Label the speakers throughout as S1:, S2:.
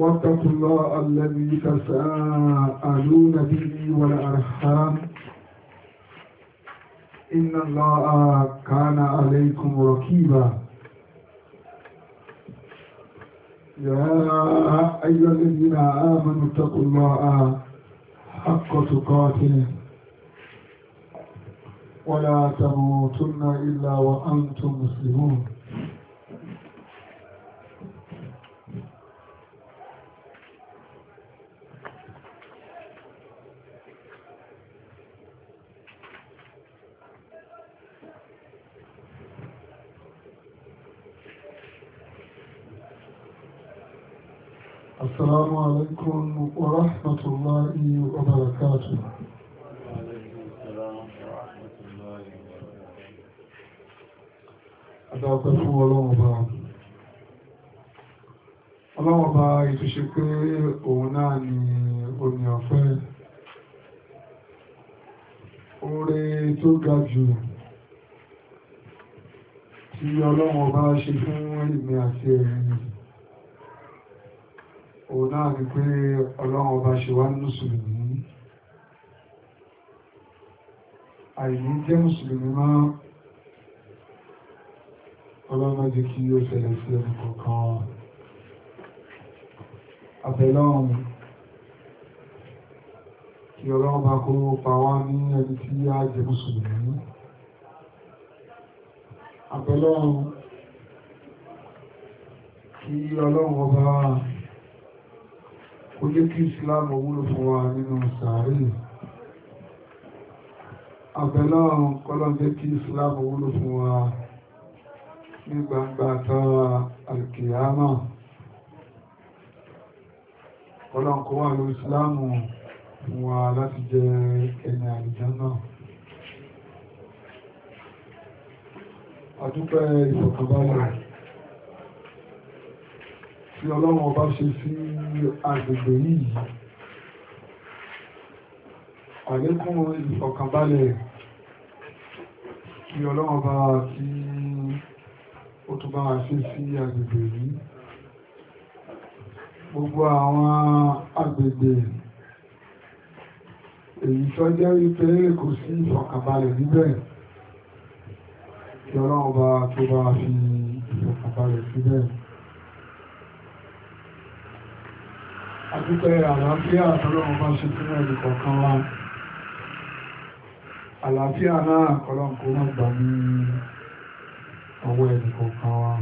S1: واتقوا الله الذي تساءلون به والأرحام إن الله كان عليكم ركيبا يا أيها الذين آمنوا اتقوا الله حق تقاته ولا تموتن إلا وأنتم مسلمون
S2: السلام عليكم ورحمة الله وبركاته
S1: Adáwọ̀pẹ́ fún ọlọ́wọ̀n bá. Ọlọ́wọ̀n bá ìtúṣe pé òun náà ni omi ọ̀fẹ́. Oore tó ga jù tí ọlọ́wọ̀n ṣe fún ìmẹ́ àti ẹ̀yìn òun náà ni pé ọlọ́run ọba ṣe wá ní mùsùlùmí àìní jẹ́ mùsùlùmí máa ọlọ́run jẹ́ kí ó ṣẹlẹ̀ sí ẹni kọ̀ọ̀kan abẹ́lọ́run kí ọlọ́run bá kó pa wá ní ẹni tí á jẹ́ mùsùlùmí abẹ́lọ́run kí ọlọ́run ọba kó jẹ́ kí ìsìláàmù wúlò fún wa nínú sàárè àbẹ̀lọ́ kọ́lọ́ jẹ́ kí ìsìláàmù wúlò fún wa ní gbangba tàwa alkiyama kọ́lọ́ kó wà ló ìsìláàmù fún wa láti jẹ ẹni àlìjánà àdúpẹ́ ìfọ̀kànbalẹ̀ tí ọlọ́run ọba ṣe sí agbègbè yìí àlékún ìfọ̀kànbalẹ̀ tí ọlọ́run ọba tí ó tún bá ṣe sí agbègbè yìí gbogbo àwọn agbègbè èyí tó jẹ́ wípé kò sí ìfọ̀kànbalẹ̀ níbẹ̀ tí ọlọ́run ọba tó bá fi ìfọ̀kànbalẹ̀ síbẹ̀ àdúpẹ́ àlàáfíà tọ́lọ́mọ bá ṣe fún ẹ̀rù kọ̀ọ̀kan wa àlàáfíà náà kọ́lọ́ǹkó náà gbà ní ọwọ́ ẹ̀rù kọ̀ọ̀kan wa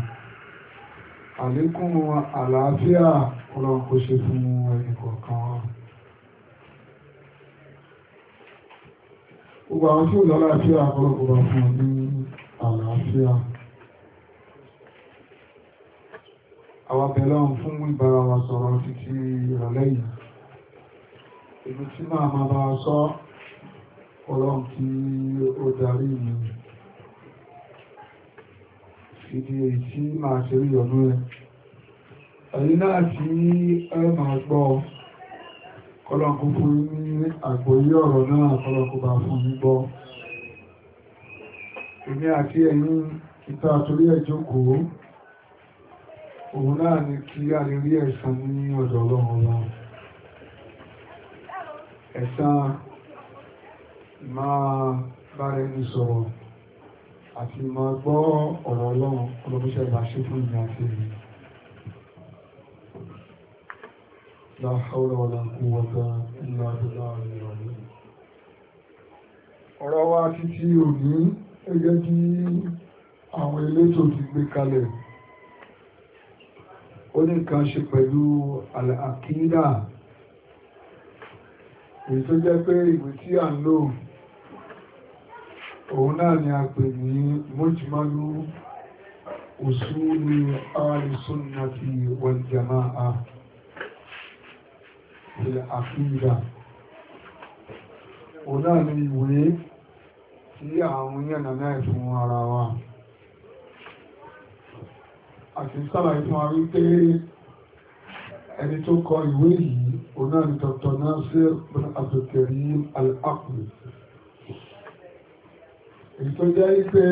S1: àlékún àlàáfíà kọ́lọ́ǹkó ṣe fún ẹ̀rù kọ̀ọ̀kan wa gbogbo àwọn tí ó lọ́lá àfíà kọ́lọ́ǹkó bá fún ọ ní àlàáfíà. àwọn abẹ́lọ́run fún ìbára wa sọ̀rọ̀ títí ìrọ̀lẹ́ yìí èmi tí máa máa bá a sọ ọlọ́run tí ó darí mi ìdí èyí tí máa ṣe rí ọdún rẹ̀ ẹ̀yìn náà tí ẹ máa gbọ́ kọlọ́nkú fún ní àgbòyí ọ̀rọ̀ náà kọlọ́nkú bá fún ní gbọ́ èmi àti ẹ̀yin ìta àtúrí ẹ̀jókòó òun náà ni kí a lè rí ẹ̀san ní ọ̀dọ̀ ọlọ́run ọba ẹ̀san máa bára ẹni sọ̀rọ̀ àti máa gbọ́ ọ̀rọ̀ ọlọ́run ọlọ́mọṣẹ́ ìbáṣe fún ìyá àti èmi لا حول ولا قوة إلا بالله العظيم ọ̀rọ̀ wa títí òní gẹ́gẹ́ bí àwọn elétò ti gbé kalẹ̀ ó ní kan ṣe pẹ̀lú àkídà èyí tó jẹ́ pé ìwé tí à ń lò òun náà ni a pè ní mọ́jìmálú usuli alìsúnnàtì wal jama'a ilẹ̀ àkídà òun náà ni ìwé tí àwọn yànnà náà fún ara wa àti sàlàyé fún wa wípé ẹni tó kọ ìwé yìí òun náà ni Dr. Nasir bin Abdulkarim Al-Aqli èyí tó jẹ́ wípé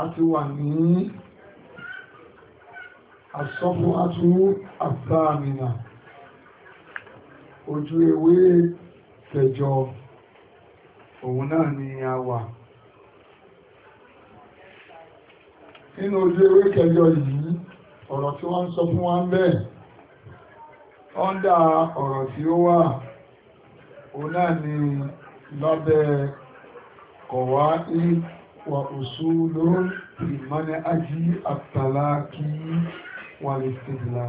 S1: a ti wà ní asọ́fún atú àbáàmìnà ojú ewé kẹjọ òun náà ni a wà. nínú ojú ewé kẹjọ yìí ọ̀rọ̀ tí wọ́n ń sọ fún wa ń bẹ́ẹ̀ ọ́ndà ọ̀rọ̀ tí ó wà òun náà ni lábẹ́ kọ̀wá ìwà òṣù lórí ìmọ́ni ají àtàlákí wà lè ṣèdìlà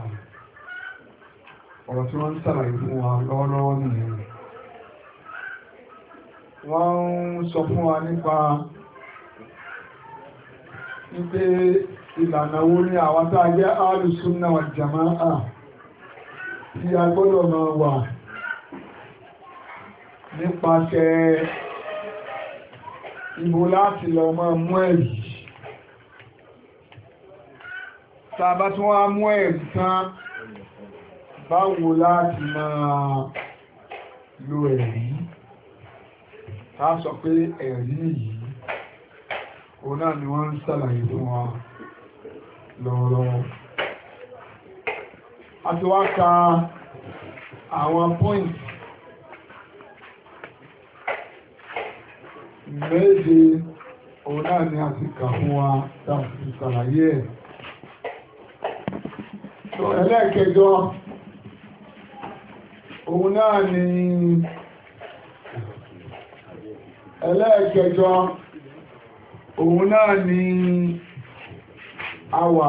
S1: ọ̀rọ̀ tí wọ́n ń sàlàyé fún wa lọ́wọ́lọ́wọ́ nìyẹn wọ́n ń sọ fún wa nípa wípé ìlànà wo ni àwọn tó ajẹ́ alùsùnà wà jàmáà tí a gbọ́dọ̀ máa wà nípasẹ̀ ìbò láti lọ máa mú ẹ̀rí tàbá tí wọ́n mú ẹ̀rí tán báwo láti máa lo ẹ̀rí ta sọ pé ẹ̀rí yìí òun náà ni wọ́n ń sàlàyé fún wa lọ́wọ́lọ́wọ́ a ti wá ka àwọn point méje òun náà ni a ti kà fún wa tàbí sàlàyé ẹ̀ tó ẹlẹ́ẹ̀kẹjọ òun náà ni ẹlẹ́ẹ̀kẹjọ òun náà ni àwà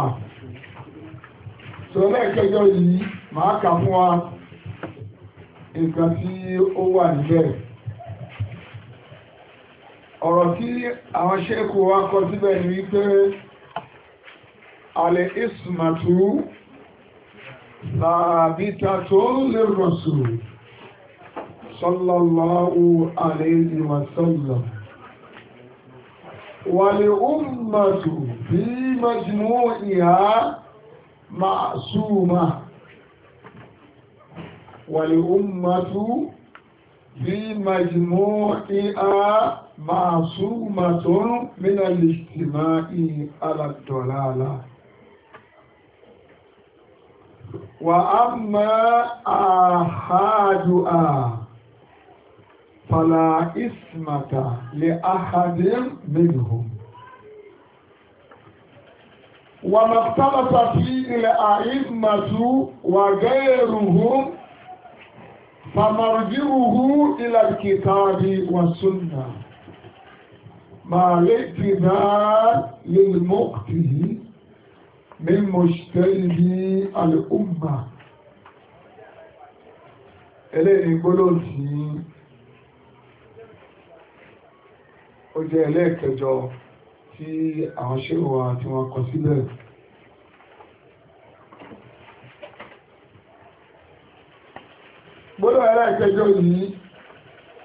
S1: sọ́lẹ̀ kẹjọ yìí máa kà fún wa nǹkan tí ó wà níbẹ̀ ọ̀rọ̀ tí àwọn ṣẹ́kù wa kọ síbẹ̀ ni wípé alẹ́ ìsùmàtú làbíta tó lè rọ̀sù sallallahu alayhi wa والأمة في مجموعها معصومة والأمة في مجموعها معصومة من الاجتماع على الضلالة وأما آحادها fàlà ìsìmàtà lè àhàdé mẹ́lùú wà mọ̀tàbàtà sí ilẹ̀ àìmàtú wà gẹ́rùhùn fàmàrùjíhùhù ilẹ̀ kìtàbí wà súnnà مالكنا للمقته من مجتهد الأمة إليه قلت ó jẹ́ ẹlẹ́ẹ̀kẹjọ tí àwọn ṣéwà tí wọn kọ sílẹ̀ gbọ́dọ̀ ẹlẹ́ẹ̀kẹjọ yìí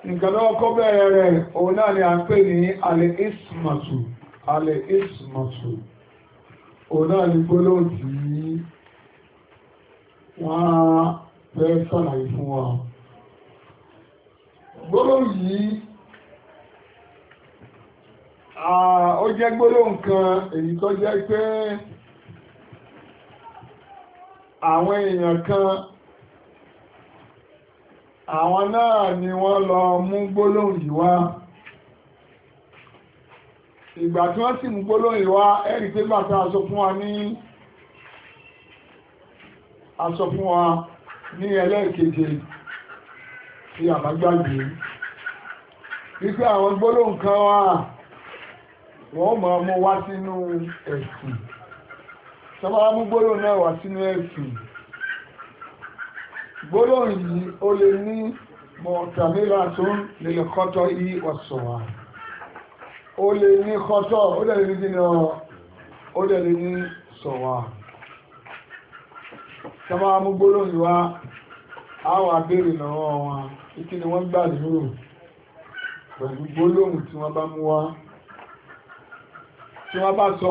S1: nǹkan lọ́wọ́ kọ́ bẹ̀rẹ̀ rẹ̀ òun náà ni a ń pè ní alẹ́ ismatu alẹ́ òun náà ni gbólóhùn tí wọ́n fẹ́ sọ̀rọ̀ fún wa yìí ó jẹ́ gbólóhùn kan èyí tó jẹ́ pé àwọn èèyàn kan àwọn náà ni wọ́n lọ mú gbólóhùn yìí wá ìgbà tí wọ́n sì mú gbólóhùn yìí wá ẹ̀rí pé bàtà aṣọ fún wa ní aṣọ fún wa ní ẹlẹ́ẹ̀keje tí àbágbàgbé wípé àwọn gbólóhùn kan wà wọ́n máa mú wá sínú ẹ̀sìn sábà mú gbólóhùn náà wá sínú ẹ̀sìn gbólóhùn yìí ó lè ní mọ̀tàmílà tó ń lè kọ́tọ́ yí ọ̀sọ̀wà ó lè ní kọ́tọ́ ó lè ní gíná ó lè ní sọ̀wà sábà mú gbólóhùn yìí wá àwọn abéèrè lọ́wọ́ wọn ìkíni wọ́n gbà lérò pẹ̀lú gbólóhùn tí wọ́n bá mú wá tí wọ́n bá sọ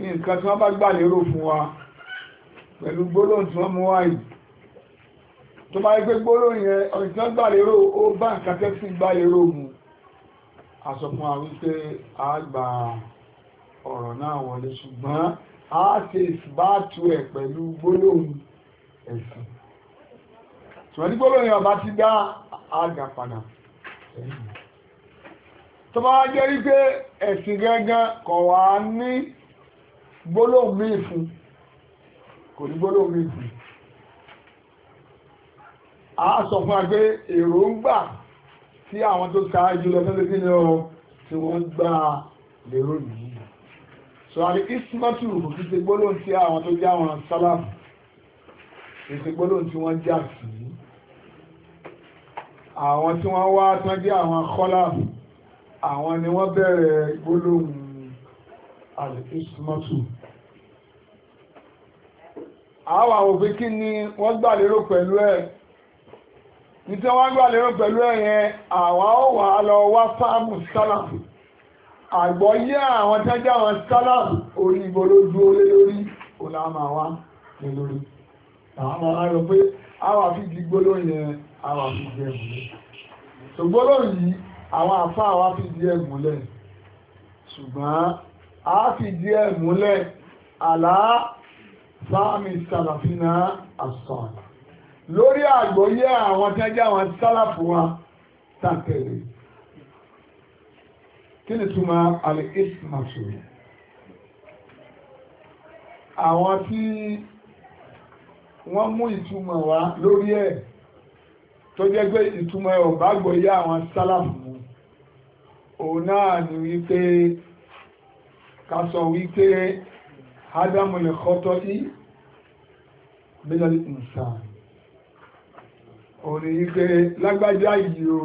S1: nǹkan tí wọ́n bá gbà lérò fún wa pẹ̀lú gbólóhùn tí wọ́n mú wá yìí tó máa gbé gbólóhùn yẹn ọ̀rìn tí wọ́n gbà lérò ó bá nǹkan tẹ́ sí gbà lérò mu aṣọ fún wa wípé a gba ọ̀rọ̀ náà wọlé ṣùgbọ́n a ṣe ìsìbáàtú ẹ̀ pẹ̀lú gbólóhùn ẹ̀sìn tó bá jẹ́ rí pé ẹ̀sìn gangan kọ̀ wá ní gbólóhùn míì fún kò ní gbólóhùn míì fún a sọ fún wa èròǹgbà tí àwọn tó ṣáájú lọ sọ́dọ̀ sí ni tí wọ́n gbà lérò nìyí so àrí ismatu kì í ṣe gbólóhùn tí àwọn tó jẹ́ àwọn sálàmù kì í ṣe gbólóhùn tí wọ́n jà sí àwọn tí wọ́n wá tán jẹ́ àwọn kọ́lámù àwọn ni wọ́n bẹ̀rẹ̀ gbólóhùn alìkísímọ́tù àwọn àwọn òfin kí ni wọ́n gbà lérò pẹ̀lú ẹ̀ ní tí wọ́n gbà lérò pẹ̀lú ẹ̀ yẹn àwọn ó wà lọ wá fáàmù sálàmù àgbọ́yé àwọn tẹ́jọ́ àwọn sálàmù orí ìgbòlójú olé lórí òlàmà wa ní lórí àwọn ọmọ arọ pé àwọn àfi di gbólóhùn yẹn àwọn àfi jẹ́ ìwé àwọn àfá àwá fi díẹ̀ múlẹ̀ ṣùgbọ́n a fi díẹ̀ múlẹ̀ àlá sáàmì sàlàfínà àsàn lórí àgbóyé àwọn tẹ́jẹ́ àwọn sálàfù wa tàtẹ̀lé kí ni túnmọ̀ alẹ́ ismasu àwọn tí wọ́n mú ìtumọ̀ wá lórí ẹ̀ tó jẹ́ pé ìtumọ̀ ẹ̀ ò bá gbọ́yé àwọn sálàfù òun náà ni wípé ká sọ wípé ádámùlè kọ́tọ́ sí bílẹ̀lì ìsàn òun ni wípé lágbájá yìí o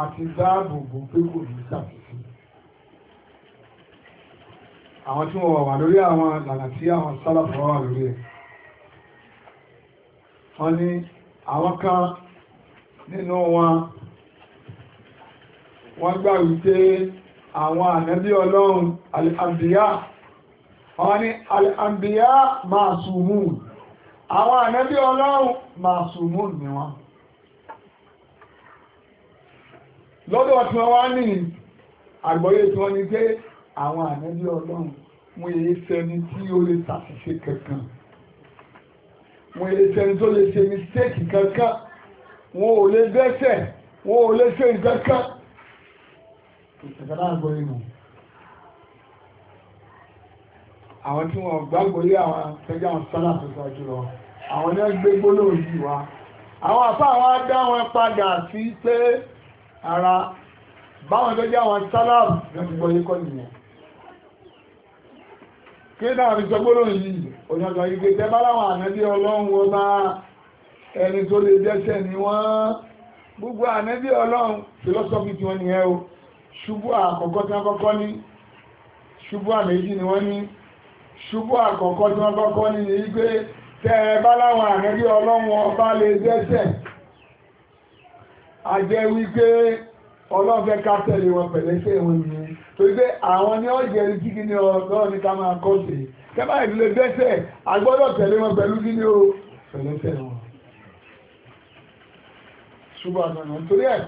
S1: àti dáàbòbò pé kò ní sàfihàn àwọn tí wọ́n wà lórí àwọn lànà tí àwọn sálàfà wà lórí ẹ̀ wọ́n ní àwọn kan nínú wọn wọ́n gbà wípé àwọn ànábí ọlọ́run al'ambiya wọ́n ní al'ambiya masumun àwọn ànábí ọlọ́run masumun ni wọ́n lọ́dọ̀ tí wọ́n wá ní àgbọ́yé tí wọ́n ní pé àwọn ànábí ọlọ́run mú èyí sẹni tí ó lè ṣàṣìṣe kankan mú èyí sẹni tó lè ṣe mistake kankan wọn ò lè dẹ́ṣẹ̀ wọn ò lè ṣe nǹkan ìtẹ̀kọ́lá àgbóyé nù àwọn tí wọ́n gbàgbóyé àwọn tẹ́jà wọn sọ́lá tó sọ jùlọ àwọn ní gbé gbóló yìí wá àwọn àfá àwọn adá wọn padà sí pé ara báwọn tó jẹ́ àwọn sọ́lá lọ́ti gbọ́yé kọ́ nìyẹn kí náà fi sọ gbóló yìí òyìnbọn ìgbé tẹ́ bá láwọn ànábí ọlọ́run ọba ẹni tó lè dẹ́sẹ̀ ni wọ́n gbogbo ànábí ọlọ́run philosophy tí wọ́n nìyẹn ṣubú àkọ́kọ́ tí wọ́n kọ́kọ́ ní ṣubú àmẹ́jì ni wọ́n ní ṣubú àkọ́kọ́ tí wọ́n kọ́kọ́ ní ní pé tẹ́ bá láwọn àrẹ́bí ọlọ́run ọba lè dẹ́sẹ̀ a jẹ́ wípé ọlọ́run fẹ́ ká tẹ̀lé wọn pẹ̀lẹ́sẹ̀ wọn ni torí pé àwọn ní ọ̀jẹ̀ rí kíkí ní ọlọ́run ní ká máa kọ́ sí tẹ́ bá ìdílé dẹ́sẹ̀ a tẹ̀lé wọn pẹ̀lú kí ni o pẹ̀lẹ́sẹ̀ wọn ṣubú àgbọ̀nà torí ẹ̀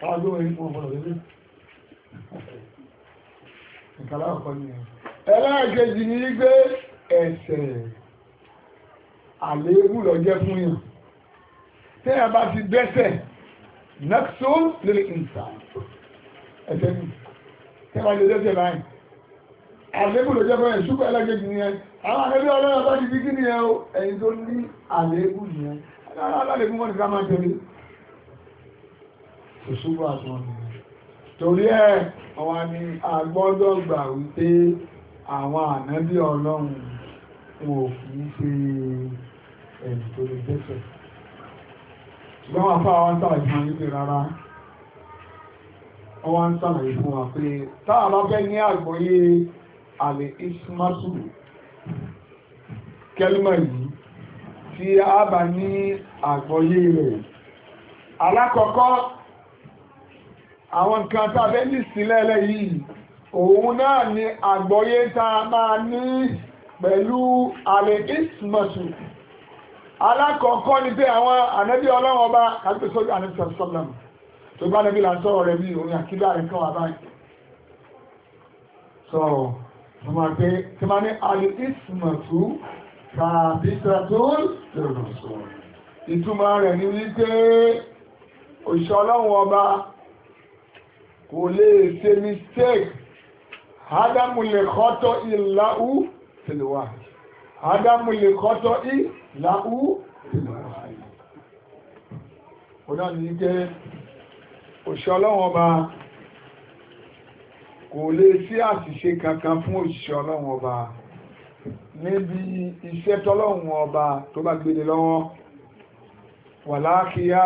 S1: ká gbé wọn ní fún ọmọ ìkàlá ni ní wípé ẹ̀ṣẹ̀ àléébù lọ jẹ́ fún yàn tí a bá ti dẹ́ṣẹ̀ nexon lè ìsà ẹ̀ṣẹ̀ ni tí a bá ti dẹ́ṣẹ̀ báyìí àléébù lọ jẹ́ fún yàn ṣùgbọ́n ẹlẹ́ẹ̀kejì ni ẹ àwọn akẹ́bí ọlọ́run bá ti fi kí ni ẹ o ẹ̀yin tó ní àléébù torí ẹ̀ ọwà ni a gbọ́dọ̀ gbà wípé àwọn ànábí ọlọ́run wọn ò kì í ṣe ẹ̀dùn tó lè dẹ́ṣẹ̀ ṣùgbọ́n wọn fáwọn ń sàlàyé fún wípé rárá ọwà ń sàlàyé fún wa pé táà bá fẹ́ ní àgbọ́yé àlè ismasu kẹ́límọ̀ yìí tí a bá ní àgbọ́yé rẹ̀ alákọ̀ọ́kọ́ àwọn nǹkan tàbẹ́ ní sílẹ̀lẹ̀ yìí òun náà ni àgbọ́yé tá a máa ní pẹ̀lú alẹ́ alákọ̀ọ́kọ́ ni pé àwọn ànábí ọlọ́wọ́ bá kàgbé sórí ànábí sọ́lọ́mù tó bá nẹ́bí làtọ́ rẹ̀ bí òun àkídà rẹ̀ kan wà báyìí sọ ọmọ pé tí máa ní alẹ́ tàbí sàtún ìtumọ̀ rẹ̀ ni wípé òṣìṣẹ́ ọlọ́wọ́ ọba kò lè ṣe mistake ádámù lè kọ́tọ́ ìlàú tìlúwà ádámù lè kọ́tọ́ ìlàú tìlúwà ọ̀nà ní jẹ́ òṣìṣẹ́ ọlọ́wọ́n ọba kò lè sí àṣìṣe kankan fún òṣìṣẹ́ ọlọ́wọ́n ọba níbi iṣẹ́ tọ́lọ́wọ́n ọba tó bá gbélé lọ́wọ́ wà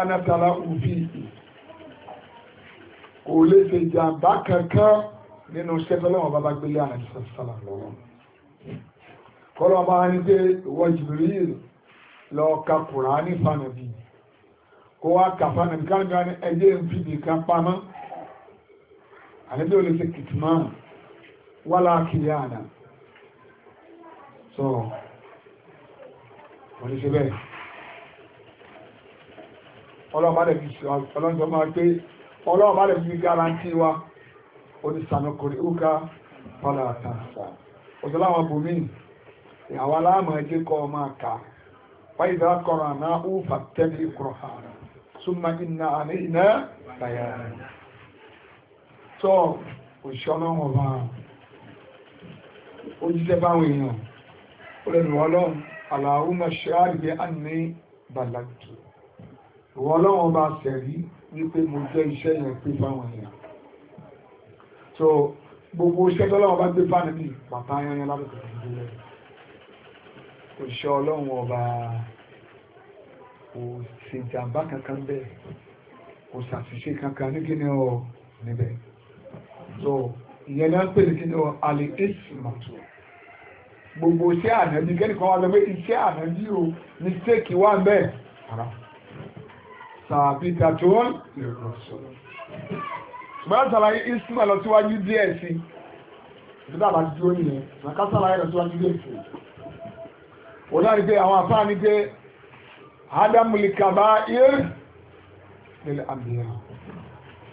S1: nátàlá òfin kò lè ṣe jàǹbá kankan nínú iṣẹ́ tọ́lọ́wọ́n bá bá gbélé àrẹ sọ́sọ́lá lọ́wọ́ kọ́lọ́ máa ní pé ìwọ Jibril lọ ka Kùránì fanabi kó wá ka fanabi káńgá ní ẹjẹ́ ń fi nìkan pamọ́ àníbi ò lè ṣe kìtìmọ́ wà láàkiri àdá sọ wọ́n ṣe bẹ́ẹ̀ ọlọ́mọdé fi ṣe ọlọ́njọ́ máa pé ọlọ́run bá lè fi garanti wa ó ní sànàkùnrin úkà padà àtàṣà òṣèlú àwọn bòmíì ìyàwó aláàmọ̀ ẹjẹ́ kọ́ máa kà wáyé ìdá kọ̀rọ̀ àná ó fà tẹ́lẹ̀ ìkọ̀rọ̀ ààrẹ súnmọ́ iná àní iná bàyà rẹ̀ tọ́ òṣìṣẹ́ ọlọ́run ọba ó jíṣẹ́ báwọn èèyàn ó lẹ́nu ọlọ́run àlàó mọ̀ ṣáàrì bí a ní bàlàtù ìwọ ọlọ́run ọba wípé mo jẹ́ iṣẹ́ yẹn pé fáwọn èèyàn so gbogbo iṣẹ́ tọ́lọ́wọ́ bá gbé fáwọn mi pàpá yányán lábùkù ìdílé òṣìṣẹ́ ọlọ́run ọba kò ṣèjàmbá kankan bẹ́ẹ̀ kò ṣàṣìṣe kankan ní kíni ọ níbẹ̀ so ìyẹn náà pè ní kíni ọ àlè èsì màtó gbogbo iṣẹ́ ànájí kẹ́nìkan wà lọ pé iṣẹ́ ànájí o mistake wà bẹ́ẹ̀ rárá sàbíta tó ń lè rọ̀ sọ̀rọ̀ ṣùgbọ́n sàlàyé isma lọ síwájú díẹ̀ sí ìdílé àbá dúró nìyẹn màkà sàlàyé lọ síwájú díẹ̀ sí wọn náà ní pé àwọn afáà ní pé ádámùlìkàbá ir nílẹ̀ àbíyá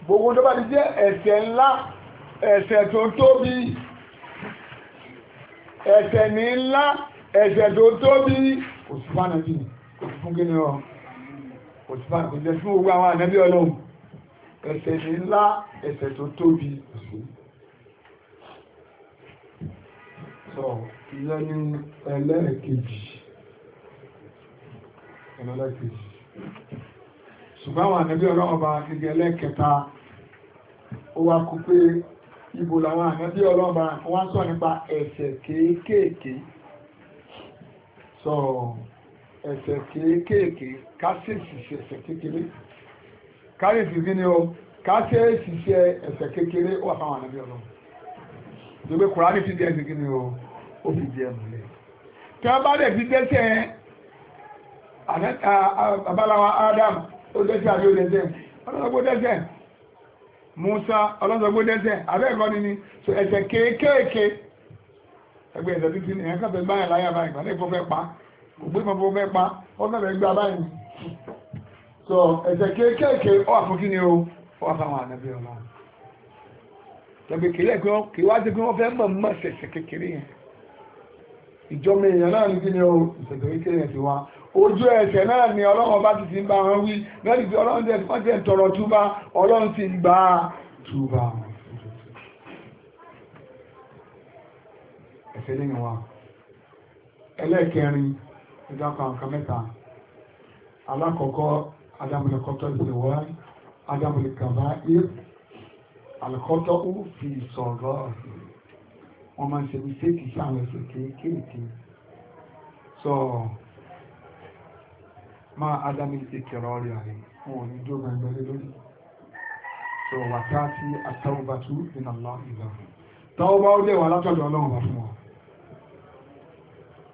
S1: gbogbo tó bá ti jẹ́ ẹ̀ṣẹ̀ ńlá ẹ̀ṣẹ̀ tó tóbi ẹ̀ṣẹ̀ ní ńlá ẹ̀ṣẹ̀ tó tóbi kò sí fún kò sí fún gẹ́nìyàn òtúbà kò jẹ́ fún gbogbo àwọn ànábí ọlọ́run ẹ̀ṣẹ̀ ńlá ẹ̀ṣẹ̀ tó tóbi sọ ìyẹn ní ẹlẹ́ẹ̀kejì ẹlẹ́ẹ̀kejì ṣùgbọ́n àwọn ànábí ọlọ́run bá gẹ́gẹ́ ẹlẹ́ẹ̀kẹta ó wá kú pé ìbò làwọn ànábí ọlọ́run bá wọ́n sọ nípa ẹ̀ṣẹ̀ kéékèèké sọ̀rọ̀ ẹ̀ṣẹ̀ kéékèèké kásẹ̀sì ṣẹ̀ṣẹ̀ kékeré káyèsí kí ni o kásẹ̀sì ṣe ẹ̀ṣẹ̀ kékeré ó wà fáwọn ànábì ọlọ́run ìjọba kùránì ti di ẹ̀ṣẹ̀ kí ni o ó fi di ẹ̀mù lẹ̀ tí wọ́n bá dẹ̀ fi dẹ́ṣẹ̀ abálawa Adam ó dẹ́ṣẹ̀ àbí ó dẹ́ṣẹ̀ ọlọ́sọ̀gbó dẹ́ṣẹ̀ Musa ọlọ́sọ̀gbó dẹ́ṣẹ̀ abẹ́ẹ̀kọ́ ni ni so ẹ̀ṣẹ̀ kéékèèké ẹgbẹ́ ẹ̀ṣẹ̀ títí ẹ̀yàn kàfẹ́ báyà láyà báyà ìpàdé ìfọ́fẹ́ pa ògbé mọ̀bọ̀ fẹ́ pa ọmọbẹ̀ gbà báyìí so ẹ̀sẹ̀ kéékèèké ọ àfúnkí ni o ọ àfáwọn ànàbí ọmọ tẹ̀bí kìlẹ̀ pé wọ́n kì wá sí pé wọ́n fẹ́ mọ̀ mọ̀ sẹ̀sẹ̀ kékeré yẹn ìjọba èèyàn náà ní kí ni o ìṣẹ̀dọ̀ kékeré yẹn ti wá ojú ẹsẹ̀ náà ni ọlọ́run bá ti ti ń bá wọn wí lẹ́nu tí ọlọ́run ti wọ́n ti ń tọrọ túbá ọlọ́run ti ń gbà túbá ẹsẹ̀ lẹ́yìn wa ẹlẹ́kẹrin ìdákọ̀ àǹkan mẹ́ta alákọ̀ọ́kọ́ adámọ̀lẹ̀ kọ́tọ́ ìṣèwọ́ adámọ̀lẹ̀ kàbá ir alùkọ́tọ́ ó fi sọ̀rọ̀ wọ́n máa ń ṣe mistake sí àwọn ẹ̀sùn kéékèèké sọ máa adámọ̀lẹ̀ ti kẹ̀rọ ọ̀rẹ́ àrẹ wọn ò ní jó gbẹ̀ngbẹ̀ lórí sọ a sí àtàwùbàtú ìnàlá ìlànà táwọn bá ó lè wà látọ̀dọ̀ ọlọ́run bá fún wọn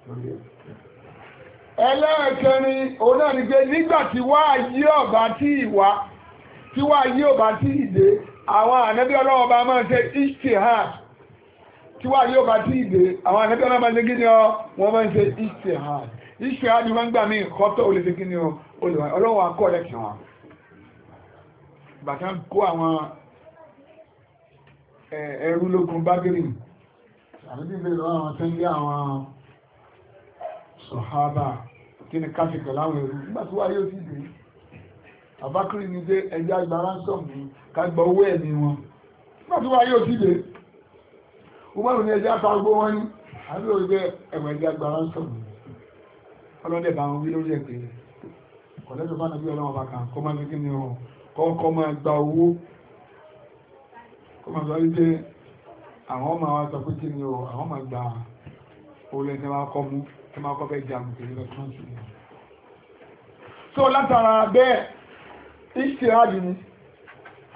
S1: lórí ẹ̀ ẹlẹ́ẹ̀kẹrin òun náà ni pé nígbà tí wá yí ọ̀bá tí ìwá tí wá yí ọ̀bá tí ìdè àwọn ànẹ́bí ọlọ́wọ́ bá máa ṣe ishtihad tí wá yí ọ̀bá tí ìdè àwọn ànẹ́bí ọlọ́wọ́ bá ṣe kí ni ọ wọ́n máa ń ṣe ishtihad ishtihad wọ́n gbà mí kọ́tọ̀ olè ṣe kí ni ọ ọlọ́wọ́ akọ́lẹ̀ kí wọn bàtà kó àwọn ẹrú lógun bágírì àbíbí ìbéèrè àwọn tẹ́ńgé àwọn sọ̀hábà kí ni káfí pẹ̀lú àwọn èrò nígbà tí wáyé ó ti dùn àbákírí ni dé ẹja ìgbà ransom ni ká gba owó ẹ̀mí wọn nígbà tí wáyé ó ti dé umaru ni ẹja ta gbó wọn ní àbí òun gbé ẹ̀wọ̀n ẹja ìgbà ransom ni ọlọ́dẹ̀ bá wọn wí lórí ẹ̀pẹ́ kọ̀lẹ́tọ̀ bá nàbí ọlọ́wọ́n bá kàn kọ́ máa fi kí ni ọ kọ́ máa gba owó kọ́ máa sọ wípé àwọn ọmọ àwọn sọ pé kí ni ọ àwọn máa gba owó lẹ́sẹ̀ ẹ máa kọ́ fẹ́ jagun pẹ̀lú lọ tán sí so látara bẹ́ẹ̀ ìṣèhádì ni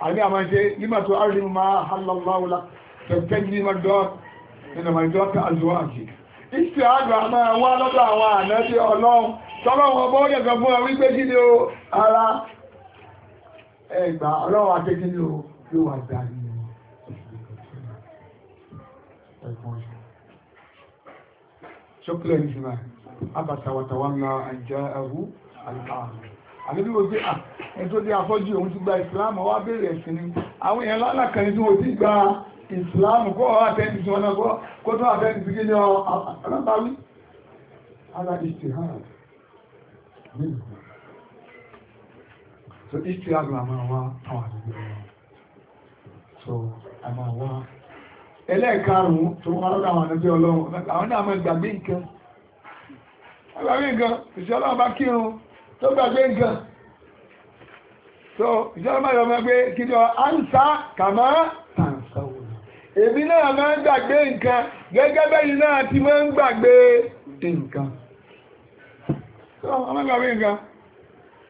S1: àbí àmà ṣe yíma tó arìnrìn máa hàlọ́láwọ́lá tẹ̀tẹ́ yìí máa dọ́ ẹ̀nà máa dọ́ ká àlùwà àjì ìṣèhádì àmà wá lọ́dọ̀ àwọn ànábì ọlọ́run tọ́lọ́wọ́n ọmọ ó yẹ̀kan fún ọ wípé kí ni ó ara ẹgbà ọlọ́run akẹ́kẹ́ ni ó yóò wà dáa nínú ẹ̀kọ́ ìṣẹ́ chocolate ní sinmi abasa watawala àjá ahu àlùkàmù àbíbí wo pé ah, ẹ̀tọ́ tí afọ́jú òun ti gba ìsìláàmù wá bèèrè ẹ̀sìn ni àwọn èèyàn lálàkàrí tí wọ́n ti gba ìsìláàmù kó ọ̀rọ̀ àtẹ́ǹtì tí wọ́n náà kó tó àtẹ́ǹtì sí kíni ọ̀rọ̀báwí ara ìtìhàn nínú so ìtìhàn àmà wá àwọn àdúgbò wọn so àmà wá ẹlẹ́ẹ̀karùn-ún tó wọ́n lọ́dọ̀ àwọn ànábì ọlọ́run àwọn náà mọ́ ìgbàgbé nǹkan agbàgbé nǹkan ìṣẹ́ bá kírun tó gbàgbé nǹkan so ìṣẹ́ ọlọ́run bá yọ ọmọ pé kí ni ọ ansa kàmá tàǹsà wò èmi náà máa ń gbàgbé nǹkan gẹ́gẹ́ so ọmọ gbàgbé nǹkan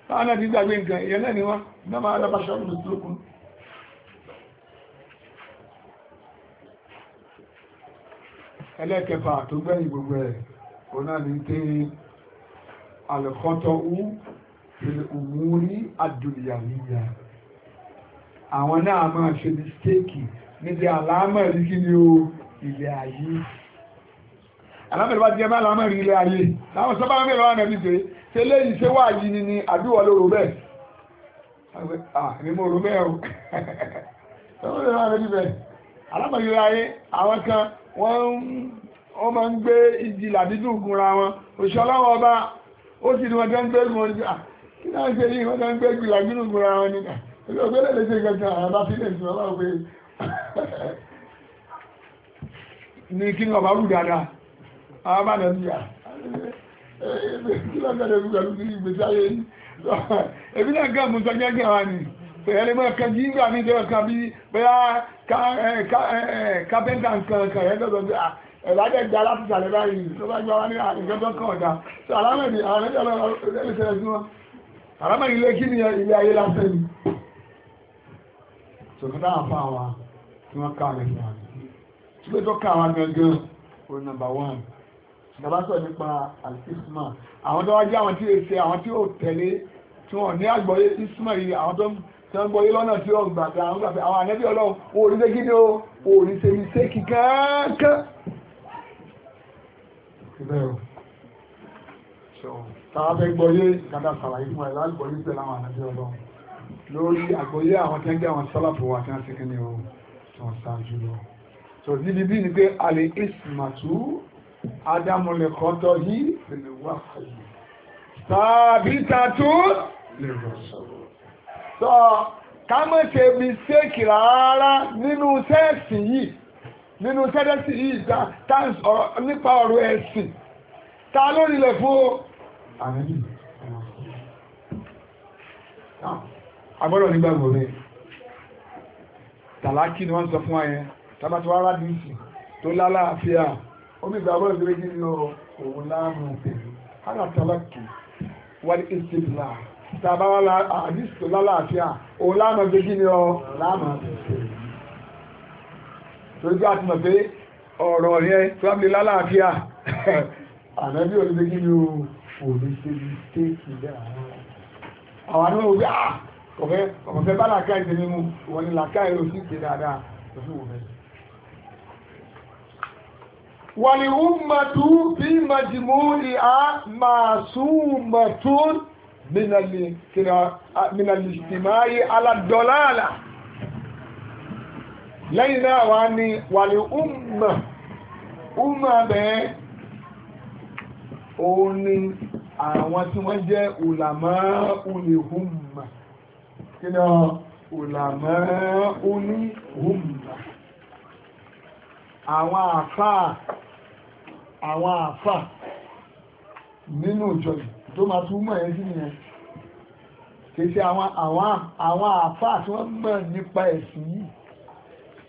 S1: táwọn náà ti gbàgbé nǹkan ìyẹn náà ni wọ́n náà máa ẹlẹ́kẹfà tó gbẹ̀yìn gbogbo ẹ̀ o náà ní pé alẹ́kọ́tọ̀ ú ìmúrí àdùnyàníyà àwọn náà máa ṣe mistéèkì níbi àlámọ̀rí kí ni o ilé ayé àlámọ̀rí bá ti jẹ́ bá àlámọ̀rí ilé ayé láwọn sọ́bà mẹ́rin wà náà nípe ṣe léyìí ṣe wà yìí ni ni àdúwọ̀ lóru bẹ́ẹ̀ àmìmọ̀ òru bẹ́ẹ̀ o àlámọ̀rí ilé ayé àwọn kan wọ́n máa ń gbé igi làbídù gúnra wọn òṣèlọ́wọ́ ọba ó sì ní wọ́n tẹ́ ń gbé gùn ọdún kí náà ṣe yí wọ́n tẹ́ ń gbé igi làbídù gúnra wọn nígbà ẹgbẹ́ ògbélé lè ṣe gẹ̀gẹ̀ àbá sílẹ̀ ìṣúná bá ní kí ọba rú dáadáa àwọn bá nà kí pẹ̀lẹ́ mọ́ kan jí nígbà ní ìjọba kan bí bóyá kápẹ́ntà nǹkan kan ẹ̀ lọ́dọ̀ ẹ̀lájẹ́ gba láti sàlẹ̀ báyìí tó bá gbá wá ní àgbẹ̀gbẹ̀ kan ọ̀dá so alámẹ̀dì alámẹ̀dì ọlọ́rẹ̀lẹ́sẹ̀rẹ̀ sí wọn alámẹ̀dì ilé kí ni ilé ayé lásẹ̀ ni tí wọ́n gbọ́ yí lọ́nà tí ó gbà pé àwọn gbà pé àwọn ànẹ́bí ọlọ́run orí ṣe gídé o orí ṣe mi ṣe kí kankan. tàbá fẹ́ gbọ́yé kàdà sàlàyé fún ẹ̀ láti gbọ́yé pẹ̀lú àwọn ànẹ́bí ọlọ́run lórí àgbọ́yé àwọn tí wọ́n jẹ́ àwọn sálàpù wa tí wọ́n ṣe kíni o tí wọ́n ṣáájú lọ. sọ níbi bí ni pé alẹ́ ìsìmàtú adámọ̀lẹ̀kọ́tọ̀ yìí lè wá fàyè tàbí tàtó
S2: lè rọ̀ sọ̀rọ̀
S1: sọ kámẹ́tẹ̀ mistake rárá nínú sẹ́ẹ̀sì yìí nínú sẹ́ẹ̀sì yìí nípa ọ̀rọ̀ ẹ̀sìn ta lórílẹ̀ fún àrẹ́bì agbọ́dọ̀ nígbàgbọ́ rẹ̀ tàlákì ni wọ́n sọ fún ayẹn tàbátí wọ́n rádìísì tó lálàáfíà omi ìgbàgbọ́ ìgbẹ́gbẹ́ ní òun láàmù pẹ̀lú tàbáwá la àdìsí tó lálàáfíà òun láàmà gbé kí ni ọ láàmà tó gbé àti mọ̀ pé ọ̀rọ̀ yẹn tó wá gbé lálàáfíà ànábí òun gbé kí ni o òun ṣe ní téèkì dáa àwọn àdúgbò wọ́n gbé ah ọ̀fẹ́ ọ̀fẹ́ bá làákàyè tẹ̀lé mu wọ́n ni làákàyè ló sì ṣe dáadáa ló sì wò bẹ́ẹ̀ wàlìhùn mọ̀tún bí màjìmú ìhà màṣúù mọ̀tún mínàlì ìtìmáyé aládọ́láàlá lẹ́yìn náà wá ní wàlẹ̀ umma umma bẹ́ẹ̀ òun ni àwọn tí wọ́n jẹ́ ulama ulihumma kí ni ulama ulihumma àwọn àfà àwọn àfà nínú ìjọ yìí tó máa túmọ̀ ẹ̀ sí nìyẹn kèsì àwọn àwọn àfà tí wọ́n mọ̀ nípa ẹ̀sìn yìí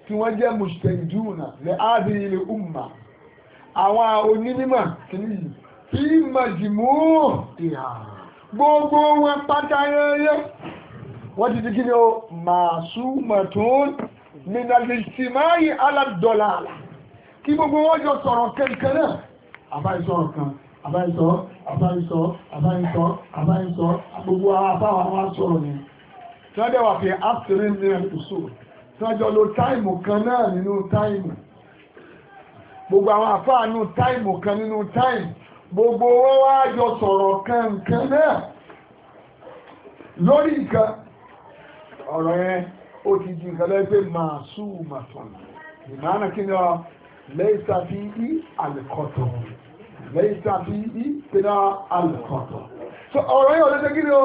S1: tí wọ́n jẹ́ mùsùlùmí lè áàbí ilẹ̀ umma àwọn onímọ̀ kìí tí màjìmú ìhà gbogbo wọn pátá yẹ́yẹ́ wọ́n ti di kí ni ó máa súnmọ̀ tó nínàlìsì máa yí aládọ́là kí gbogbo wọ́n jọ sọ̀rọ̀ kẹ́kẹ́ náà àbáyé sọ̀rọ̀ kan àbáyísọ́ àbáyísọ́ àbáyísọ́ àbáyísọ́ gbogbo àbáwà wá sọ̀rọ̀ yẹn tí wọ́n dẹ̀wà pé afternoon ní ẹ̀kùsù tí wọ́n jọ lo táìmù kan náà nínú táìmù gbogbo àwọn àfáà nínú táìmù kan nínú táìmù gbogbo wọ́n wá jọ sọ̀rọ̀ kankan náà lórí nǹkan ọ̀rọ̀ yẹn ó ti di nǹkan lẹ́gbẹ́ máa súùmà sọ̀rọ̀ ìmáàna kí ni ọ lẹ́yìn sáfí àlẹ́kọ̀tọ̀ lẹ́yìnká bí i pẹ̀lá alùpàtà so ọ̀rọ̀ yóò lẹ́sẹ̀ kí ni ó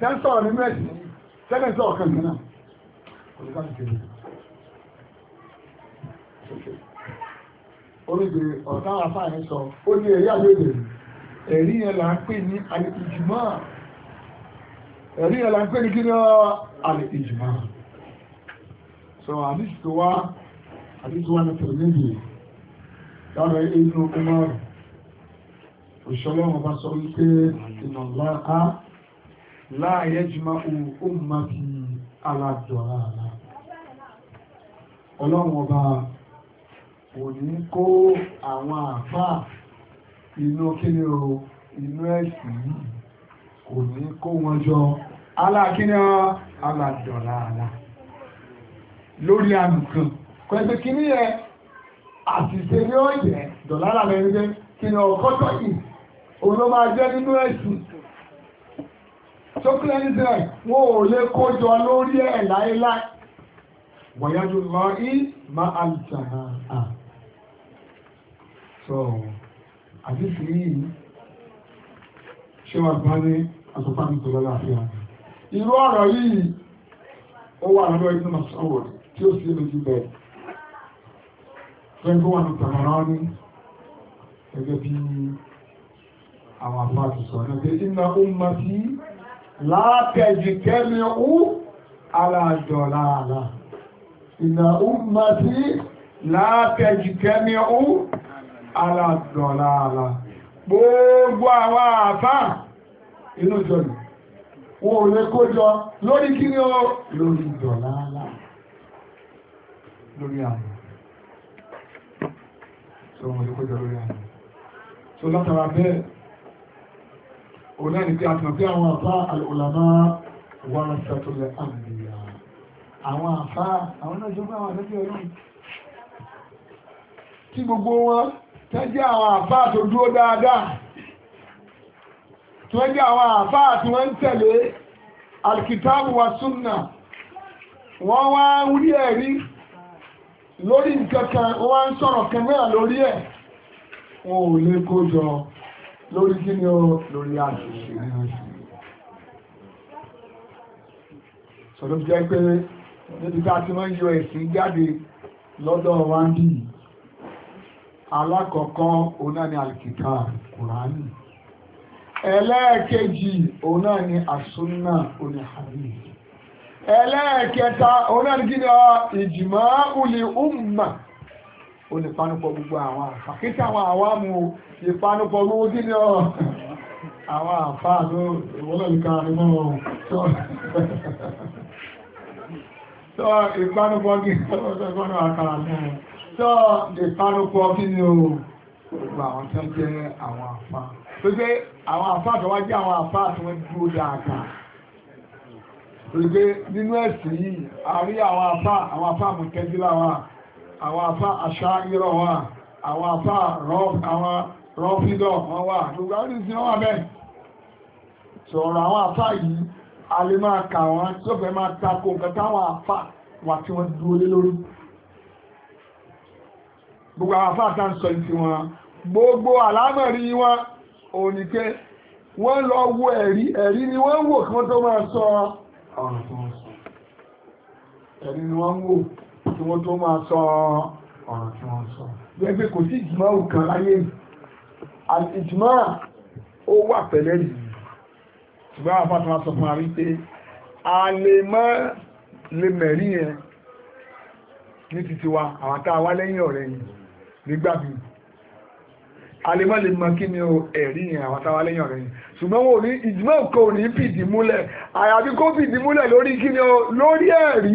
S1: tẹ́sọ̀ ní mẹ́sì tẹ́lẹ̀sọ̀ ọ̀kan gánà orígbè ọ̀tá àfáàní sọ ó ní ẹ̀rí àlébè ẹ̀rí yẹn là ń pè ní àlèkìjìmọ́ ẹ̀rí yẹn là ń pè ní kí ni ó àlèkìjìmọ́ so àdìsí tó wá àdìsí tó wá ní tòlẹ́yìn lára inú ọmọ rẹ̀ òṣọ́lọ́wọ́ bá sọ wípé ìnàláà láàyẹ́ jùmá òun má fi aládọ̀rà àlá ọlọ́wọ́ bá ò ní kó àwọn àfáà inú kíní o inú ẹ̀sìn yìí kò ní kó wọn jọ aláàkíní ọ aládọ̀rà àlá lórí àmùkan pẹ̀lú kíní yẹ àtìsẹ́ ní ọ̀yẹ́ dọ̀lára rẹ̀ ń gbé kíní ọkọ́jọ́ yìí òun ló máa jẹ́ nínú ẹ̀sìn tó kílẹ̀ ní sẹ́ẹ̀ wọ́n ò lè kójọ lórí ẹ̀ láéláé wọ̀nyájú lọ í máa àlùtàrà à sọ àdìsí yìí ṣé wà bá ní àtọ́fàmì tó lọ́la àfihà irú ọ̀rọ̀ yìí ó wà lọ́dọ̀ ìdí náà sọ̀rọ̀ tí ó sì lójú bẹ́ẹ̀ fẹ́ẹ́ tó wà ní tàmàrà ní gẹ́gẹ́ bíi àwọn àfáàtù sọ náà pé iná ó mọ́ sí látẹ̀jì kẹ́mi ó alájọ láàlá iná ó mọ́ sí látẹ̀jì kẹ́mi ó alájọ láàlá gbogbo àwọn àfá inú jọlù wọn ò lè kójọ lórí kí ni ó lórí dọ̀láàlá lórí àmì tó wọn ò lè kójọ lórí àmì tó látara bẹ́ẹ̀ onáni tí a tàn sí àwọn àfá alùlámà wà sàtúlẹ̀ àmìyà àwọn àfá àwọn náà jọba àwọn àlẹ́bí ọlọ́run tí gbogbo wọn tẹ́jẹ́ àwọn àfá tó dúró dáadáa tí wọ́n jẹ́ àwọn àfá tí wọ́n ń tẹ̀lé alkitabu wa sunna wọ́n wá ń ẹ̀rí lórí nǹkan kan wọ́n ń sọ̀rọ̀ kan lórí ẹ̀ wọn ò lè kó jọ lórí kí ni ó lórí àṣìṣe sọ̀rọ̀ jẹ́ pé níbi tá ti wọ́n yọ ẹ̀sìn jáde lọ́dọ̀ wa ń bí alákọ̀ọ́kọ́ òun náà ni alìkìtà kùránì ẹlẹ́ẹ̀kejì òun náà ni àsúnà òní àrí ẹlẹ́ẹ̀kẹta òun náà ni kí ni ìjìmọ̀ ulì umma ó lè fánúpọ̀ gbogbo àwọn àfà kí tí àwọn àwámú ìfánúpọ̀ gbogbo kí ní ọ̀rọ̀ àwọn àfà ló ìwọ́lọ̀lùkà nínú ọ̀rọ̀ tó ìfánúpọ̀ kí ní ọ̀rọ̀ gbogbo àwọn tó jẹ́ àwọn àfà tó gbé àwọn àfà tó wá jẹ́ àwọn àfà tó wọ́n dúró dáadáa tó gbé nínú ẹ̀sìn yìí a rí àwọn àfà àwọn àfà mú tẹ́jú láwọn àfà àwọn afá àṣà ìrọ̀ wà àwọn afá rọ́fídọ̀ wọ́n wà gbogbo àwọn ìsìn wọ́n wà bẹ́ẹ̀ sọ̀rọ̀ àwọn afá yìí a lè máa kà wọ́n tí ó fẹ́ máa tako nǹkan táwọn afá wà tí wọ́n dúró lé lórí gbogbo àwọn afá àtà ń sọ ìsì wọn gbogbo àlámọ̀rí wọn òníké wọ́n lọ wo ẹ̀rí ẹ̀rí ni wọ́n wò kí wọ́n tó máa sọ ọ̀rọ̀ tó wọ́n sọ ẹ̀rí ni wọ́n wò kí wọ́n tó máa sọ ọ̀rọ̀ tí wọ́n sọ gbẹ́gbẹ́ kò sí ìjìmọ́ òkan láyé ìjìmọ́ ó wà pẹ̀lẹ́ yìí ṣùgbọ́n àwọn fàtàwà sọ fún àrí pé a lè mọ́ lè mẹ̀rí yẹn ní títí wa àwọn tá a wá lẹ́yìn ọ̀rẹ́ yìí nígbàbí a lè mọ́ lè mọ́ kí ni ẹ̀rí yẹn àwọn tá a wá lẹ́yìn ọ̀rẹ́ yìí ṣùgbọ́n wọn ní ìjìmọ́ òkan ò ní fìdí múlẹ̀ àyàbí kó fìdí múlẹ̀ lórí kí ni lórí ẹ̀rí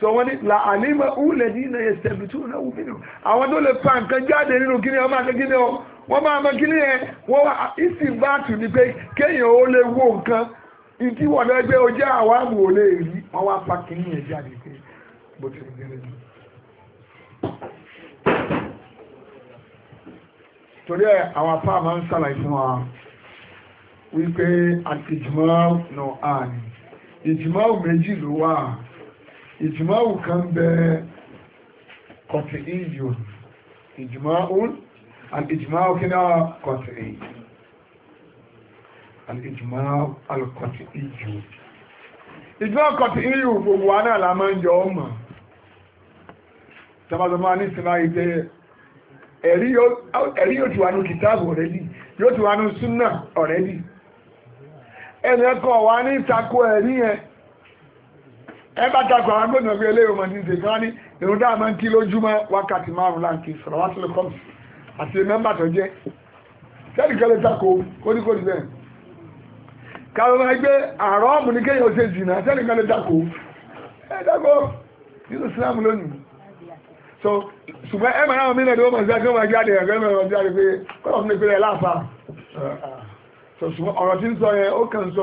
S1: sọ wọ́n ní la àlímọ̀ òwúlẹ̀ ní ilẹ̀ ẹ̀sẹ̀bì tó na wù nínú àwọn tó lè pa nǹkan jáde nínú kíní ọmọ akẹ́kíní ọ wọ́n máa mọ kíní yẹn wọ́n wá ìsìn bá tù ní pé kéèyàn ó lè wo nǹkan ìdí wọ́n lọ gbé ọjà àwọn àmì ò lè rí wọ́n wá pa kíní yẹn jáde pé bó ti rí gẹ́rẹ́ jù. torí ẹ àwọn apá máa ń sàlàyé fún wa wípé àtìjùmọ́ nù àná ìjùmọ́ méjì ló wà ìjìmáwù kan bẹ kọ̀tì ìyù ìjìmáwùn alìjìmáwù kí náà kọ̀tì ìyù alìjìmáwù alìkọ̀tì ìyù ìjìmáwù kọ̀tì ìyù gbogbo wa náà la máa ń jọ ọmọ tàbátàmá ní sinmi ìgbé ẹ̀rí yóò ti wà ní kìtàbù ọ̀rẹ́dì yóò ti wà ní súnà ọ̀rẹ́dì ẹnìyàn kan wà ní ìtakò ẹ̀rí yẹn ẹgbà takọ̀ àwọn gbọ́nà orí ẹlẹ́rọ mọ̀ nígbè kan ní ìrun dáa máa ń kí lójúmọ́ wákàtí márùn láǹkì sọ̀rọ̀ wá sílẹ̀ kọ́mù àti mẹ́mbà tó jẹ́ sẹ́ẹ̀dì kan lè kódìkódì bẹ́ẹ̀ káwọn máa gbé àárọ̀ ọ̀mù ní kéèyàn ṣe jìnnà ẹ nínú lónìí so ẹ máa jáde pé fún láàfà tí ń sọ yẹn ó kàn sọ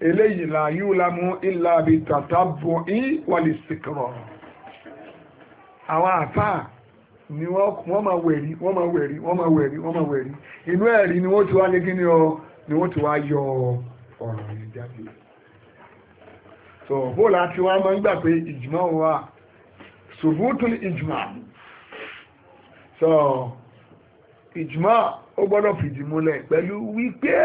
S1: eléyìí la yíò lámú ilá bí tàtà bọ̀ í wàlì síkọ̀rọ̀ àwọn àfáà ni wọ́n máa wẹ̀rí wọ́n máa wẹ̀rí wọ́n máa wẹ̀rí wọ́n máa wẹ̀rí inú ẹ̀rí ni wọ́n ti wá ní kíní ọ ni wọ́n ti wá yọ ọ̀rọ̀ yẹn jáde so bó láti wá máa ń gbà pé ìjùmọ̀ wà ṣùgbọ́n ìjùmọ̀ so ìjùmọ̀ ó gbọ́dọ̀ fìdí múlẹ̀ pẹ̀lú wípé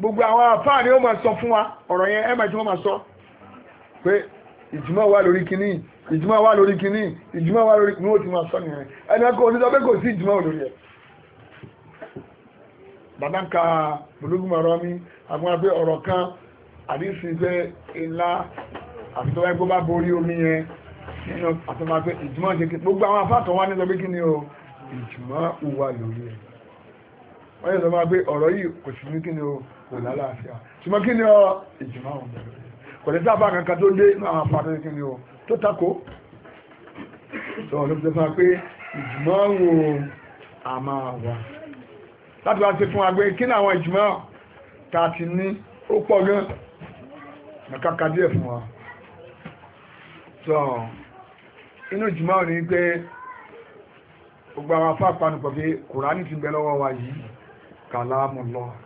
S1: gbogbo àwọn àfáà ni ó máa sọ fún wa ọ̀rọ̀ yẹn ẹ̀mà tí wọ́n máa sọ pé ìjùmọ̀ wà lórí kínní ìjùmọ̀ wà lórí kínní ìjùmọ̀ wà lórí kínní ó ti máa sọ nìyẹn ẹni ọkọ̀ onítọ́ pé kò sí ìjùmọ̀ lórí ẹ̀ bàbá ń ka bùlúgùn ọ̀rọ̀ mi àwọn abẹ́ ọ̀rọ̀ kan àdísì pé ńlá àfitọ́wá ẹgbó bá borí omi yẹn nínú àtọ́mà pé ṣe kí gbogbo àwọn afáàtọ̀ wọ́n yẹ sọ máa pé ọ̀rọ̀ yìí kò sí ní kí ni o kò lálàáfíà ṣùgbọ́n kí ni ọ ìjìmá òun bẹ̀rẹ̀ kò lè sábà kankan tó lé àwọn àpàdé kí ni ọ tó takò sọ ló fi sọ pé ìjìmá òun a máa wà láti wá sí fún agbé kí ni àwọn ìjìmá ta ti ní ó pọ̀ gan kàkà díẹ̀ fún wa sọ inú ìjìmá òun ni pé gbogbo àwọn afá panupọ̀ pé kùránì ti bẹ lọ́wọ́ wa yìí kàlámù lọ́wọ́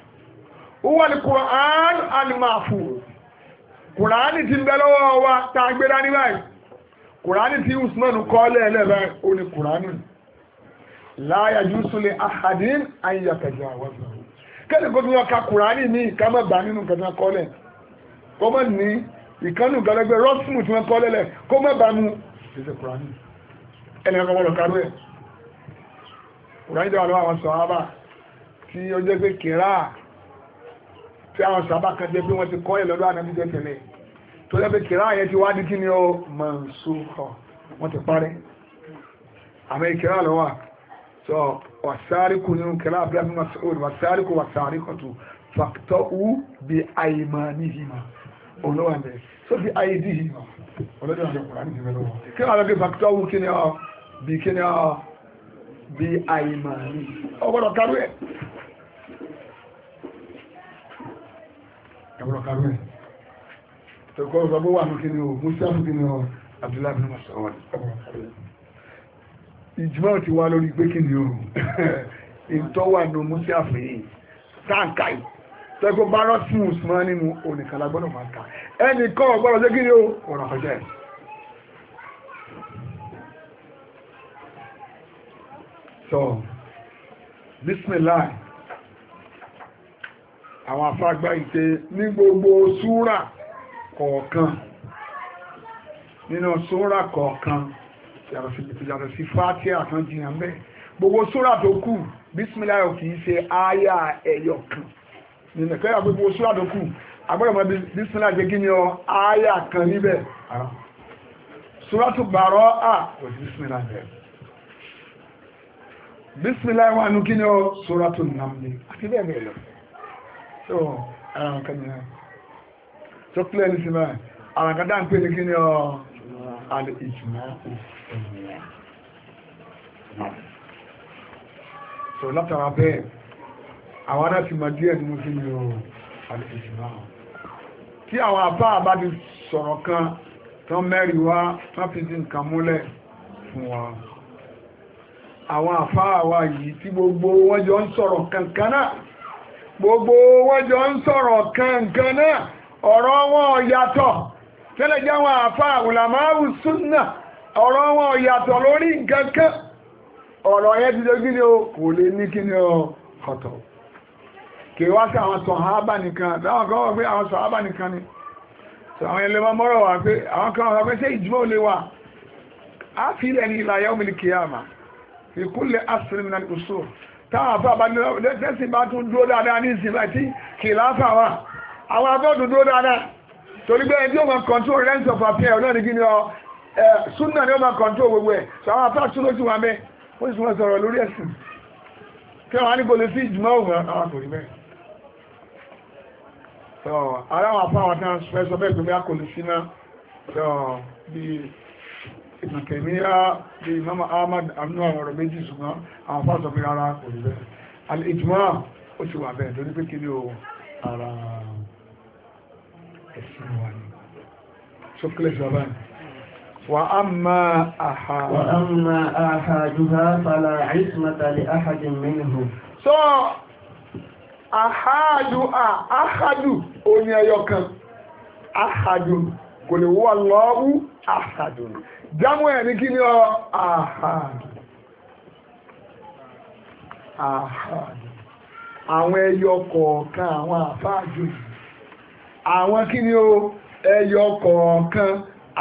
S1: wọ́n kùrán alimafu kùránì ti ń bẹ lọ́wọ́ wa ta gbé dání báyìí kùránì tí usman kọ́ lẹ́ẹ̀lẹ́ báyìí ó ní kùránì láyà jùsùlẹ̀ ahadin ayyàkẹjọ àwọn kẹ́lẹ̀ kó tún yọ ka kùránì ní ìkámọ́ bá nínú kẹta kọ́lẹ̀ kó mọ́ ní ìkánú gẹ́gẹ́ rọ́sùmù tí wọ́n kọ́ lẹ́lẹ̀ kó mọ́ bá mú ṣe kùránì ẹni ọkọ̀ wọ́n lọ kárú ẹ̀ kùránì jẹ́ wà lọ́wọ́ àwọn sọ̀hábà tí ó jẹ́ pé kìráà tí àwọn sàbá kan jẹ́ pé wọ́n ti kọ́ ẹ̀ lọ́dọ̀ ànábì jẹ́ tẹ̀lé tó lẹ́ pé kìrá yẹn ti wá di kí ni ó mansukha wọ́n ti parẹ́ àmì kìrá lọ́wọ́ sọ wàsáríkù nínú kìrá abúlé masoud wàsáríkù wàsáríkọ̀tù fàtọ́ù so bí àìdíhìmá olódò àjọ kùránì ti mẹ́lọ́wọ́ kìrá lọ́gbẹ́ fàtọ́ù kí ni ẹ̀wọ̀rọ̀ kàwé ẹ̀kọ́ ọ̀sọ̀gbọ́ wà ní kíni o mustapha kíni o abdullahi bin masoud ìjùmọ̀ ti wá lórí pé kíni o ìtọ́wà ní mustapha yìí táǹkà yìí tẹ́kọ̀ bá rọ́sí usman nínú onìkàlá gbọ́dọ̀ máa ta ẹnì kan ọgbọ́dọ̀ jẹ́ kíni o ọ̀rọ̀ àkọjá ẹ̀ bismillah àwọn afágbá ìpe ní gbogbo súrà kọ̀ọ̀kan nínú súrà kọ̀ọ̀kan yàtọ̀ sí fàtíà kan jìyàn bẹ́ẹ̀ gbogbo súrà tó kù bísmìláyà kì í ṣe àyà ẹ̀yọ̀ kan nínú kẹ́yà gbogbo súrà tó kù agbọ́gbọ̀mọ́ bísmìláyà jẹ́ kí ni ọ àyà kan níbẹ̀ súrà tó gbàrọ́ à kò sí bísmìláyà bẹ́ẹ̀ bísmìláyà wà nù kí ni ọ súrà tó nàmì àti bẹ́ẹ̀ bẹ́ẹ̀ lọ so ara nǹkan ni so clear ní sinmi ara nǹkan dáhùn pé ní kí ni ọ alẹ́ ìjùmọ̀
S2: ìsinmi
S1: so látara bẹ́ẹ̀ àwọn ará ti mọ̀ díẹ̀ nínú kí ni ọ alẹ́ ìjùmọ̀ tí àwọn àbá àbá ti sọ̀rọ̀ kan tán mẹ́rin wá tán fi ti nǹkan múlẹ̀ fún wa àwọn àfáà wa yìí tí gbogbo wọn jọ ń sọ̀rọ̀ kankan gbogbo wọ́n jọ ń sọ̀rọ̀ kankan náà ọ̀rọ̀ wọn ò yàtọ̀ tẹ́lẹ̀ jẹ́ wọn àfá àwùlàmáwù súnà ọ̀rọ̀ wọn ò yàtọ̀ lórí nǹkankan ọ̀rọ̀ yẹn ti dógí ni ó kò lè ní kí ni ọ̀tọ̀ kì wá sí àwọn sọ̀hábà nìkan láwọn kan wọ́n pé àwọn sọ̀hábà nìkan ni àwọn ilé wọn mọ́rọ̀ wà pé àwọn kan wọ́n pé ṣé ìjùmọ̀ ò lè wà á fi ilẹ̀ ní ìlàyà òmìnir kìyàmà ìkúlẹ̀ asìrìmìnà ìkùsùn táàfà bá lẹ́sìn bá tún dúró dáadáa ní ìsìn bá tí kìláfà wà àwọn abọ́dù dúró dáadáa torí pé ẹni ó máa control rents of affair náà ní gíní ọ súnà ni ó máa control gbogbo ẹ̀ so àwọn apá tún ló ti wà mẹ́ ó sì wọ́n sọ̀rọ̀ lórí ẹ̀sìn kí wọ́n á ní gbọ́dọ̀ sí ìjùmọ̀ òun àwọn kò rí bẹ́ẹ̀ so ara àwọn apá àwọn tán fẹ́ sọ bẹ́ẹ̀ pé bí a kò lè so bí Ibn Taymiyyah bí Imam Ahmad aminu àwọn ọ̀rọ̀ méjì ṣùgbọ́n àwọn fásọ pé rárá kò rí bẹ́ẹ̀ al-ijma ó ti wà bẹ́ẹ̀ lórí pé kiri o ara ẹ̀sìn wa ni ṣókílẹ̀ ṣọ́bá ni wà á ma àhàjúhá fàlà àìsìmọ̀ta lè lè wọ́ lọ́wọ́ àhàjù jámù ẹ̀ ní kí ni ọ àhàdù àhàdù àwọn ẹyọ kọ̀ọ̀kan àwọn àfáàjò àwọn kí ni ó ẹyọ kọ̀ọ̀kan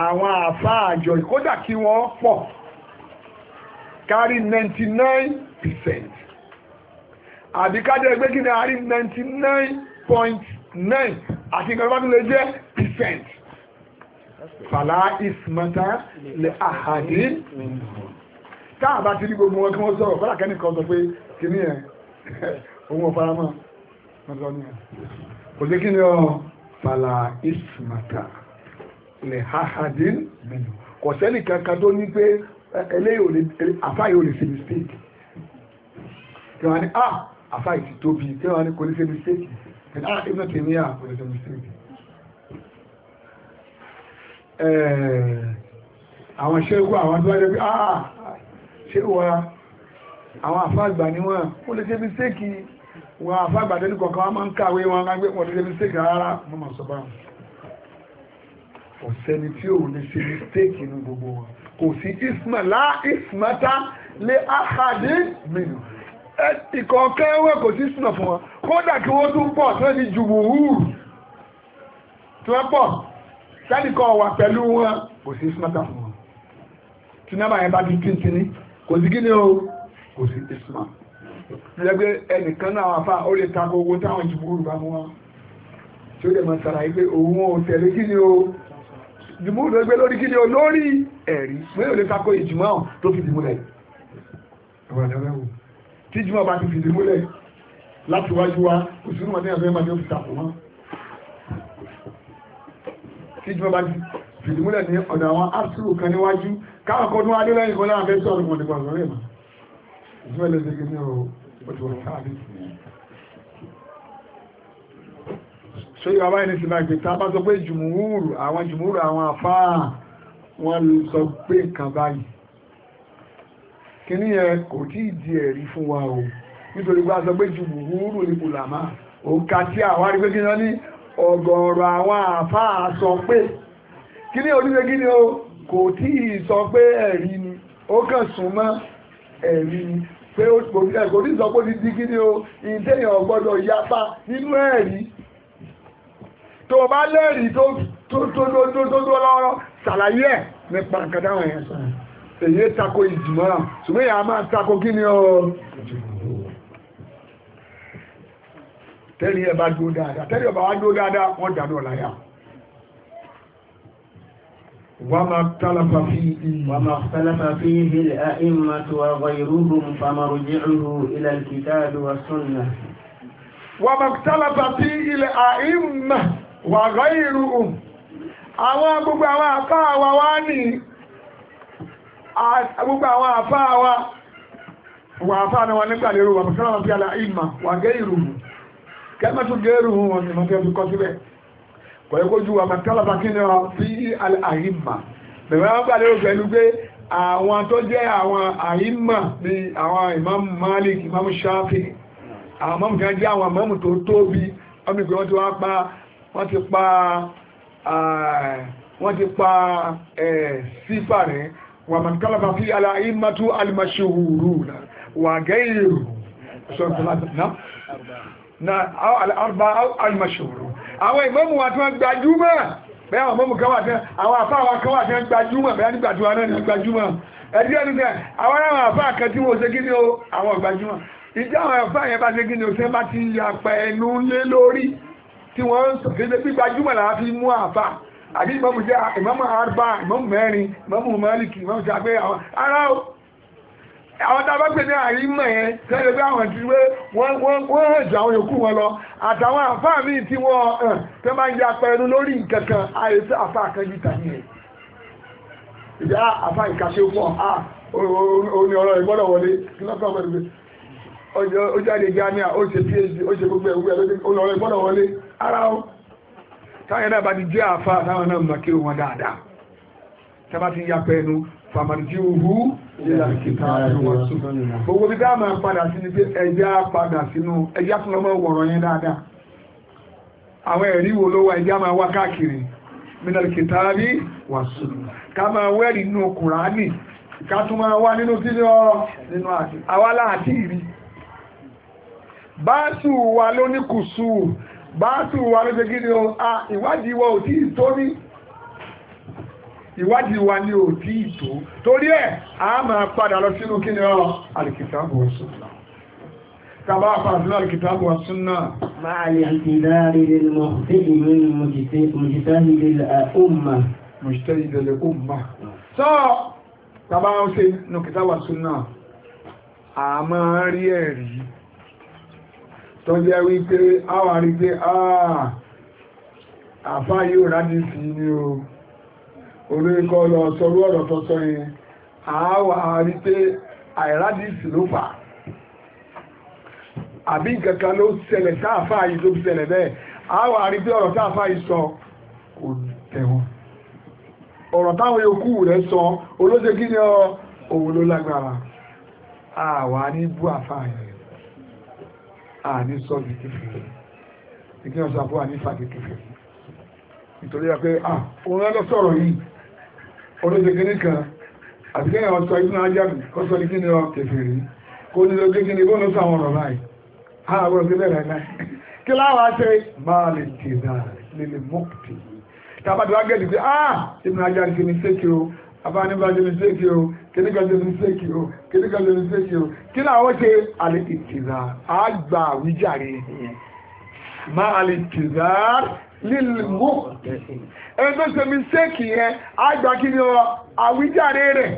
S1: àwọn àfáàjò kódà kí wọ́n pọ̀ kárí 99% àbíkájẹ́ ẹgbẹ́ kí ni a rí 99.9 àti ìgbàlọ́bá tó lè jẹ́ percent fàlá ìsìmọ́ta lè àhàdí káàbá ti rí gbogbo wọn kí wọ́n sọ̀rọ̀ fọ́lá kẹ́ni kan sọ pé kí ní ẹ̀ ohun ọ̀faramọ́ kò sí kí ni ọ fàlá ìsìmọ́ta lè àhàdí kò sẹ́ni kankan tó ní pé eléyìí àfáyé ò lè ṣe mistake kí wọ́n ní ah àfáyé ti tóbi kí wọ́n ní kò lè ṣe mistake ah ibùdó lè ṣe mistake Eh, àwọn ṣẹ́gbọ́ àwọn tó wájẹ́ pé ah ṣe wà àwọn ah, ah, àfáàgbà ní wọ́n ó lè ṣe bí sẹ́kì wọ́n àfáàgbà tẹ́lú kọ̀ọ̀kan wọ́n máa ń kàwé wọn lágbé wọ́n lè ṣe bí sẹ́kì rárá mọ́mà sọ́bà ọ̀sẹ́ni tí ò lè ṣe bí sẹ́kì ní gbogbo wọn kò sí isma lá ismata lé àhàdé mìíràn ìkọ̀ọ̀kan wọn kò sí isma fún wọn kódà kí wọ́n tún pọ̀ tó ní ju tí wọ́n pọ̀ kẹ́nìkan wà pẹ̀lú wọn kò sí smarta fún wọn tí nọ́mbà yẹn bá ti tí tí ní kò sí gíní o kò sí isma lẹ́gbẹ́ ẹnìkan náà wà fà ó lè tako owó táwọn jùmúrù bá mú wọn tí ó lè mọ sàrà yìí pé òun ò tẹ̀lé gíní o jùmúrù ló gbé lórí gíní o lórí ẹ̀rí pé ó lè tako ìjùmọ̀ tó fi dìmúlẹ̀ tí ìjùmọ̀ bá ti fi dìmúlẹ̀ láti wájú wa kò sínú wọn ní àgbẹ̀ máa ní ó fi tako wọn kí jùmọ́ bá fìdímúlẹ̀ ní ọ̀dọ̀ àwọn áṣírù kan níwájú káwọn kan ní wájú lẹ́yìn kan náà fẹ́ sọ̀rọ̀ wọn nípa ọ̀rọ̀ ìmọ̀ ìjọba ilẹ̀ ṣe ní ọ̀rọ̀ ojú ọ̀rọ̀ káàdì ṣé ìwà báyìí ní sinmi àgbè tá a bá sọ pé jùmúrù àwọn jùmúrù àwọn afáà wọn sọ pé kíní yẹn kò tí ì ẹ̀rí fún wa o nítorí pé sọ pé jùmúrù ní kùlàmà òǹkà tí àwárí pé kí wọ́n ní ọ̀gọ̀ọ̀rọ̀ àwọn àfáà sọ pé kí ní oníṣẹ́ kí ni o kò tí ì sọ pé ẹ̀rí ni ó kàn súnmọ́ ẹ̀rí ni pé kò tí ì sọ pé dídí kí ni o ìdẹ́yàn gbọ́dọ̀ yapa nínú ẹ̀rí tó bá lẹ́rìí tó tó lọ́rọ́ ṣàlàyé ẹ̀ nípa nǹkan dáhùn ẹ̀yẹn sọ èyí tako ìjùmọ́ràn ṣùgbọ́n ìyá máa tako kí ni o ìjùmọ́ tẹ́lẹ̀ ẹ bá dúró dáadáa tẹ́lẹ̀ ọba wá dúró dáadáa wọ́n dànù ọ̀láyà wọ́n máa tálàfà fi wọ́n máa tálàfà fi ilẹ̀ àìmọ̀ tó wà ìrúhùn famaru jẹ́rùhù ilẹ̀ kìtàdù wa sunna wọ́n máa tálàfà fi ilẹ̀ àìmọ̀ wà ìrúhùn àwọn gbogbo àwọn àfáà wa wá ní gbogbo àwọn àfáà wa wà àfáà náà wà nígbà lérò wà máa tálàfà fi ilẹ̀ àìmọ̀ wà kẹ́mẹ́tù gẹ́rù wọn ni mo fẹ́ fi kọ́ síbẹ̀ kọ̀yẹ́kójú wa màtálàbà kí ni wọn fi àhìmà bẹ̀rẹ̀ wọn bá lérò pẹ̀lú pé àwọn tó jẹ́ àwọn àhìmà ní àwọn imam malik imam shafi àwọn mọ́mù kan jẹ́ àwọn mọ́mù tó tóbi ọmọ ìgbé wọn ti wá pa wọ́n ti pa wọ́n ti pa sífà rẹ̀ wà màtálàbà fi àhìmà tó alìmọ̀ṣe hùrù wà gẹ́yìn na àrùbá alìmọ̀ṣòro àwọn ìmọ̀mù wa tí wọ́n gbajúmọ̀ bẹ́ẹ̀ àwọn ìmọ̀mù kan wà tí àwọn àfá wa kan wà tí wọ́n gbajúmọ̀ bẹ́ẹ̀ nígbà tí wọ́n náà ní gbajúmọ̀ ẹ̀dí ẹnu tẹ àwọn kan tí wọ́n ṣe kí ni àwọn gbajúmọ̀ ìjọ àwọn àfá yẹn bá ṣe kí ni o ṣe bá ti yàpẹ̀ ẹnu lé lórí tí wọ́n ṣe bí gbajúmọ̀ làá fi mú àfá àbí ìmọ̀mù jẹ́ ìmọ̀mù àrùbá ìmọ̀mù mẹ́rin ìmọ̀mù mẹ́lìkì ìmọ̀mù ṣàgbé àwọn ará àwọn tàbá pè ní àrímọ̀ ẹ̀ tẹ́lẹ̀ bí àwọn ti wé wọ́n hàn jù àwọn yòókù wọn lọ àtàwọn àfáà míì tí wọ́n hàn tẹ́ máa ń ya pẹ̀lú lórí nǹkankan àìsí àfáà kan jù tàbí ẹ̀ ìyá àfáà ìkàṣe fún ọ òní ah, ọ̀rọ̀ ìgbọ́dọ̀ wọlé lọ́kọ̀ ọmọdé ó jáde gánà ó ṣe phd ó ṣe gbogbo ẹ̀gbẹ́ òní ọ̀rọ̀ ìgbọ́dọ̀ wọlé ara ó táyẹ̀ náà bá ti jẹ́ àfáà táwọn náà mọ̀ kí wọn dáadáa tẹ́ bá ti ya pẹ̀lú fàmàdíhù gbogbo bí dáa máa padà sí ní pé ẹjá padà sínú ẹjá tún lọ́mọ wọ̀rọ̀ yẹn dáadáa àwọn ẹ̀rí wo ló wà ẹjá máa wá káàkiri minal kitabi wa sunna ká máa wẹ́rì nínú kùránì ká tún máa wá nínú sílé ọ̀rọ̀ nínú àti àwálà àti ìrí báàsù wa ló ní kùsù báàsù wa ló ṣe kí ni ìwádìí wa ò tí ì tó ìwádìí wa ní òtí ìtò torí ẹ̀ a máa padà lọ sínú kí ni ọ alìkìtàbù wa sunna tàbá àpàdúrà alìkìtàbù wa sunna máa yẹ ti dáre lọ sí ìwé mùjítẹ́lẹ̀ ọmọ sọ tàbá ó ṣe nùkìtàbù wa sunna a máa rí ẹ̀rí tó jẹ́ wípé a wà rí pé àà ah, àfáà yóò rádìí sí ní o orí ikọ́ lọ sọrú ọ̀rọ̀ tọ́tọ́ yẹn àáwà rí pé àìrádìsì ló fà àbí nǹkankan ló ṣẹlẹ̀ táàfà yìí ló ṣẹlẹ̀ bẹ́ẹ̀ àáwà rí pé ọ̀rọ̀ táàfà yìí sọ kò tẹ̀wọ̀n ọ̀rọ̀ táwọn yòókù rẹ̀ sọ olóṣè kí ni òun ló lágbára àwà ní bú àfà yẹn àní sọ́ọ̀dì kéfèé nítorí pé ah òun lọ sọ̀rọ̀ yìí olóṣèkiri kan àti kẹ́yìn ọ̀sọ̀ ìdúnà ajáàmì kó sọ ní kí ni ọ kẹfẹ́ rí kó ní lókè kí ni bó ló sọ àwọn ọ̀rọ̀ láì àwọn ọ̀sẹ̀ bẹ̀rẹ̀ láì kí láwàá ṣe máa lè tèdà lè lè mọ́kùtì tàbátì wá gẹ̀ẹ́dì pé ah ìdúnà ajáàmì kì ní sékì o abánibájẹ́ ní sékì o kìníkàjẹ́ ní sékì o kìníkàjẹ́ o kí láwọ́ lílùmú ẹni tó ṣe mistake yẹn àgbà kí ni ọ àwíjàre rẹ̀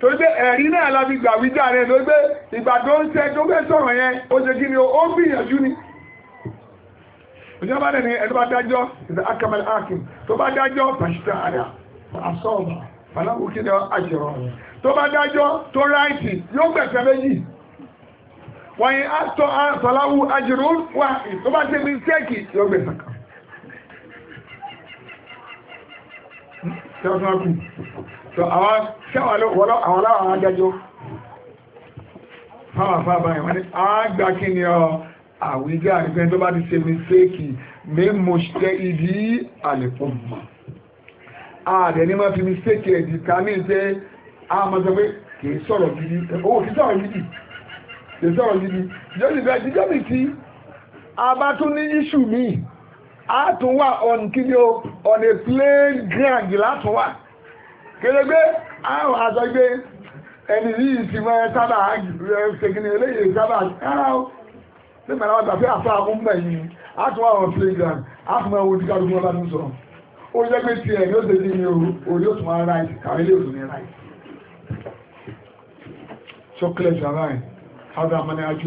S1: tó gbé ẹ̀rí náà láti gbà àwíjàre tó gbé ìgbà tó ń ṣe tó gbé sọ̀rọ̀ yẹn ó ṣe kí ni ó gbìyànjú ni ìjọba bá dájọ́ akamal akim tó bá dájọ́ pàṣítà àdá àsọ̀ọ̀bà fàlàkùn kí ni ọ àjẹrọ̀ tó bá dájọ́ tó ráìtì wọ́n yí àtọ́ àtọ́láwú ajírò wà tó bá tẹ́ mi sẹ́ẹ̀kì yóò gbé sàkà tó àwọn sẹ́wà lọ́wọ́lọ́ àwọn aláwọ̀ adájọ́ fáwọn àfáàbá ìwọ́n ni a gbà kí ni ọ àwíjá ìgbẹ́ tó bá ti ṣe mi sẹ́ẹ̀kì mímọ̀ ṣẹ́ ìdí àlẹ́pọ̀ mọ̀ ààrẹ ní máa fi mi sẹ́ẹ̀kì ẹ̀dì ká ní ìṣe àmọ́sọ pé kì í sọ̀rọ̀ gidi lè sọ̀rọ̀ gidi jọ́sì fẹ́ jíjọ́ mi tí a bá tún ní iṣu mi a tún wà on kíni o on a plain ground látún wà kérégbé àwọn àtọ́gbé ẹni yìí ti mọ́ sábà ṣègìní eléyìí sábà ara ó ní mẹ́ra wọn tàbí àfa àwọn ọmọ yìí a tún wà on plain ground a tún máa wo ní kálukú ọlá ní sọ̀rọ̀ ó jẹ́ pé tiẹ̀ ní ó ṣe ní orí ó tún wá ráìtì kàwé lè òtún ní ráìtì chocolate around هذا منهج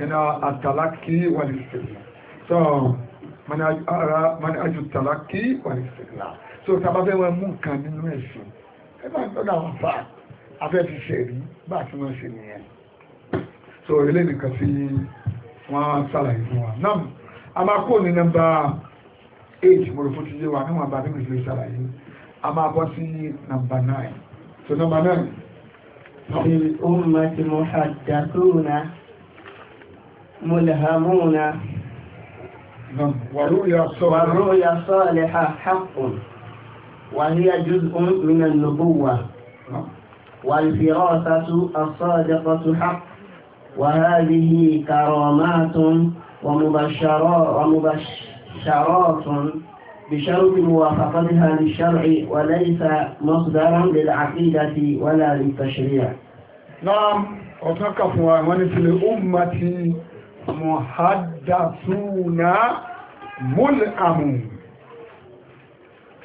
S1: هنا التلقي والاستدلال so منهج أرى منهج التلقي والاستدلال so tàbí wọn mú nǹkan nínú ẹ̀sìn ẹgbẹ́ àgbọ́dọ̀ àwọn fà afẹ́fẹ́ ṣe rí bá tí wọ́n ṣe nìyẹn so ilé nìkan sí wọ́n sàlàyé fún wa náà a máa kó ní nọ́mbà 8 mo rò fún ti yé wa níwọ̀n bá nínú ìlú sàlàyé a máa bọ́ sí nọ́mbà 9 so nọ́mbà 9 في الأمة محدثون ملهمون نعم، والرؤيا الصالحة حق وهي جزء من النبوة نعم. والفراسة الصادقة حق وهذه كرامات ومبشرات بشرط موافقتها للشرع وليس مصدرا للعقيدة ولا للتشريع نعم وتقفوا ونفي الأمة محدثون ملأمون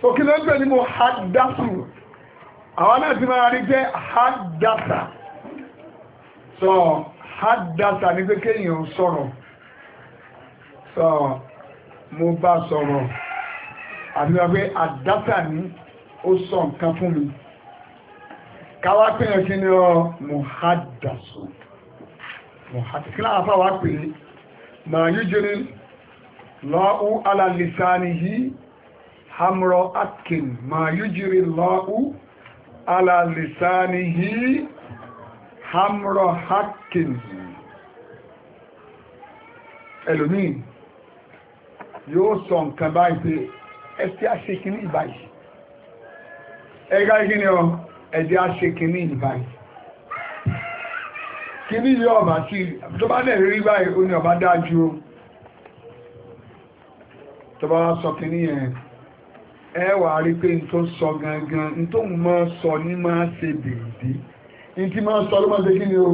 S1: òkè ló ń pè ní mo hadasu àwọn so hadasa ní pé kéèyàn so mo bá sọ̀rọ̀ àbí wọ́n pé àdáfà ní ó sọ nǹkan fún mi káwá pé yẹn kí ni ọ mohadasu mohadasu kí láàfà wá pè é màá yíjiri lọ́ọ́ alàlìsáni yìí hamro atkin màá yíjiri lọ́ọ́ alàlìsáni yìí hamro atkin ẹlòmíì yóò sọ nǹkan báyìí ẹ̀sí àṣekíní ìbáyìí ẹ̀gá ìkíní ọ ẹ̀dí àṣekíní ìbáyìí kíní yọ ọ̀bà sí tó bá dẹ̀ rí báyìí ó ní ọ̀bá dájú o tó bá sọ kíní yẹn ẹ wà rí pé n tó sọ gangan n tó mọ sọ ní máa ṣe dèédé n tí máa sọ ló máa ṣe kíní o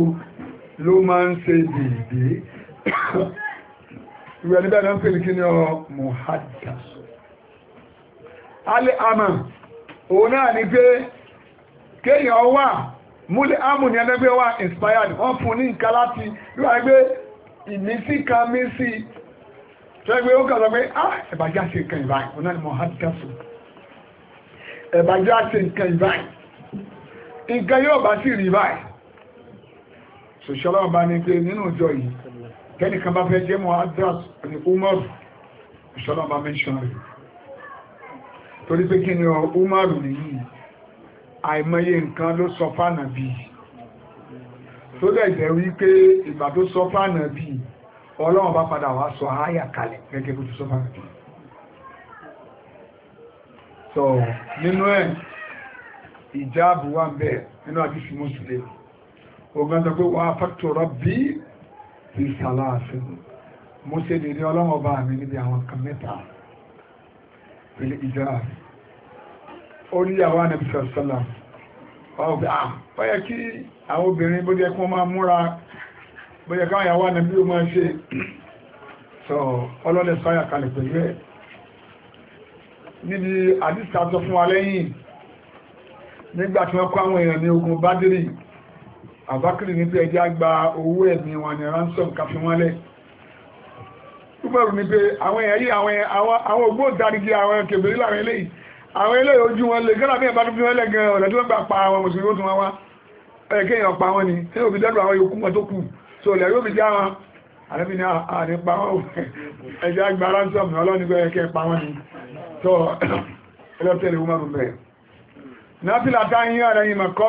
S1: ló máa ń ṣe dèédé ìwẹ̀ níbẹ̀ náà ń pè ní kíní ọ muhaddas alẹ́ àmà òun náà ni pé kéèyàn wà múlẹ̀ àmù ní ẹlẹ́gbẹ́ wà inspired wọ́n fún ní nǹkan láti ríwá ẹgbẹ́ ìmísí kan mí sí tẹ́gbẹ́ ó kàn sọ pé ah ẹ̀bàjá ṣe nǹkan ìbáyìí òun náà ni mo hard castle ẹ̀bàjá ṣe nǹkan ìbáyìí nǹkan yóò bá sí rí báyìí ṣòṣọ́lọ́wọ́ bá ní pé nínú ìjọ yìí kẹ́nìkan bá fẹ́ jẹ́ mọ́ adras ní umaru ṣòṣọ́lọ́wọ́ bá mẹ́ṣọ́nà yìí torí pé kí ni ọ Umaru nìyí àìmọye nǹkan ló sọ fánà bí tó dẹ̀ jẹ́ wípé ìgbà tó sọ fánà bí ọlọ́run bá padà wá sọ ááyà kalẹ̀ gẹ́gẹ́ bó ti sọ fánà bí sọ nínú ẹ̀ ìjáàbù wà ń bẹ̀ nínú àdísí mùsùlùmí ogun tó pé wà á fàtòrọ bí ìsàlá àfihàn mo ṣe lè rí ọlọ́run mi níbi àwọn kan mẹ́ta fìlì ìjára ó rí àwọn ànábì sàlá ọ̀gbẹ́ à bóyá kí àwọn obìnrin bó jẹ́ kí wọ́n máa múra bóyá káwọn ìyàwó ànábì ó máa ṣe sọ ọlọ́lẹ̀ sọ́yà kalẹ̀ pẹ̀lú ẹ̀ níbi àdìsá sọ fún wa lẹ́yìn nígbà tí wọ́n kọ́ àwọn èèyàn ní ogun bádìrì àbákìrì níbi ẹjá gba owó ẹ̀mí wọn ní ransom káfí túmọ̀rù ni pé àwọn èèyàn yìí àwọn ògbóǹtarìgì àwọn kèbèrè láwọn eléyìí àwọn eléyìí ojú wọn lè gánà bí ẹ̀bá tó fi wọ́n lẹ́gàn ọ̀nà tí wọ́n gbà pa àwọn mùsùlùmí tó wọn wá ẹ̀kẹ́ èèyàn pa wọn ni tí ó fi dẹ́rù àwọn yòókù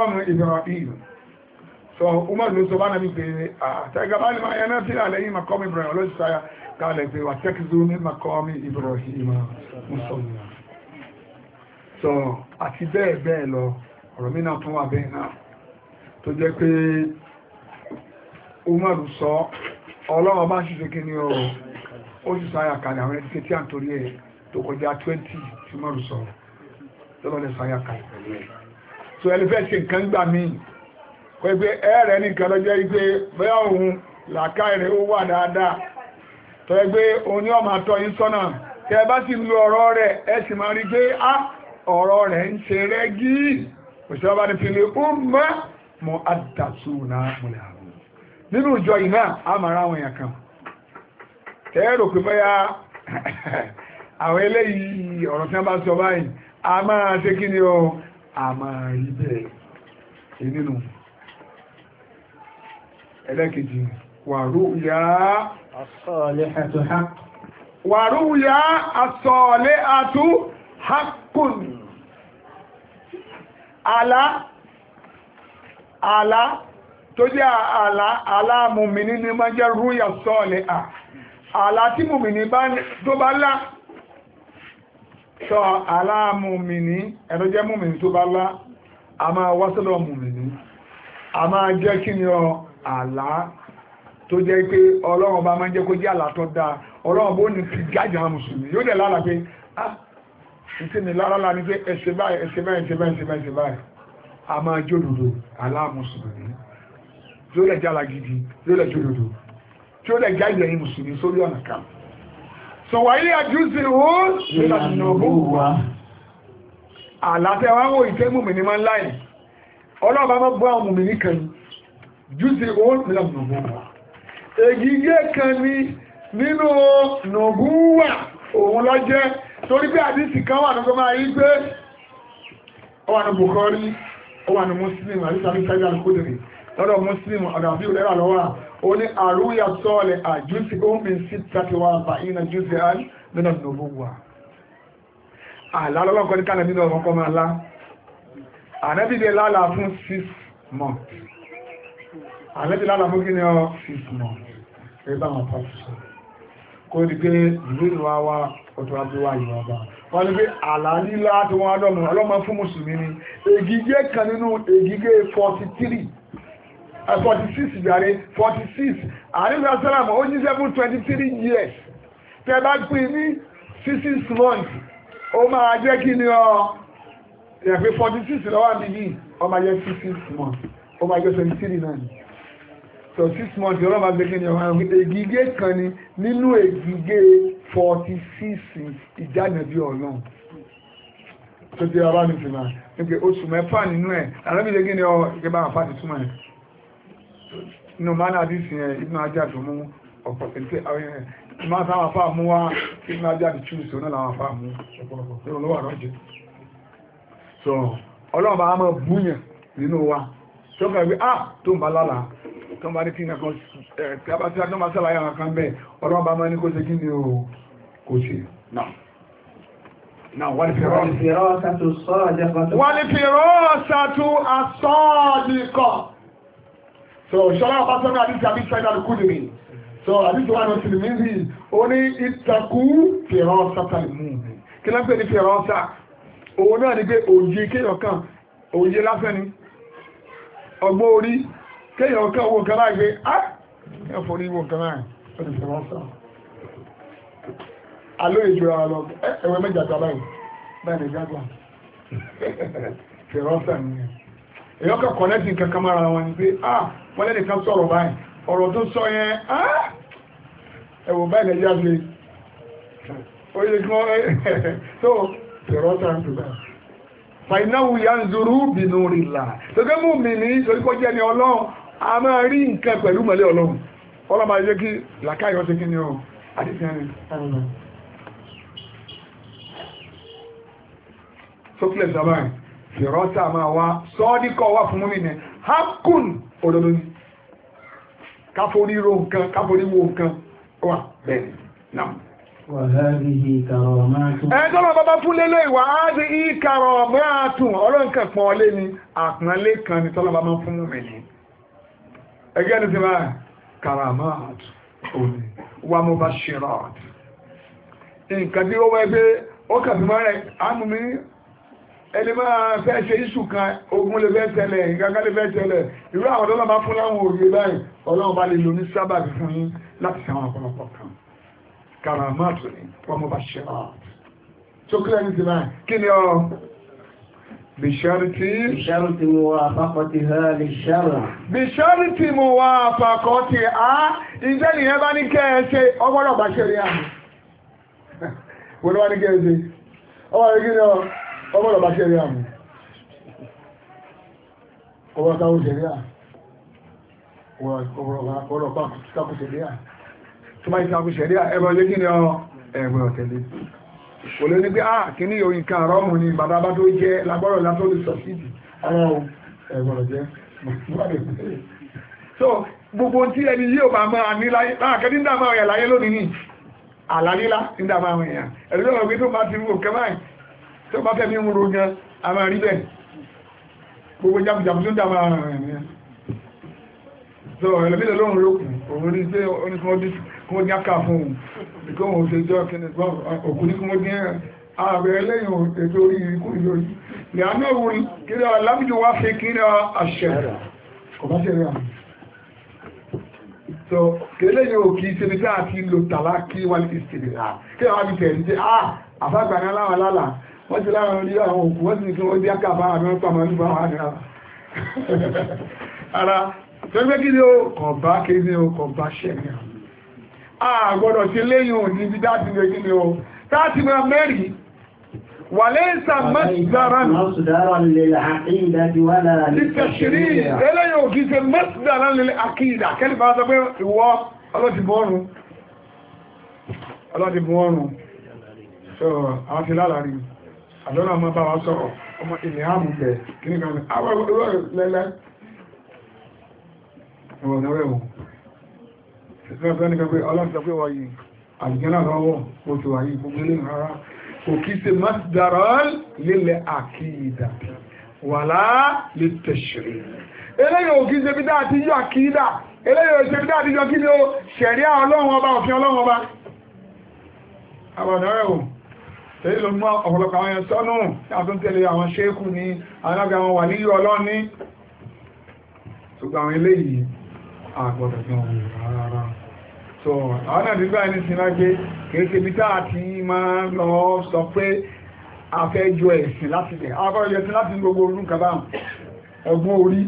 S1: wọn so umar ló sọ bá nàbí pé àtẹ́gà ah, bá ní máa yẹn náà sílẹ̀ lẹ́yìn makọ́mí ibrahim ọlọ́sì sáyà kalẹ̀ pé wà tẹ́kìzú ní makọ́mí ibrahim musulman so àti bẹ́ẹ̀ bẹ́ẹ̀ lọ ọ̀rọ̀ mí náà tún wà bẹ́ẹ̀ náà tó jẹ́ pé umar sọ ọlọ́wọ́ bá ṣiṣẹ́ kí ni o ó sì sáyà kalẹ̀ àwọn ẹni tí à ń torí ẹ̀ tó kọjá 20 tí umar sọ lọ́lọ́lẹ̀ sáyà kalẹ̀ so ẹni fẹ́ ṣe nǹkan gbà míì pẹ̀pẹ̀ ẹ̀rẹ̀ ní nǹkan lọ́jọ́ ipé bẹ́ ọ̀hun làkà ẹ̀rẹ̀ ó wà dáadáa tọ òun ni ọmọ àtọ́ yìí sọ́nà tẹ́ bá sì lu ọ̀rọ̀ rẹ̀ ẹ sì máa rí pé á ọ̀rọ̀ rẹ̀ ń ṣe rẹ́gí òṣèlú ní fi ó mọ́ mọ́ náà a ẹlẹ́kejì wàrúyà asọ̀ọ̀lẹ́ àtú hakùn àlá àlá tó jẹ́ àlá aláàmùmìnì ní máa jẹ́ rúyà sọ́ọ̀lẹ́ à àlá tí mùmìnì tó bá lá sọ aláàmùmìnì ẹ̀rọ jẹ́ mùmìnì tó bá lá a máa wá sọ́lọ̀ mùmìnì a máa jẹ́ kí ni ọ àlá tó jẹ́ pé ọlọ́run bá máa ń jẹ́ kó jẹ́ àlá tó dáa ọlọ́run bó ní fi gájà mùsùlùmí yóò dẹ̀ lára pé ah ìtí mi lára lára ní pé ẹsẹ̀ báyìí ẹsẹ̀ báyìí ẹsẹ̀ báyìí ẹsẹ̀ báyìí ẹsẹ̀ báyìí a máa jòdòdò àlá mùsùlùmí yóò lẹ̀ jẹ́ àlá gidi yóò lẹ̀ jòdòdò tí ó lẹ̀ já ìyẹ̀yìn mùsùlùmí sórí ọ̀nà kan sọ̀wáyé àjúsí ó ìlànà òwúwa àlàtẹ̀wọ̀n ìtẹ́mùmí ni máa ń láì ọlọ́ọ̀bá mọ́ bọ́ àwọn mùmí kan júsì òun lọ́nà ègigé kan ni nínú nùbúwà òun lọ jẹ́ torí pé àdísì kan wà nígbọ́n máa yí pé ọwà ní Bukhari ọwà ní Muslim àdísàbí sáyé alkúdìrí lọ́dọ̀ Muslim ọ̀dàbí ìrẹ́rà lọ́wà ó ní àrúyà sọ́ọ̀lẹ̀ àjúsì òun bí sí tàtíwà fàínà júsì án nínú nùbúwà àlá lọ́lọ́kọ́ ní kánà nínú ọ̀rọ̀kọ́ máa lá ànábìdẹ̀ lálàá fún six months àlẹ́bí lára mú kí ni ọ ìsìnà ẹgbà wọn pàtó sọ kó di pé ìlú ìwà wa ọ̀tọ̀ abúwá ìwà bá wọ́n ní pé àlá nílá tí wọ́n adọ́mù ọlọ́mọ fún mùsùlùmí ni ègìgé kan nínú ègìgé 43 46 jàre 46 àríwá sálàmù ó ní 723 years tẹ́ bá pín ní 6 months ó máa jẹ́ kí ni ọ ẹ̀pẹ́ 46 lọ́wọ́ àbí yìí ó máa jẹ́ 6 months ó máa jẹ́ 23 náà so six months yọ̀rọ̀ máa gbẹ́gbẹ́ ní ọmọ ègìgé kan ni nínú ègìgé forty six ìjánàbí ọ̀nà tó ti ọba mi fi máa ní pé oṣù mẹ́fà nínú ẹ̀ àrẹ́bìnrin gíní ọ ìgbé bá àfáàdì túmọ̀ ẹ̀ nínú máa náà dìsì ẹ̀ inú ajá tó mú ọ̀pọ̀ pẹ̀lú àwọn ẹ̀ máa sáwọn afá mú wá inú ajá tó túùsì ọ̀nà làwọn afá mú ọ̀pọ̀lọpọ̀ lọ́wọ́ àrọ́jẹ́ so ọlọ́ọ̀bá á máa búyàn nínú wa ṣọ́kà wí ah tó ń bá lálà tó ń bá ní kí n kan kábà tí a tó máa sálàyé àwọn kan bẹ́ẹ̀ ọlọ́run bá máa kó ṣe kí ni o kò ṣe náà wọ́n fi rọ́ọ̀sà tó asọ́ọ̀dìkọ̀ so ṣọ́lá ọ̀pásọ́nà àdíjì àbí ṣẹ́dàlùkú nìmi so àdíjì wà ní òtìlìmí rí o ní ìtàkù fìrọ́ọ̀sà tàìmù kí lẹ́gbẹ̀ẹ́ ní fìrọ́ọ̀sà òun náà ní pé òye ọgbọ́n orí kéèyàn ọkẹ́ owó kan láì gbé á kéèyàn kan láì ó lè fẹ́ràn Alo aló ìjọ ara lọ eh, mẹ́jà gbà báyìí báyìí lè jágbà fẹ́ràn sàn ni èyàn wọn ni pé ah, kan fàìnáwù ya ń zuru bìnú rìlà tókẹ́ mú mi ní orípọ̀ jẹ́ ni ọlọ́run a máa rí nǹkan pẹ̀lú mọ̀lẹ́ ọlọ́run ọlọ́run máa yẹ kí làkáyọ̀ ṣe kí ni ọ àdìsẹ́ni sókèlè sàbáì fìrọ́tà máa wá sọ́ọ́díkọ̀ wà fún mi ní hakun òdodo ni káforí ro nǹkan káforí wo nǹkan wà bẹ́ẹ̀ ni náà
S2: ẹjọ́
S1: lọ bàbá fún lélẹ̀ ìwà áàdì ìkàrọ̀ mẹ́àtùn ọlọ́nkẹ̀ pọ̀ lé ní àpínlẹ̀ kan ní tọ́lọ́bà máa fún mi ní ẹgbẹ́ ní ti máa karamat òní wà mú bá ṣírọ̀t nǹkan tí ó wẹ́ pé ó kàfí mọ́ rẹ̀ ámùmí ẹni máa fẹ́ ṣe iṣù kan ogun lè fẹ́ tẹ́lẹ̀ ìgbàgbà lè fẹ́ tẹ́lẹ̀ ìrú àwọn ọlọ́bà fún láwọn òye báyìí ọlọ́run bá lè lò ní sábàbí láti ṣe ọ̀pọ̀lọpọ̀ kan karamat ni wọ́n mọ́ bá ṣe rà tó kílẹ̀ ní ti báyìí kí ni ọ bìṣẹ́rìtì bìṣẹ́rìtì mú wa àpapọ̀tì ha lè ṣẹ́rà bìṣẹ́rìtì mú wa àpapọ̀tì ha ìjẹ́ nìyẹn bá ní kẹ́ẹ̀ṣe ọgbọ́dọ̀ bá ṣe rí àmì wọ́n ló wá ní kẹ́ẹ̀ṣe ọgbọ́dọ̀ bá ṣe rí àmì ọgbọ́dọ̀ bá ṣe rí àmì ọgbọ́dọ̀ bá ṣe rí àmì tó bá ìtàkù ṣẹ̀rí ẹgbẹ́ ọjọ́ kí ni ọ ẹgbẹ́ ọ̀tẹ̀lẹ̀ kò ní pé ah kí ní oyin kan rọ́mù ni bàbá bá tó jẹ́ lágbọ́rọ̀ látó lè sọ sí ìdí ara ẹgbẹ́ ọ̀jẹ́ so gbogbo tí ẹni yóò bá máa ní láyé ah, láàkẹ́ ní tó bá ti wò kẹ́máì so ẹ̀lẹ́bílẹ̀ lóhun lókùn òun rí pé onísmọ́ dísìkì kún jáka fún un kí wọ́n ṣe jọ kíni gbọ́ òkú ní kí wọ́n jẹ́ ààrẹ ẹlẹ́yìn ètò orí ikú ìlórí ìyànà òun kíra alábìjọ wá fi kíra àṣẹ kọ̀báṣẹ́rẹ́ àmì so kele yẹn o kìí ṣebi tí a ti lo tala kí wà ní ìṣẹ̀lẹ̀ la kí wọ́n ah àfàgbà ní aláwọ̀ lálà wọ́n ti láwọn orí àwọn òkú wọ́n ti ní kí wọ́n bí akáàbá àwọn pàmò nípa àwọn àdìrà ara tó ń gbé kí ni o kọ̀ bá kí ni o kọ̀ bá ṣẹ̀rẹ̀ àwọn. àgbọ́dọ̀ ṣe léyìn òní bí lè gílé o táti máa mẹ́rin wà lẹ́ẹ̀sà mẹ́sìdára nìtẹ̀ṣìrí àkídà kẹ́lì bá sọ pé ìwọ ọlọ́dìbọ̀ọ̀rùn ọlọ́dìbọ̀ọ̀rùn àwọn lálàrí àdọ́nà ọmọ bá wa sọ̀rọ̀ ọmọ ilẹ̀ àmùgbẹ̀ ìsìnkú nígbà pé ọlọ́sọ pé wọ́n yìí àjẹ́nà rọwọ́ oṣù wáyé gbogbo ní rárá kò kí ṣe masdarol lílẹ̀ àkídà wàlá lè tẹ̀ṣẹ̀rì eléyìí ò kí ṣe bí dáa ti yọ àkídà eléyìí ò ṣe bí dáa ti yọ kí ni ó ṣẹ̀ríà ọlọ́run òfin ọlọ́run ọba àbàdàn rẹ̀ o èyí ló mú ọ̀pọ̀lọpọ̀ àwọn ẹ̀yàn sọ́nù àtúntẹ̀lé àwọn ṣéèkù ní alága àwọn wà nílùú so àwọn náà nígbà ní sinagé kèése bí táà ti máa lọ sọ pé afẹ́jọ ẹ̀sìn láti lẹ̀ akọ́jọ ẹ̀sìn láti gbogbo orún kàbáhùn ọgbọ́n orí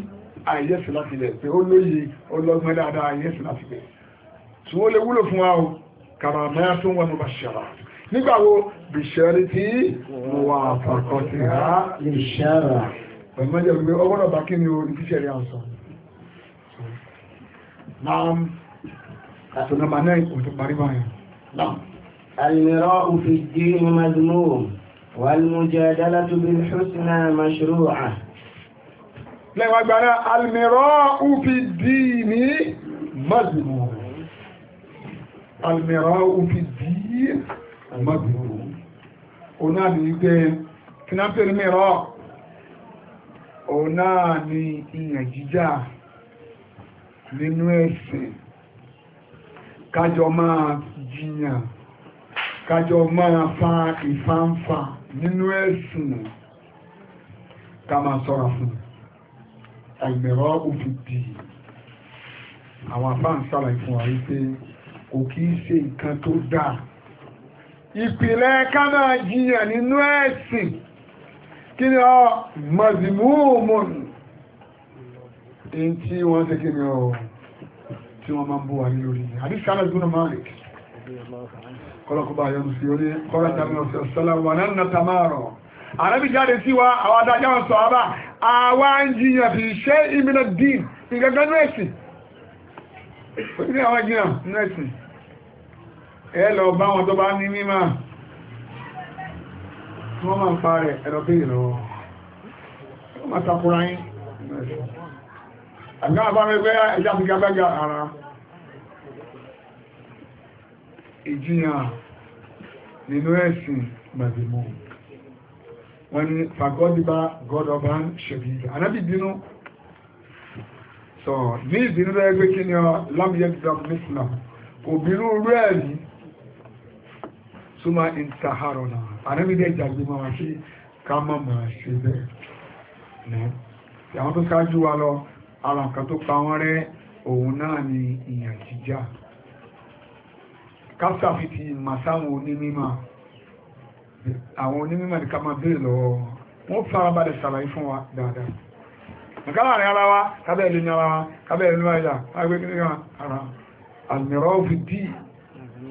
S1: àìyẹ́sìn láti lẹ̀ pé ó lóye ọlọ́gbọ́n dáadáa àìyẹ́sìn láti lẹ̀ tí ó lè wúlò fún wa o kàrà mẹ́ra tó wọn bá ṣẹ̀rà nígbàwo bìṣẹ́rí tí wà fàkọ́ sí ha lè ṣẹ́rà pẹ̀lú mẹ́jọ gbogbo ọgbọ́n ọ̀bá kí ni o ní tíṣẹ̀rí àwọn sọ àti nọ́mbà náà kò tó parí báyìí. المراء في الدين مذموم والمجادلة بالحسنى مشروعة lẹ́wà gbára almira ufi dìní mazmú almira ufi dìní mazmú o náà ni wípé kí náà pẹ̀lú mìírọ o náà ni ìyàn jíjà nínú ẹ̀sìn kájọ máa jiyàn kájọ máa fa ìfáǹfà nínú ẹ̀sìn ká máa sọ́ra fún àìmẹ̀rọ òfin dì àwọn àbá ń sàlàyé fún wa wípé kò kí í ṣe nǹkan tó dáa ìpìlẹ̀ ká máa jiyàn nínú ẹ̀sìn kí ni ọ mọ̀zìmúùmù ní tí wọ́n ṣe kí ni ọ tí wọ́n máa ń bú wa lórí àdíṣà alẹ́gbùn malik kọlọ́kọba ayọ́nu sí orí kọ́rọ̀ta mi ọ̀sẹ̀ ọ̀sọ́lá wà náà nà tamárọ̀ àrẹ́bí jáde sí wa àwọn adájá wọn sọ àbá àwa ń jiyàn fi ṣe ìmìnà dín ìgangan nẹ́ẹ̀sì ní àwọn jiyàn nẹ́ẹ̀sì ẹ lọ bá wọn tó bá ní mímá
S2: wọ́n
S1: àgbà àbámẹ́gbẹ́ ẹjá ti gbẹ́gbẹ́ ara ìjìyàn nínú ẹ̀sìn gbàdìmọ̀ wọ́n ni fagọ́dìbá gọ́dọ̀bá ń ṣẹ̀bí anábì bínú sọ ní ìbínú rẹ̀ gbé kí ni ọ lámìyẹ́dìdàmìsìnà kò bínú rẹ̀ rí súnmọ́ ìntàhárọ̀nà anábì dẹ̀ jàgbìmọ̀ àti ká mọ̀ mọ̀ ṣe bẹ́ẹ̀ àwọn tó ṣáájú wa lọ ara nǹkan tó pa wọ́n rẹ́ òun náà ni ìyàn jíjà kásáfi ti mà sáwọn onímọ̀ àwọn onímọ̀ ní ká máa béèrè lọ́wọ́ wọ́n farabalẹ̀ ṣàlàyé fún wa dáadáa nǹkan láàrin ara wa kábẹ́ ìlú ní ara wa kábẹ́ ìlú ní ara agbé kí ní kan ara àmìrọ́ fi dí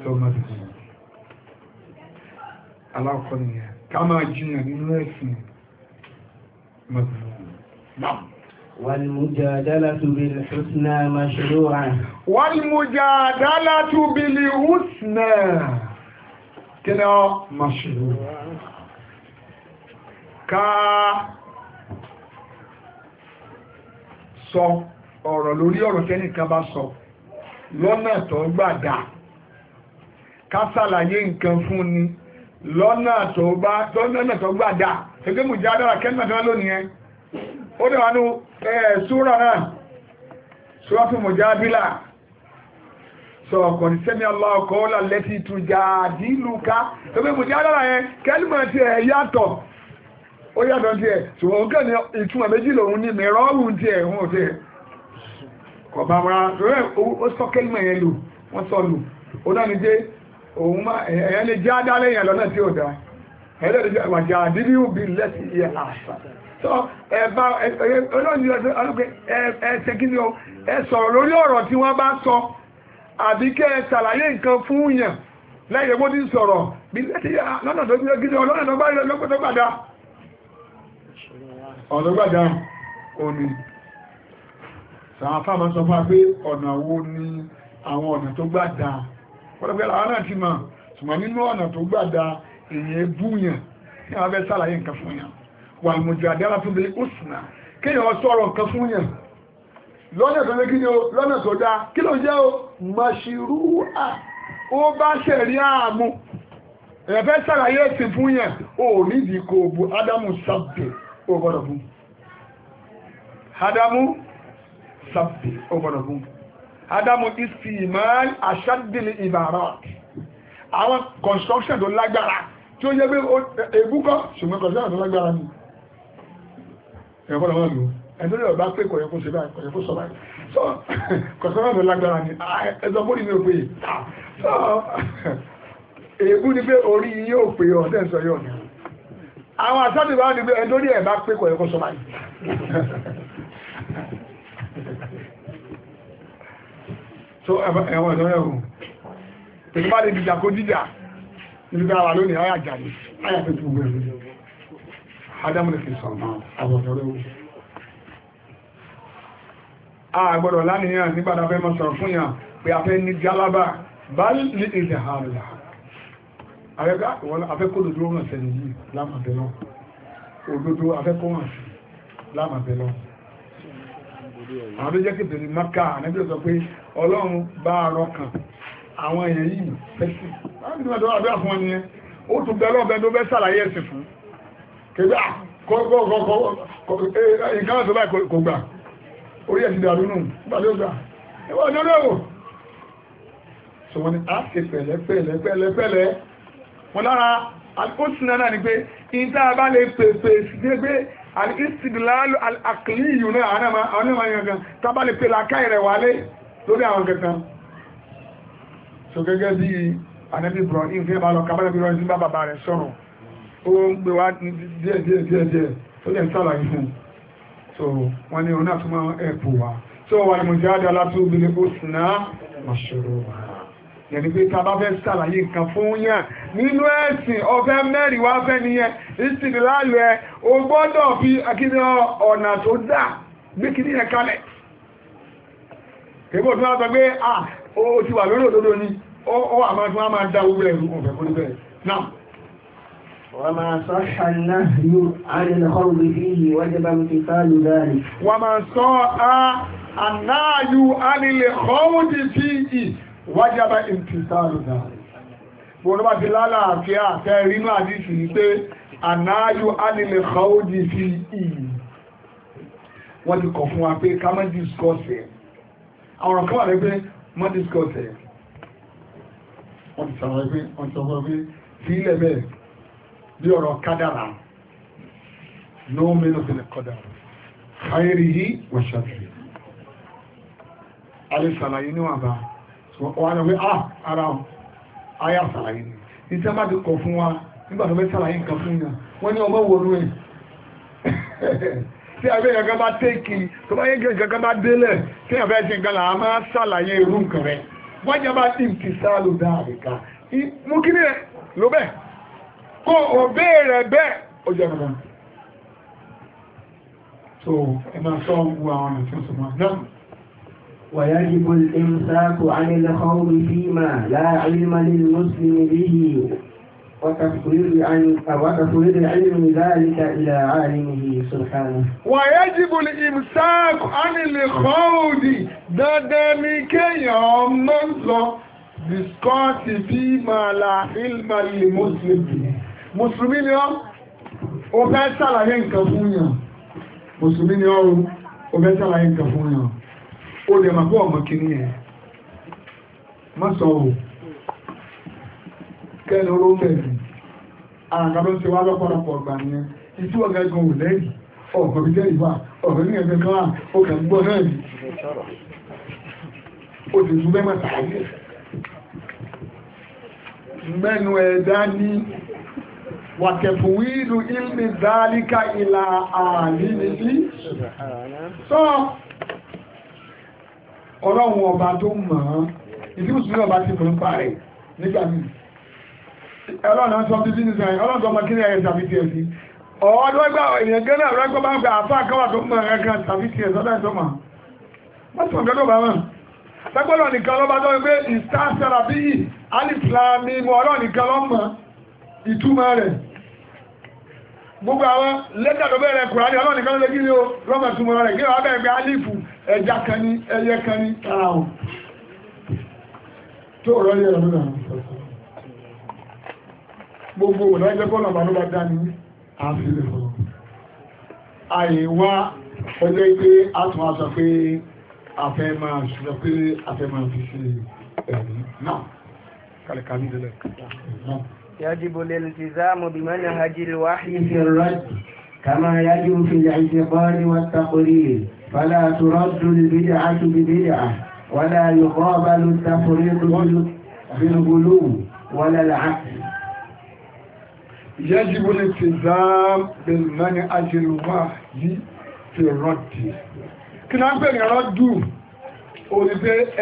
S1: sọmọdé alákọ̀ọ́nìyàn ká máa jiyàn nínú ẹ̀sìn mọ̀tò náà. والمجادلة بالحسنى مشروعة والمجادلة بالحسنى كلا مشروع ká sọ ọ̀rọ̀ lórí ọ̀rọ̀ tẹ́nìkan bá sọ lọ́nà tó gbàdá ká sàlàyé nǹkan fún ni lọ́nà tó gbàdá ẹgbẹ́ mùjá dára kẹ́nà tó lónìí ẹ ó dẹ̀ wà ní ṣúra náà ṣúra fún sọ kọ̀dí sẹ́mi aláàkọ́ lálẹ́tí tujadiluka tó bí mujadila yẹn kẹ́lìmọ̀ tí ẹ̀ yàtọ̀ ó yàtọ̀ ẹ̀ ṣùgbọ́n kẹ́ ni ìtumọ̀ méjì lòun ní mẹ́rọ́rùn ẹ̀ ẹ̀ rẹ̀ ó sọ kẹ́lìmọ̀ yẹn sọ sọ ẹ̀bá olóòjì ọlọ́pẹ́ ẹ̀ẹ́sẹ̀ kí ni ó ẹ sọ̀rọ̀ lórí ọ̀rọ̀ tí wọ́n bá sọ àbí kẹ́ ẹ ṣàlàyé nǹkan fún yàn lẹ́yìn egbó ti sọ̀rọ̀ bí lẹ́tí lọ́nà tó gbé gidi ọlọ́nà tó bá rí lọ́pẹ́ tó gbàdá ọ̀nà gbàdá omi sàáfà máa sọ fún wa pé ọ̀nà wo ni àwọn ọ̀nà tó gbàdá pọ̀lọpẹ́ àwọn náà ti mọ̀ ṣùgbọ́n nínú ọ̀nà tó gbàdá èyí ebúyàn ní àwọn abẹ́ ṣàlàyé nǹkan fún yàn wà mùjàdára tó lè òsìnà kéèyàn sọ̀rọ̀ nǹkan fún yẹn lọ́nà tó lé kí ni o lọ́nà tó dá kí ló jẹ́ o màṣírú à ó bá ṣẹ̀rí àmú èèyàn fẹ́ sàlàyé ẹ̀sìn fún yẹn o nídìí kò bu ádámù sábẹ̀ ó gbọ́dọ̀ fún ádámù sábẹ̀ ó gbọ́dọ̀ fún ádámù ìsìmáà àṣàdìlì ìbàrà àwọn construction tó lágbára tí ó yẹ pé ebúkọ́ ṣùgbọ́n construction tó lágbára ni ẹ̀kọ́ lọ́wọ́ lò ẹ̀dọ́rẹ́ ọ̀bá pé kọ̀yẹ́ kó ṣe báyìí kọ̀yẹ́ kó sọ báyìí so kọ̀sọ́rọ̀ lọ lágbára ni ẹ̀sọ́ bóri ní òpè ah, so èébú ni pé orí yóò pè ọ́ dẹ́ sọ yóò ní àwọn àṣàtì bá ní pé ẹ̀dọ́rẹ́ ẹ̀bá pé kọ̀yẹ́ kó sọ báyìí so ẹ̀wọ̀n ẹ̀sọ́ yẹ̀wò pẹ̀lú bá lè dìjà kó dìjà níbi bá wà lónìí ọ̀yà jà ní àyàfẹ́ tó gbẹ̀rù adamu lè fi sọ̀nà àwọ̀dọ̀rẹ́ o àgbọ̀dọ̀ lánìyàn nígbàdà fẹ́ mọ́ sọ̀rọ̀ fún yàn pé a fẹ́ ní jalaba bá ní ìdẹ̀ àrùlà afẹ́kọ́dọ̀dọ̀ wọn sẹ́ni yìí lámàbẹ̀lọ́ òdodo afẹ́kọ́wọ̀n sí lámàbẹ̀lọ́ àwọn tó jẹ́ kí bèrè maka ànẹ́bí sọ pé ọlọ́run bá arọ kan àwọn èèyàn yìí fẹ́ sí láti ní ọdọ́ àbẹ́ àfún ọ nìyẹn ó tún bẹ́ lọ́ọ̀bẹ́ tó bẹ́ kẹgbà ah, eh, eh, kọ́kọ́ wọ́n lára alìkóṣùnà náà ni pé ìta bá lè pèpè sí pé alìsìdìláàlù al'akìlìyù náà àwọn ọmọ ìrìnkan ta bá lè pè lákàí rẹ̀ wálé lórí àwọn kẹta so gẹ́gẹ́ bí anẹ́bí Ibrahim fẹ́ bá lọ kábàlẹ́bí Ibrahim bá bàbá rẹ̀ sọ̀rọ̀ ó ń gbé wá díẹ̀ díẹ̀ díẹ̀ díẹ̀ tó lè sàlàyé fún so wọ́n ní ọ̀nà tó máa ẹ̀pù wa tó wà ní mọ̀já dára tó bí ní òsìnà mọ̀ṣòro wa yẹni pé ta bá fẹ́ sàlàyé nǹkan fún yàn nínú ẹ̀sìn ọ̀fẹ́ mẹ́rin wá fẹ́ nìyẹn ìsìnkú láàlú ẹ o gbọ́dọ̀ fi akíní ọ̀nà tó dà gbé kíní yẹn kalẹ̀ kébò tó wá sọ pé ah o ti wà lórí òdodo ni ó àmọ́ tí wọ́n máa dá owó ẹ̀rù ọ̀fẹ́ fún ibẹ̀ náà وما صح النهي عن الخوض فيه وجب امتثال ذلك وما صح النهي عن الخوض فيه وجب امتثال ذلك bọ̀rọ̀ bá ti lálàáfíà tẹ́ rínú àdíṣù ní pé ànáyò alìlẹ̀ kọ́ọ̀dì sí ìyí wọ́n ti kọ̀ fún wa pé ká má dìskọ́sẹ̀ àwọn kan wà rẹ̀ pé má dìskọ́sẹ̀ wọ́n ti pé wọ́n ti pé sí ilẹ̀ bẹ́ẹ̀ bí ọ̀rọ̀ kádàrà ló ń mẹ́nu sílẹ̀ kádàrà káyérí yìí wọ́n ṣàtìlẹ̀ alẹ́ sàlàyé níwọ̀n bá wọ́n á ah ara ọ̀ ayá sàlàyé ni iṣẹ́ má ti kọ̀ fún wa nígbà tó fẹ́ sàlàyé nǹkan fún yàn wọ́n ní ọmọ wòlú ẹ̀ tí abẹ́ yẹn kan bá tẹ́kì tó bá yẹ kí nǹkan kan bá délẹ̀ tí yàn fẹ́ ṣe nǹkan là máa sàlàyé irú nǹkan rẹ̀ wọ́n jẹ́ bá dìm ti sáà lò dáa nìkan mú kí ni kó òbé rẹ̀ bẹ́ẹ̀ ó jẹ́ rẹ̀ so ẹmà sọ wù àwọn àti ọ̀sọ̀ máa náà ويجب الإمساك عن الخوض فيما لا علم للمسلم به وتفويض عن وتفويض علم ذلك إلى عالمه سبحانه ويجب الإمساك عن الخوض دادامي كيوم نصر discuss فيما لا علم للمسلم به Musulmi ni ọ́ o sàlàyé nǹkan fún yàn mùsùlùmí ni ọ́ o sàlàyé nǹkan fún yàn o lè máa bọ́ ọmọ kìíní yẹn má sọ ti wá lọ́pọ̀lọpọ̀ ọgbà yẹn ìtú ò lẹ́yìn ọ̀pọ̀ bí jẹ́ ìwà ọ̀pọ̀ ní wàtẹ̀fùwìlù ilmi dálíkà ìlà àlìlìlì sọ ọlọ́run ọba tó mọ̀ ọ́n ìdí mùsùlùmí ọba ti mọ̀ ń parẹ̀ nígbà mí ọlọ́run sọ bí bíní sàn ọlọ́run sọ mọ̀kí ní ẹ̀yẹ tàbí tiẹ̀ sí ọ̀ọ́dọ́ ẹgbà èèyàn gẹ́nà rẹ́gbọ́ bá ń gba àfáà kọ́wà tó mọ̀ ẹ̀kan tàbí tiẹ̀ sọ́dọ̀ ìtọ́mà wọ́n sọ gẹ́gẹ́ bá wọn lẹ́gbọ́dọ̀ nìkan lọ́ba tó wípé ìsására bíi alìsìlámi mọ̀ ọlọ́run nìkan lọ́mọ ìtumọ̀ rẹ̀ gbogbo àwọn lẹ́tà tó bẹ̀rẹ̀ kùránì ọlọ́nìkan ló kí ní o rọ́mà túnmọ̀ rẹ̀ kí wọ́n bẹ̀rẹ̀ pé alifu ẹja kan ní ẹyẹ kan ní ara wọn tó rọ́ ní ẹ̀rọ náà gbogbo ìdájẹ́ kọ́nà bàbá bá dá ní àfihàn àìwá ọjọ́ pé a tún aṣọ pé afẹ́ máa ṣùgbọ́n pé afẹ́ máa fi ṣe ẹ̀rí náà kàlẹ̀kàlẹ̀ يجب الالتزام بمنهج الوحي في الرد كما يجب في الاعتقاد والتقرير فلا ترد البدعة ببدعة ولا يقابل التفريط بالغلو ولا العكس يجب الالتزام بالمنهج الوحي في الرد kí náà ń pè ní rọ́dù orí pé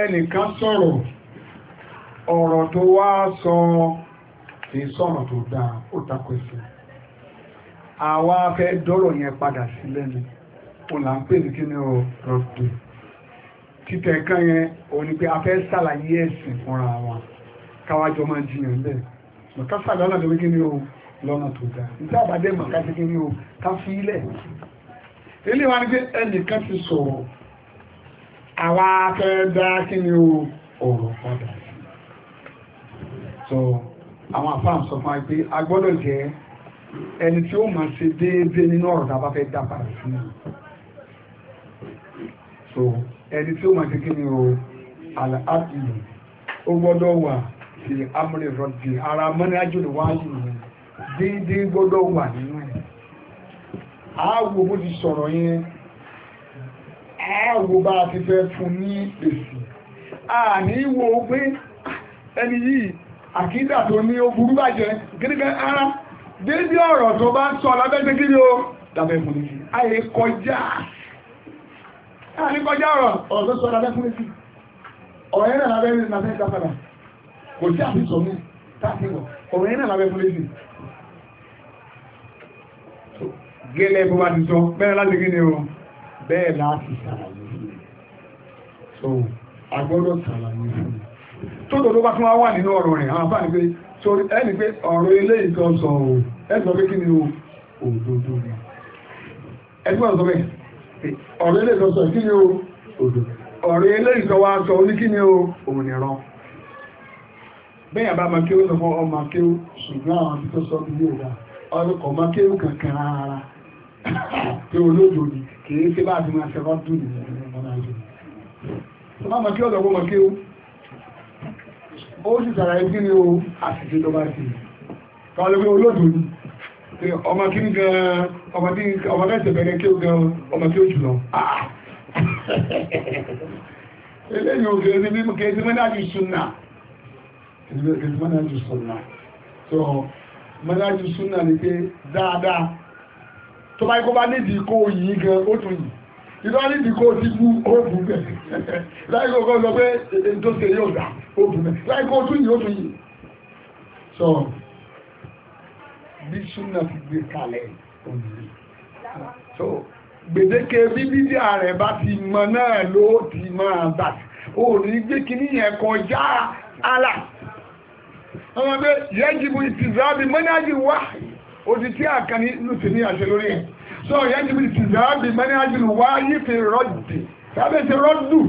S1: kì í sọ̀rọ̀ tó dáa ó takò ẹ̀sìn àwa fẹ́ dọ́rọ̀ yẹn padà sí lẹ́nu òun là ń pè ní kíni o rọ̀pù títẹ̀ kan yẹn òun ni pé a fẹ́ ṣàlàyé ẹ̀sìn fúnra wa káwájọ máa jiyàn bẹ́ẹ̀ mọ̀ká sàlọ́nà tó wí kíni o lọ́nà tó dáa níta àbádẹ́ mọ̀ká sí kíni o ká fi ilẹ̀ ilé wa ni pé ẹnìkan ti sọ̀rọ̀ àwa fẹ́ dá kíni o ọ̀rọ̀ padà sí so àwọn àfáà sọ fún wa pé a gbọ́dọ̀ jẹ́ ẹni tí ó máa ṣe déédéé nínú ọ̀rọ̀ tá a bá fẹ́ dá padà sí náà so ẹni tí ó máa ṣe kí ni o àlàáfíì ó gbọ́dọ̀ wà sí amúlẹ̀ rọ̀dì ara mọ́ni ajóde wáyé yẹn déédéé gbọ́dọ̀ wà nínú ẹ̀ àáwò bó ti sọ̀rọ̀ yẹn àáwò bá a ti fẹ́ fún ní èsì àní wo pé ah, ẹni yìí àkídà tó ní ó burú bàjẹ́ gírígẹ́ ara dédé ọ̀rọ̀ tó bá sọ lábẹ́sẹ̀ kí ni ó lábẹ́ fún ní ayé kọjá àríkọjá ọ̀rọ̀ ọ̀rọ̀ tó sọ lábẹ́ fún ní ọ̀rọ̀ yẹn náà lábẹ́ lábẹ́ ìdápadà kò sí àfihàn mú táàkìwọ̀ ọ̀rọ̀ yẹn náà bó bá ti sọ bẹ́ẹ̀ láti kí ni bẹ́ẹ̀ láti sàlàyé so agbọ́dọ̀ sàlàyé fún mi tó tòótọ́ bá tún wá wà nínú ọ̀rọ̀ rẹ̀ àwọn àfáàní pé torí ẹni pé ọ̀rọ̀ ilé ìtọ́ sọ ò ẹ̀sọ́ pé kí ni o òdodo ni ẹgbẹ́ ọ̀sọ́ bẹ́ẹ̀ ọ̀rọ̀ ilé ìtọ́ kí ni o òdodo ọ̀rọ̀ ilé ìtọ́ ó sì sàrà ikú o àṣìṣe tó bá sí káwọn lè pé ọmọ kí ní gan ọmọ ọmọ kẹsẹ̀ bẹ̀rẹ̀ kí ó gan ọmọ kí ó jù lọ eléyìí súnà ìdọ́rí ìdíkò ti bú oògùn bẹ̀ láìkò kọ́ sọ pé èdè tó ṣe yóò dá oògùn bẹ̀ láìkò tún yóò tún yìí sọ bí súnà fi gbé kalẹ̀ òní so gbèdéke bíbí tí ààrẹ bá ti mọ náà ló ti máa bà ó ní gbé kíní yẹn kọjá àlà ọmọ pé yẹ́jìbù ìtìzáàbì mọ́nájì wáyé ó ti tí àkàní lùtìmí àṣẹ lórí ẹ̀ so ìyá jìbì ti dáàbì mẹ́ni àjùlù wá yí fi rọ́dì tàbí ti rọ́dù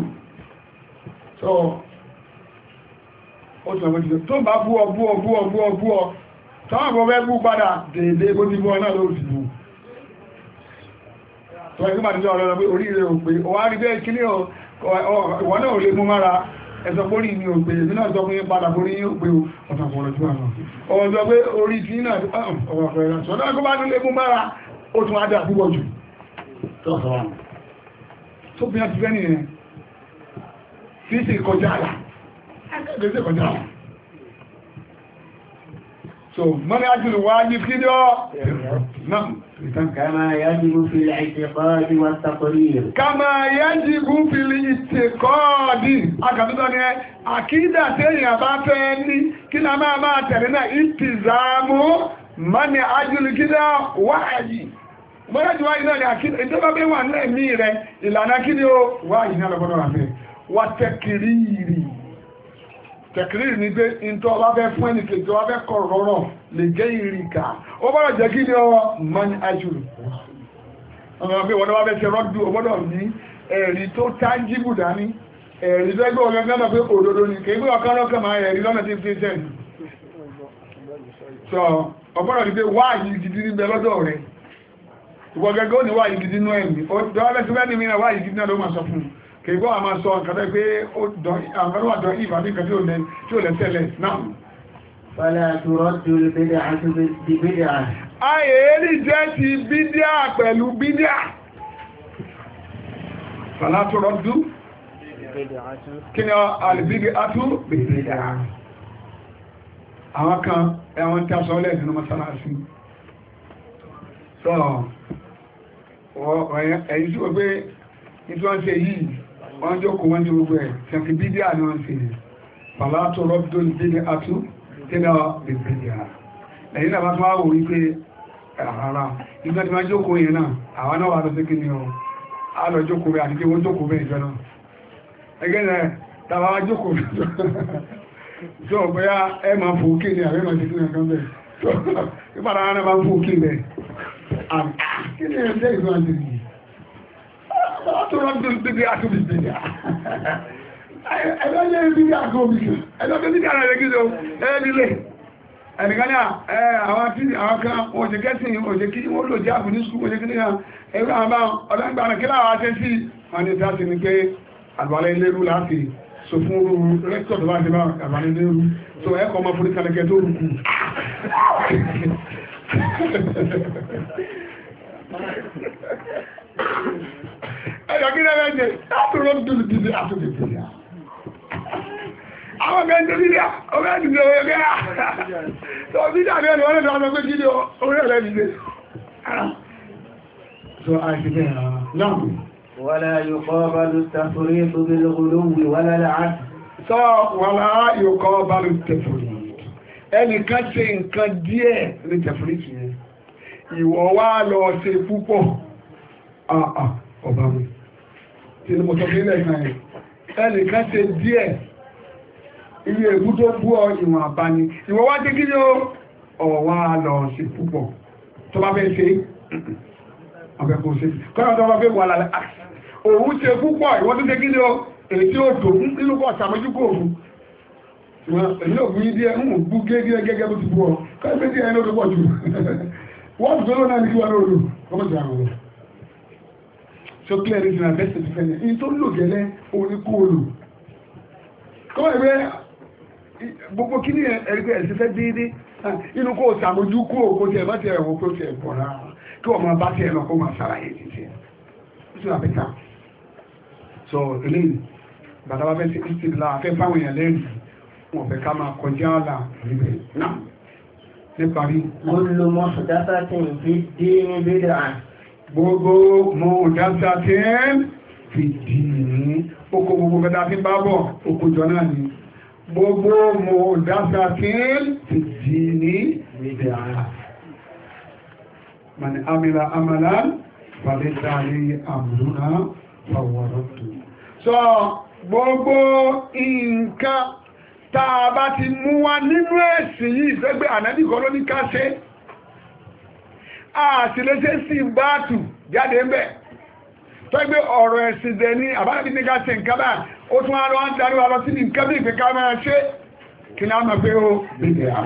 S1: so ó tún àwọn ìjọ tó bá bú ọ bú ọ bú ọ bú ọ bú ọ táwọn àbọ̀ bẹ́ bú padà dèédé bó ti bú ọ náà lóòtù bú tó ẹgbẹ́ màdìjọ́ ọ̀rọ̀ orí rẹ̀ ò pé ọwá rí bẹ́ẹ̀ kí ní ọ̀ ìwọ náà ò lè mú mára ẹ̀sọ̀ pórí ní òpè èmi náà sọ pé padà pórí ní òpè ọ̀tà pọ̀lọ̀ tí wà náà ọ̀sọ̀ pé orí tí náà ọ̀wà pẹ̀lú ṣọ́dọ̀ ẹ̀kọ́ bá nílé mú mára ó tún adà púpọ̀ jù tó fi hàn ti so mọ́ni ajúlù wá yí kí lọ́ Kama yajibu fil i'tiqadi wa taqrir. Kama yajibu fil i'tiqadi. Àkàtútọ́ ni ẹ, àkídà tẹ́yìn àbá fẹ́ ní kí na máa máa tẹ̀lé náà ìtìzàmú mọ́ni ajúlù kí lọ́ wáyìí. Mọ́ni ajúlù wáyìí náà ni àkídà, ìjọba bẹ́ wà ní ẹ̀mí rẹ̀, ìlànà kí ni ó wáyìí náà lọ́gbọ́n tẹ̀kìrì ní pé ìntọ́ ọba fẹ́ fún ẹnì kejì ọba fẹ́ kọ̀ rọrọ̀ lè jẹ́ ìrìkà ó bọ́dọ̀ jẹ́ kí ni ọ mọ́ni ajúrù ọmọ pé wọ́n bá fẹ́ ṣe rọ́dù ó gbọ́dọ̀ ní ẹ̀rí tó tájíbù dání ẹ̀rí tó ẹgbẹ́ ọ̀gá gbọ́dọ̀ pé òdodo ni kì í pé ọ̀kan lọ́kàn máa ẹ̀rí lọ́nà tí fi ṣẹ̀ sọ kègbọ́ àmà sọ àkàtẹ́ pé àkàtọ́wà dọ̀ ìbàdí kan tí ó lẹ́tẹ̀lẹ̀ náà Fọ́lá àtúrọ́ tí ó lè bídá àti bídá. Ayé èrí jẹ́ ti bídá pẹ̀lú bídá. Fọ́lá àtúrọ́ dú? Kí ni àlìbídí àtú? Bídá. Àwọn kan ẹwọ́n tí a sọ lẹ́ ìsinú mọ́sánásí. Sọ́ọ̀, ẹ̀yìn tí ó gbé ìtúwọ́n ṣe yìí wọ́n jókòó wọ́n ní gbogbo ẹ̀ ṣẹ̀kì bídí àná ń sìn pàlátò rọ́bdó ní bídí atú tẹ́lá bíbí à lẹ́yìn náà bá dị wáwò wípé rárá nígbà tí wọ́n jókòó yẹn náà àwọn náà wà lọ sí kíni ọ á lọ jókòó bẹ́ẹ̀ àti pé ìjọ náà ẹgẹ́ látọ̀rọ̀dùn bíbí àtúbí bíbí ẹ̀lọ́jẹ́ bíbí àtúbí ẹ̀lọ́jẹ́ bíbí àrẹ̀lẹ́gídò ẹ̀lẹ́lẹ́ ẹ̀nìkan náà àwọn tí àwọn kan òjè kẹ́sìn òjè kí wọ́n lò jẹ́ àbùní sùkú òjè kìnnìyà ẹ̀rọ àbá ọ̀gídẹ́mẹ́jẹ̀ látòrò dùdùdùdù àtòdùdùdù àwọn ọmọ ẹni bídíà ọmọ ẹni bídíà ọmọ ẹgbẹ́ tó bídíà ní ọdún wọ́n lọ́dún ọmọ bídíà orí ọ̀rẹ́ bídíà so a ṣe bẹ́ẹ̀ rárá náà wọ́lá yóò kọ́ bá ló tàfúrí tó bí lọ́gbọ̀lọ́wì wọ́lá láàá sọ wọ́lá yóò kọ́ bá ló tàfúrí ẹnìkan ṣe nǹkan díẹ̀ ní tàfúrí tìyẹn ìwọ wá lọ ṣe púpọ̀ ọba ah, ah, mi tí ni mo sọ fún ilẹ̀ ìmọ̀ ṣe díẹ̀ iye ègún tó bú ọ ìwọ̀n àbáni ìwọ wá dé kí ni ó lọ sí púpọ̀ tó bá fẹ́ ṣe ọ̀fẹ́ kò kọ́nà tó bá fẹ́ wà lálẹ́ òun ṣe púpọ̀ ìwọ́n tó ṣe kí ni èyí tí ó dòun nínú kọ́ ṣàmójúkò òun tó clear reason and best defense in tó lò gẹ́lẹ́ oníkó olù kọ́wọ́ ẹgbẹ́ gbogbo kí ní ẹgbẹ́ ẹ̀sìn fẹ́ déédé inú kó sàmójú kó kó tiẹ̀ má tiẹ̀ wọ́n kó tiẹ̀ bọ̀ rárá kí wọ́n máa bá tiẹ̀ lọ kó máa ṣàlàyé ti tiẹ̀ ṣùgbọ́n àbẹ́ta sọ eléyìí bàtà bá fẹ́ ṣe ìsìnlá afẹ́ fáwọn èèyàn lẹ́yìn wọn fẹ́ ká máa kọjá àlà níbẹ̀ náà níparí. mo lo mọ́ gbogbo mọ̀ dáadáa tí ẹ́ fi dì ní oko gbogbo bẹ́ta tí bá bọ̀ oko jọ náà ni gbogbo mọ̀ dáadáa tí ẹ́ fi dì ní ìdá mani amila amala fàlẹ́ dáadé àmúrúnà fàwọ̀rọ̀ tó so gbogbo nǹkan tá a bá ti mú wa nínú ẹ̀sìn yìí sẹ́gbẹ́ ànábìkọ́ ló àtìlẹ́sẹ̀ sí báàtù jáde ń bẹ̀ tọ́gbé ọ̀rọ̀ ẹ̀sìn dẹ̀ ní àbábí ní ká ṣe nǹkan bá ó tún wá lọ́wọ́ ń darí wa lọ sí ní nǹkan bí ìpé máa ṣe kí ní a mọ̀ pé ó bídí a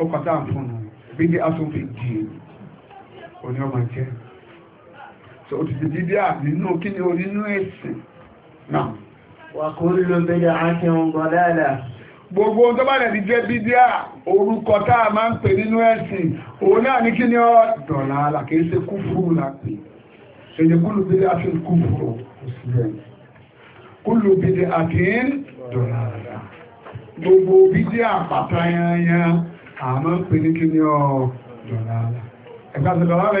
S1: ó kọ̀tà fún un bídí a tún fi di òní ọmọ jẹ́ so ó ti di bídí a nínú kí ni o nínú ẹ̀sìn náà wà kó lílo bídí a ti ń gbogbo tó bá rẹ̀dí jẹ́ bídíà orúkọ táà máa ń pè nínú ẹ̀sìn òun náà ní kí ni ọ́ dọ̀là àlàkèé ṣe kú fúrú lápè ṣèyí kúlù bídí àti kú fúrú kúlù bídí àti dọ̀là àlà gbogbo bídí àpàtà yanyan àmọ́ ń pè ní kí ni ọ́ dọ̀là àlà ẹgbẹ́ àti dọ̀là àlà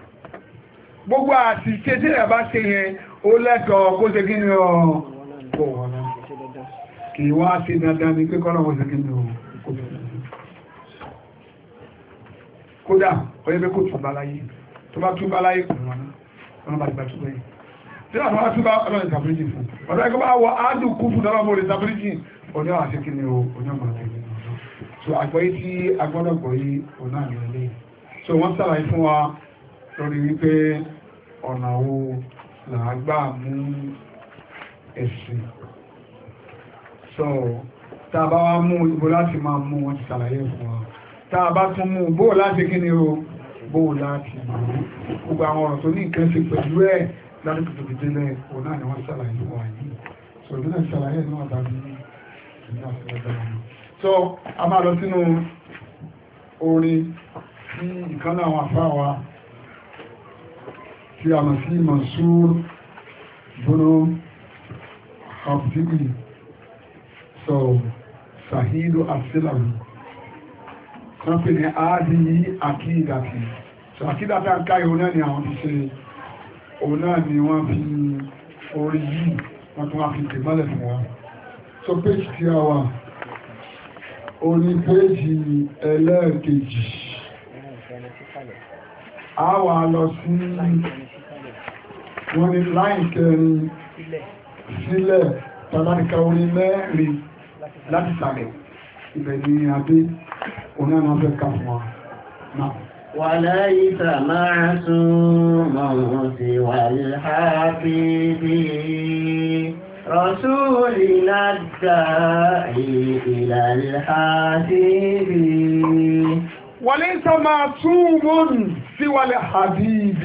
S1: gbogbo àti ṣe tí ẹ̀bá ṣe yẹn ó lẹ́tọ̀ọ́ kó ṣe kí ni ọ̀ kò wọ́n kì í wá sí dandan ní pé kọ́lọ̀ wọ́n ṣe kí ni ọ̀ kódà ọ̀yẹ́ pé kò túbá láyé tó bá túbá láyé kò wọ́n wọn bá gbà túbá yìí
S2: tí wọ́n bá túbá
S1: ọlọ́rin ìtàbíríjì fún ọ̀dọ́ ẹgbẹ́ bá wọ áàdùn kú fún ọlọ́mọ ìtàbíríjì ọjọ́ ní so àgbọ́yé tí agbọ́dọ̀ so wọ́n sàlàyé fún wa lórí wípé ọ̀nà wo làágbà mú ẹ̀sìn so tá a bá wá mú ibo láti máa mú wọn ti ṣàlàyé fún wa tá bá tún mú bóò láti kí ni o bóò láti mú gbogbo àwọn ọ̀rọ̀ tó ní nǹkan ṣe pẹ̀lú ẹ̀ láti kìtìkì délẹ̀ òun náà ni wọ́n ṣàlàyé fún yìí so ìdílé ṣàlàyé ní wọn tàbí ìdílé àfẹ́lẹ́dà wọn so a máa lọ sínú orin ní ìkànnà àwọn àfáà wa tí a mọ̀ sí Mansur bọ́nà abdul so sahilu asilam wọ́n pè ní ààdì àkídàtì so àkídàtì àkáyọ̀ òun náà ni àwọn ti ṣe òun náà ni wọ́n fi orí yìí wọ́n tún wá fi tè mọ́lẹ̀ fún wa so page tí a wà oní péjì ẹlẹ́ẹ̀kejì a wà lọ sí wọ́n ní láì kẹrin sílẹ̀ tàbáríkà orí mẹ́rin láti sàlẹ̀ ibẹ̀ ní adé onáàmà ká fún wa náà wà láyé sàmáà sún mọ̀rún sí wà ní hápí bí رسول الداعي إلى الحبيب وليس معصوم سوى الحبيب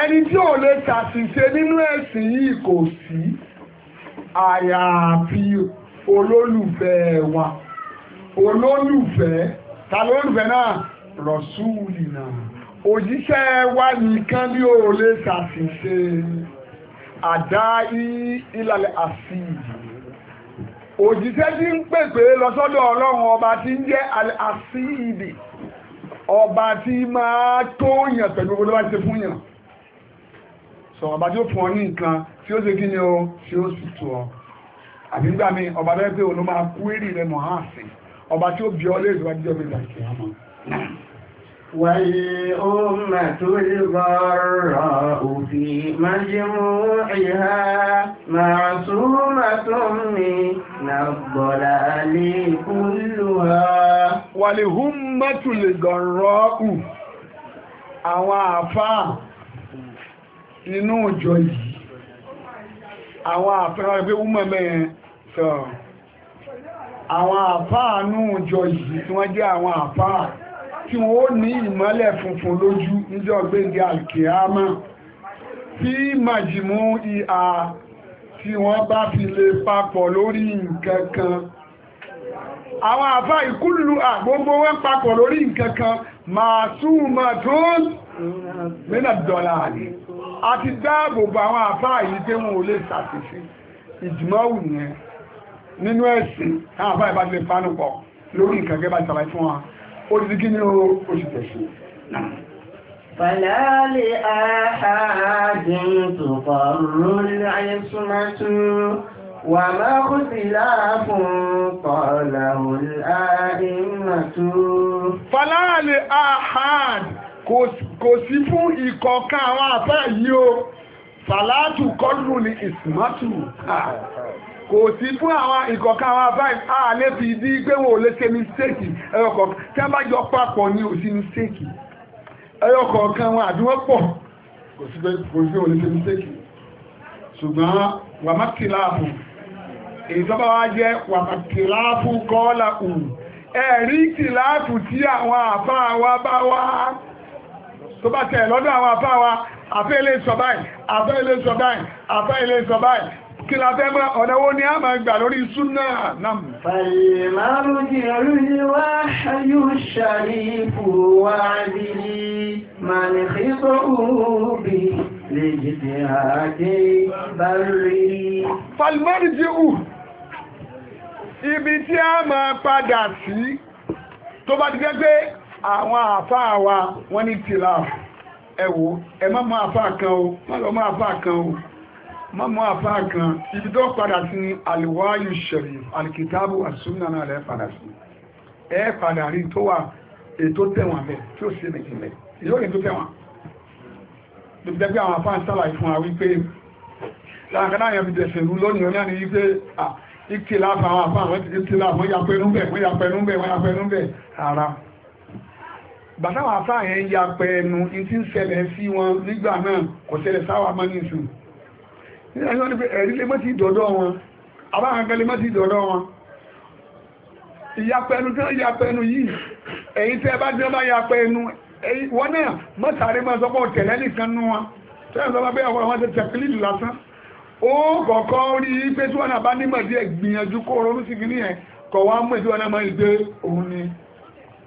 S1: ẹni tí ò lè tàṣìṣe nínú ẹ̀sìn yìí kò sí àyàfi olólùfẹ́ wa olólùfẹ́ ta lólùfẹ́ náà rọ̀súùlì náà òjíṣẹ́ wa nìkan ni ò lè tàṣìṣe àdá ìlàlẹ̀ àṣìyí òjíṣẹ́ tí ń pèpè lọ sọ́dọ̀ ọlọ́run ọba tí ń jẹ́ àṣìyí ọba tí máa tó yàn pẹ̀lú gbogbo lọ́wọ́ ti fún yàn sọ ọba tí ó fún ọ ní nǹkan tí ó ṣe kí ni ó ṣe ó sì tó ọ àbí nígbà mi ọba bẹ́ẹ̀ pé òun ló máa kú èrè rẹ mọ̀ hàn sí ọba tí ó bí ọ léèrè wájú ọbẹ̀ ìgbà kìí àmọ́. والأمة الغراء في مجموعها معصومة من الضلال كلها والأمة الغراء àwọn àfáà nínú ìjọ yìí àwọn àfẹ́ra pé wúmọ̀ mẹ́rin sọ àwọn àfáà nú ìjọ yìí tí wọ́n jẹ́ àwọn àfáà tí wọ́n ní ìmọ́lẹ̀ funfun lójú níjọ́ gbéǹdé alkiyama tí màjìmú ìhà tí wọ́n bá fi lè papọ̀ lórí nǹkan kan àwọn àfá ìkúlù àgbógbó wọ́n papọ̀ lórí nǹkan kan màá súnmọ̀ tó mẹ́nà dọ̀là àlè a ti dáàbòbò àwọn àbá yìí pé wọn ò lè ṣàtìsí yẹn nínú ẹ̀sìn táwọn àbá ìbá lè fánú pọ̀ lórí nǹkan gẹ́gẹ́ bá fún wa ó ti kí ní oṣù tẹ̀sí náà فلا لأحد kò sí fún ìkọ̀ọ̀kan àwọn àfá yìí o sàlátù kọlù ní ìsìmátù kò sí fún àwọn ìkọ̀ọ̀kan àwọn àfá àlẹ́ fi dí pé wọ́n ò lè ṣe mistéèkì ẹyọ tí a bá jọ papọ̀ ní òsì mistéèkì ẹyọ kọ̀ọ̀kan wọn àdúwọ́ pọ̀ kò sí pé wọ́n lè ṣe mistéèkì ṣùgbọ́n wàmákìláàfù èyí tọ́bá wá jẹ́ wàmákìláàfù kọ́ọ́lá ẹ̀rí kìláàfù tí àwọn àfá wa bá wá tó bá tẹ̀ lọ́dọ̀ àwọn afá wa afẹ́ ilé sọ báyìí afẹ́ ilé sọ báyìí afẹ́ ilé sọ báyìí kí la fẹ́ mọ́ ọ̀nà wo ni a máa gbà lórí súnà náà. Fàyèmárùn-ún ìrúlé wá ayú ṣàrífù wá rí màlìkító òbí lè jìdì àádé bá rí. Fàyèmárùn-ún ibi tí a máa padà sí tó bá ti gẹ́gẹ́ àwọn àfáà wa wọ́n ní tìlà ẹ̀wò ẹ má mọ́ àfáà kan o má lọ mọ́ àfáà kan o má mọ́ àfáà kan ibi tó padà sí ni àlùwáyù ṣẹ̀rì àlìkìtàbù àsúnà náà rẹ̀ padà sí ẹ padà rí tó wà ètò tẹ̀wọ̀n mẹ́ tí ó sì méjì mẹ́ yóò rí tó tẹ̀wọ̀n lóbìdẹ́gbẹ́ àwọn àfáà sálà ìfún wa wípé láàkádá yẹn fi dẹ̀sẹ̀ rú lónìí ọ̀nà ni wípé ìkìlá àfáà àwọn àfáà wọ́n ti ìkìlá àwọn yàpẹ̀rún bẹ̀ wọ́n yàpẹ̀rún bẹ̀ wọ́n yàpẹ̀rún bẹ̀ rárá bàtàwà fáyẹ̀ ń ya pẹ̀ẹ̀nu tí ń ṣẹlẹ̀ sí wọn nígbà náà kò ṣẹlẹ̀ sáwà mọ́ ní ìsìn ẹ̀rí lè mọ́ ti dọ̀dọ̀ wọn abáhànkẹ́ lè mọ́ ti dọ̀dọ̀ wọn ìyapẹ̀ẹnu tí wọ́n yapẹ̀ẹnu yìí èyí tẹ́ bá jẹ́ bá yapẹ̀ẹnu wọ́n náà mọ́ sáré mọ́ sọ́pọ̀ tẹ̀lẹ́ nìkan nú wọn tẹ́lẹ̀ sọ́pọ̀ pé ọkọ̀ wọn ti tẹ̀pìlì lásán ó kọ̀ọ̀kọ́ rí pé tí wọ́n náà bá nímọ̀ díẹ̀ gbìyànjú kó ronú sí kìíní yẹn kọ̀ wá mọ̀ tí wọ́n náà mọ̀ ìgbé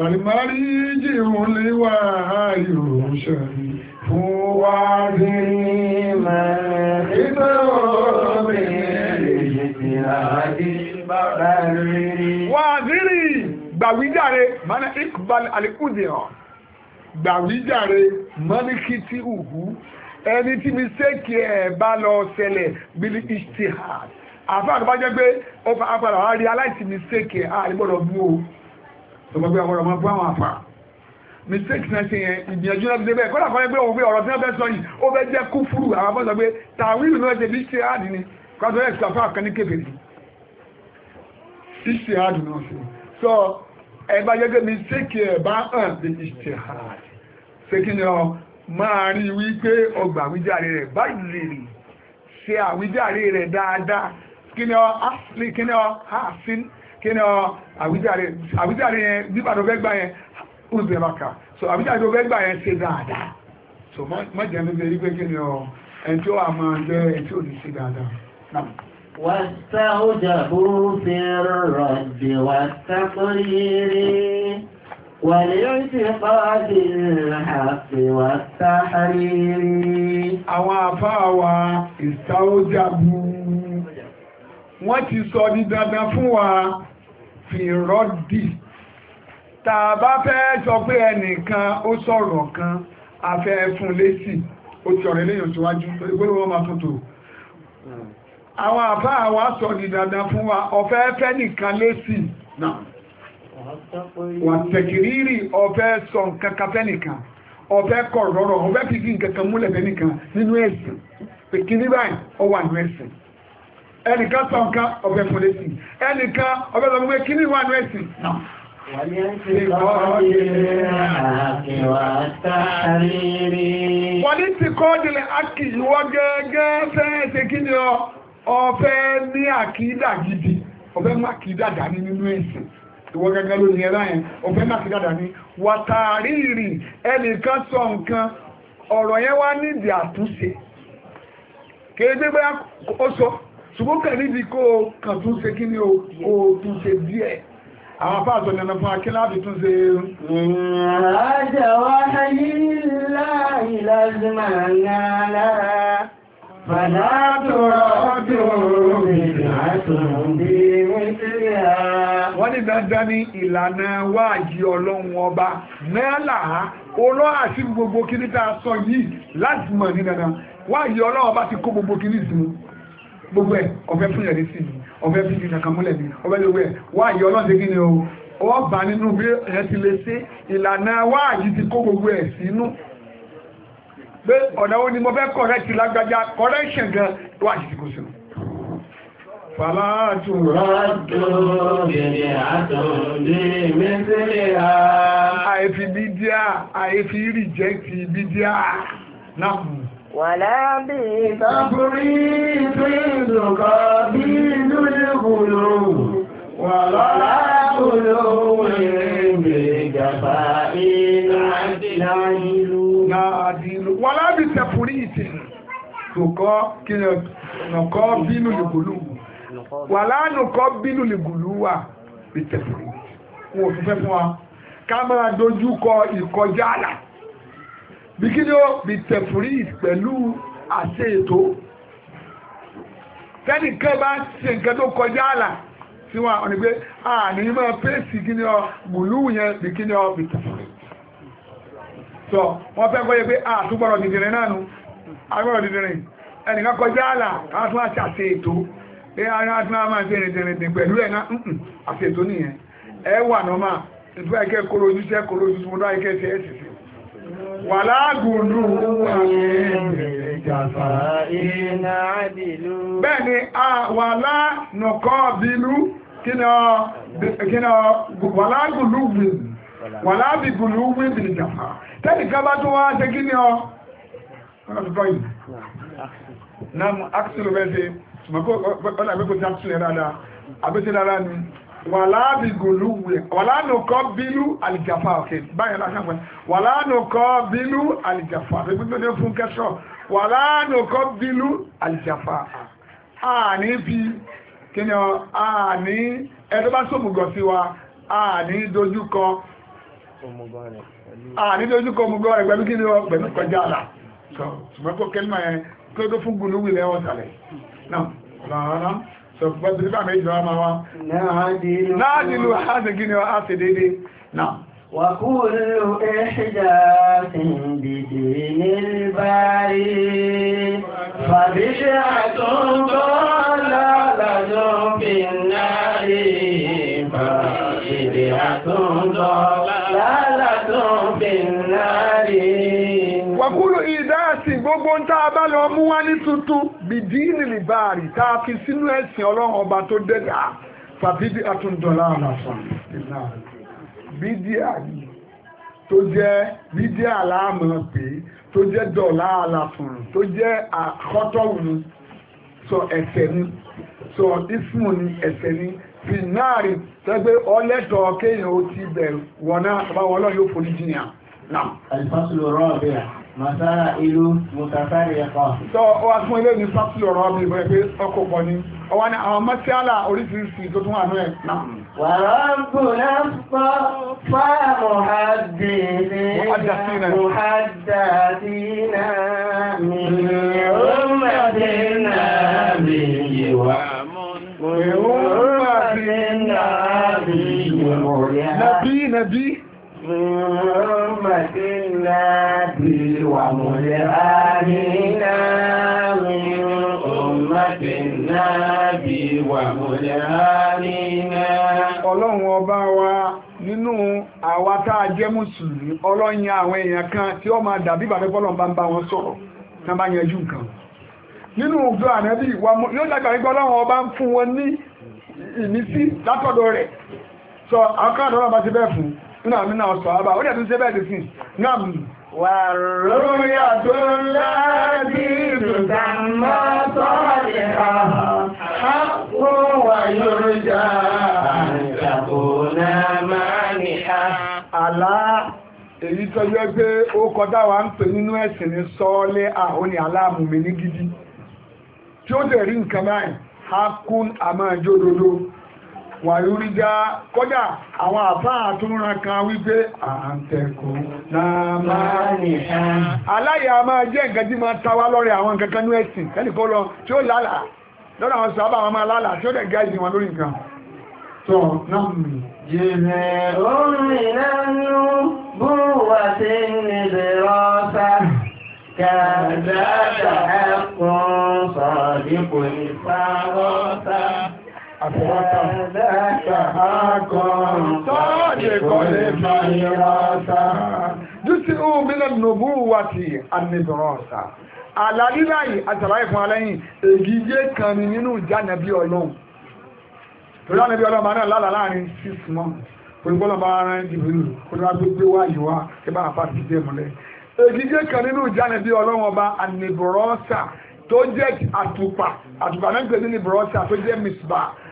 S1: Àlìmárí jíhun lè wà ààrò ṣàrí fún wá bí mẹ́ ìtò obìnrin Wà zírì gbàwíjàre mọ́nà ìkùbal alìkúdìyàn. Gbàwíjàre mọ́níkí tí ùhú ẹni tí mi sékì ẹ̀ bá lọ ṣẹlẹ̀ bílí ìṣtìhà. Àfáà tó bá jẹ́ pé ó fa apàdà wá aláìsí mi sékì ẹ̀ àrígbọ́dọ̀ mú o tọmọgbé àwọn ọmọ fún àwọn àfà mistake náà ṣe yẹn ìgbìyànjú náà ti dé bẹ́ẹ̀ kọ́lá kan pé òun pé ọ̀rọ̀ tí wọ́n fẹ́ sọ yìí ó fẹ́ jẹ́ kú fúrú àwọn afọ́sọ pé tàwílù náà ṣe bí ṣe áàdì ni kọ́sọ́ ẹ̀ sọ fún àkànní kébèrè ṣe áàdì náà ṣe sọ ẹ bá jẹ́ pé mistake ẹ̀ bá hàn bí ṣe áàdì ṣé kí ni ọ máa rí wípé ọgbà àwíjàre rẹ̀ báyìí ṣe àwíjàre rẹ̀ dáadáa kí ni ọ kíni àwíjàre yẹn nígbà tó fẹ́ gbà yẹn oúnjẹ maka so àwíjàre tó fẹ́ gbà yẹn ṣe dáadáa so mọ́jẹ̀ ló fẹ́ rí pé kíni ọ ẹni ó wà jẹ́ ẹni tí ní ṣe dáadáa náà واستوجبوا في الرد والتقرير والاعتقاد الحق والتحرير àwọn àfáà wa ìsáójàbú wọ́n ti sọ ní dandan fún wa fi rọ́dì tá a bá fẹ́ sọ pé ẹnìkan ó sọ̀rọ̀ kan a fẹ́ fún lésì ó ti ọ̀rẹ́ léyìn síwájú pé wọ́n máa tuntò àwọn àbá wa sọ ní dandan fún wa ọ̀fẹ́ fẹ́ nìkan lésì náà
S2: wà tẹ̀kìrírì
S1: ọ̀fẹ́ sọ nǹkan kan fẹ́ nìkan ọ̀fẹ́ kọ̀ rọrọ̀ ọ̀fẹ́ fi fi nǹkan kan múlẹ̀ fẹ́ nìkan nínú ẹ̀sìn pé kí ní báyìí ó wà nínú ẹ̀sìn ẹnìkan sọ nǹkan ọ̀bẹ̀ fún lẹ́sìn ẹnìkan ọ̀bẹ̀ kí ní ní ẹ̀sìn náà wọ́n ní ti kọ́ dìlẹ̀ ákì ìwọ́ gẹ́gẹ́ fẹ́ẹ̀ẹ́sẹ̀ kí ní àkídà gidi ọ̀fẹ́ má kìídà dání nínú ẹ̀sìn ìwọ́ gẹ́gẹ́ ló yẹ láyẹn má kìídà dání ẹnìkan sọ nǹkan ọ̀rọ̀ yẹn wá nídìí àtúnṣe ó sọ ṣùgbọ́n kẹ̀lú ìdí kó kàn tún ṣe kí ní o tún ṣe díẹ̀ àwọn apá àtọ̀ nẹ̀nà fún akíláàbì tún ṣe wọ́n ní dandan ní ìlànà wáàjí ọlọ́run ọba mẹ́lá olọ́ àti gbogbo kí sọ yìí láti mọ̀ ní dandan wáàjí ọlọ́run ọba ti kó gbogbo kí gbogbo ẹ̀ ọ̀fẹ́ fún ìrẹ̀lẹ́ sí ni ọ̀fẹ́ fún ìrìnà kàmúlẹ̀ ni ọ̀fẹ́ gbogbo ẹ̀ wá àyè ọlọ́dẹ kí ni o ọwọ́ bá nínú bí ẹ̀ ti lè ṣe ìlànà wá àyè ti kó gbogbo ẹ̀ sínú pé ọ̀nà wo ni mo fẹ́ kọ̀rẹ́tì lágbájá correction gan wá àyè ti kó sínú. Fàlàtù rádò gèrè àtòlé mẹ́sílẹ̀ ha. Àìfi bídíà, àìfi rìjẹ́kì bídíà náà. ولا بتفريط تقابل الغلو ولا غلو بجفاء عدل ولا بتفريط تقابل الغلو wàlá nùkọ́ bínú lìgùlù wà bìtẹ̀fù wọn ò tún fẹ́ fún wa ká máa dojú kọ ìkọjá àlà bí kí ni ó bí tẹ̀fúrí pẹ̀lú àṣẹ ètò tẹ́nìkan bá ṣe nǹkan tó kọjá àlà tí wọ́n àwọn ìgbé àní máa pèsè kí ni ọ mùlú yẹn bí kí ni ọ bí tẹ̀fúrí sọ wọ́n fẹ́ kọ́ yẹ pé àtúgbọ̀rọ̀ dìdìrín náà nu agbọ̀rọ̀ dìdìrín ẹnìkan kọjá àlà káàtún àti àṣẹ ètò pé ara tí wọ́n máa ṣe rìndìnrìndìn pẹ̀lú ẹ̀ náà àṣẹ ètò nìyẹn ẹ wà nọ́mà ìfẹ́ ẹ̀kẹ́ kóró ojúṣẹ́ kóró ojúṣẹ́ wàlá gùnlù bẹ́ẹ̀ni wàlá nùkọ́ bílú kíni ọ a gùnlù wìn wàlá bí gùnlù wìn bí jàfà tẹ́nìká bá tó wá ṣe kíni ọ Nam axel wẹ́sẹ̀, ọ̀nà àgbẹ́kọ̀ọ́ tí a tún lẹ́ràdá, wàlánùkọ́ bílú àlìjàfà òkè báyìí lásàpẹ́ wàlánùkọ́ bílú àlìjàfà gbogbo ní fún kẹsọ̀ wàlánùkọ́ bílú àlìjàfà àní bí kíni ọ àní ẹ̀tọ́ bá sómùgọ̀ sí wa àní dojúkọ àní dojúkọ mùgọ̀ rẹ̀ pẹ̀lú kíni ọ pẹ̀lú kọjá àlà ṣùgbọ́n kó kẹ́lú sọ̀pọ̀ tí bá méjì lọ́wọ́ máa wá náàdìlú àádìgí ni a ti dédé náà وكل إحداث بدين الباري فبشعة ضلالة في النار فبشعة ضلالة في النار وكل إحداث gbogbo ń tàbá lọ mú wá ní tuntun bìdíìnì ni tá a fi sínú ẹ̀sìn ọlọ́run ọba tó dẹ́dà fàbídí àtúndọ̀lá àlàfà bídíà yìí tó jẹ́ bídíà láàmú pé tó jẹ́ dọ̀lá àlàfùn tó jẹ́ àkọ́tọ̀wùn sọ ẹ̀sẹ̀ ni sọ ìfún ni ẹ̀sẹ̀ ni fi náàrí tẹ́gbé ọlẹ́tọ̀ kéèyàn ó ti bẹ̀ wọ̀ná àbáwọn ọlọ́run yóò forí jìnnà. Àìfásùlù ọ̀rọ̀ ọ̀bẹ̀yà. Màtá ìlú Mùsàfẹ́rì ẹ̀kọ́. Tọ́ ọ wá fún ilé ní sápùlù ọ̀rọ̀ mi bẹ̀rẹ̀ pé ọkọ̀ pọ̀ ni. Ọ wá ní àwọn mọ́síálà oríṣiríṣi tó tún wà náà. Wàrọ̀ ń fọ́ fáàmù àdìní. Mùhàdàdínà
S2: mi ò mọ̀dínà mi yìwà. Mi ò mọ̀dínà mi yìwà. Nàbí
S1: nàbí. أمة النبي ọlọ́run ọba wa nínú àwa tá a jẹ́ mùsùlùmí ọlọ́yin àwọn èèyàn kan tí ó máa dàbí bàbá bọ́lọ̀ bá ń bá wọn sọ̀rọ̀ tán bá yanjú nǹkan nínú ògbó ànábì yóò dàgbà wípé ọlọ́run ọba ń fún wọn ní ìmísí látọ̀dọ̀ rẹ̀ sọ nínú àmì náà sọ àbá ó dẹ̀tún sẹ́bẹ̀ẹ̀dì sí náà mú wà rúrúyà tó láti ìtùtàmọ́ sọ́ọ̀lẹ̀ àpò wà yorùjá àjàkóná máa ní àlá èyí tọ́jú ẹgbẹ́ ó ó dẹ̀ wàyúrígá kódà àwọn àfáà àtúnran kan wípé àǹtẹ̀kù láàmàrìnà aláyà máa jẹ́ nǹkan tí máa tawá lọ́rẹ̀ àwọn nǹkan kan ní ẹ̀sìn kẹ́lìkọ́ lọ tí ó lálà lọ́dọ̀ àwọn sàábà wọn máa lálà tí ó dẹ̀ gáìsì wọn lórí nǹkan tó náà mi jẹ́rẹ̀ orin lẹ́nu búwà àfihàn ṣàkàn tọ́ọ̀dì kọ́lé fàyọ́ta dúsí òmìnà nòbú wà ti àmìbìrọ̀ọ̀sà àlàlíláyì àtàláyì fún alẹ́yìn ègìyé kan ni nínú ìjánàbí ọlọ́run torí ànàbí ọlọ́run máa náà lálà láàrin six months olùgbọ́nà bá ara ẹni dìbò ìlú kó ní wá gbégbé wá ìwá kí bá àpá ti dé mọ́lẹ̀ ègìyé kan nínú ìjánàbí ọlọ́run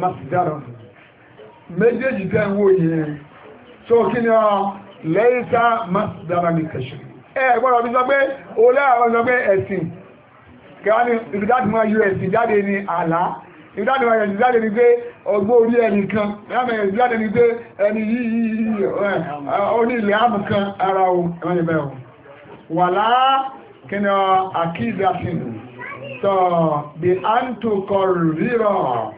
S1: masdara méjèèjì tẹ́ ń wò yẹn tó kí ni ọ lẹ́yìnsá masdara ní kẹṣù ẹ gbọ́dọ̀ bí sọ pé olè àwọn sọ pé ẹ̀sìn kẹwàá ní ìbídájú máa yọ ẹ̀sìn jáde ní àlá ìdáni wa yẹ̀sì jáde ní pé ọgbọ́ orí ẹni kan ẹ̀mẹ̀ yẹ̀sì jáde ní pé ẹni yìí orí ilẹ̀ ààbù kan ara ohun ẹ̀mẹ̀ ìbẹ̀ ohun wà láà kínà àkídàsìn tọ̀ bí a ń tó kọ̀ rírọ̀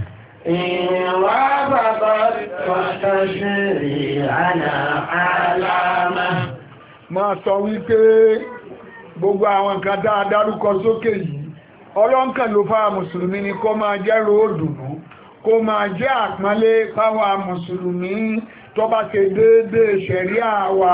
S1: ma. Máa sọ wípé gbogbo àwọn nǹkan dáa dárúkọ sókè yìí, ọlọ́nkàn ló fáwà Mùsùlùmí ni kó máa jẹ́ ròódùnú, kó máa jẹ́ àpọ́nlé fáwọn Mùsùlùmí tó bá ṣe déédéé ṣẹ̀rí àwa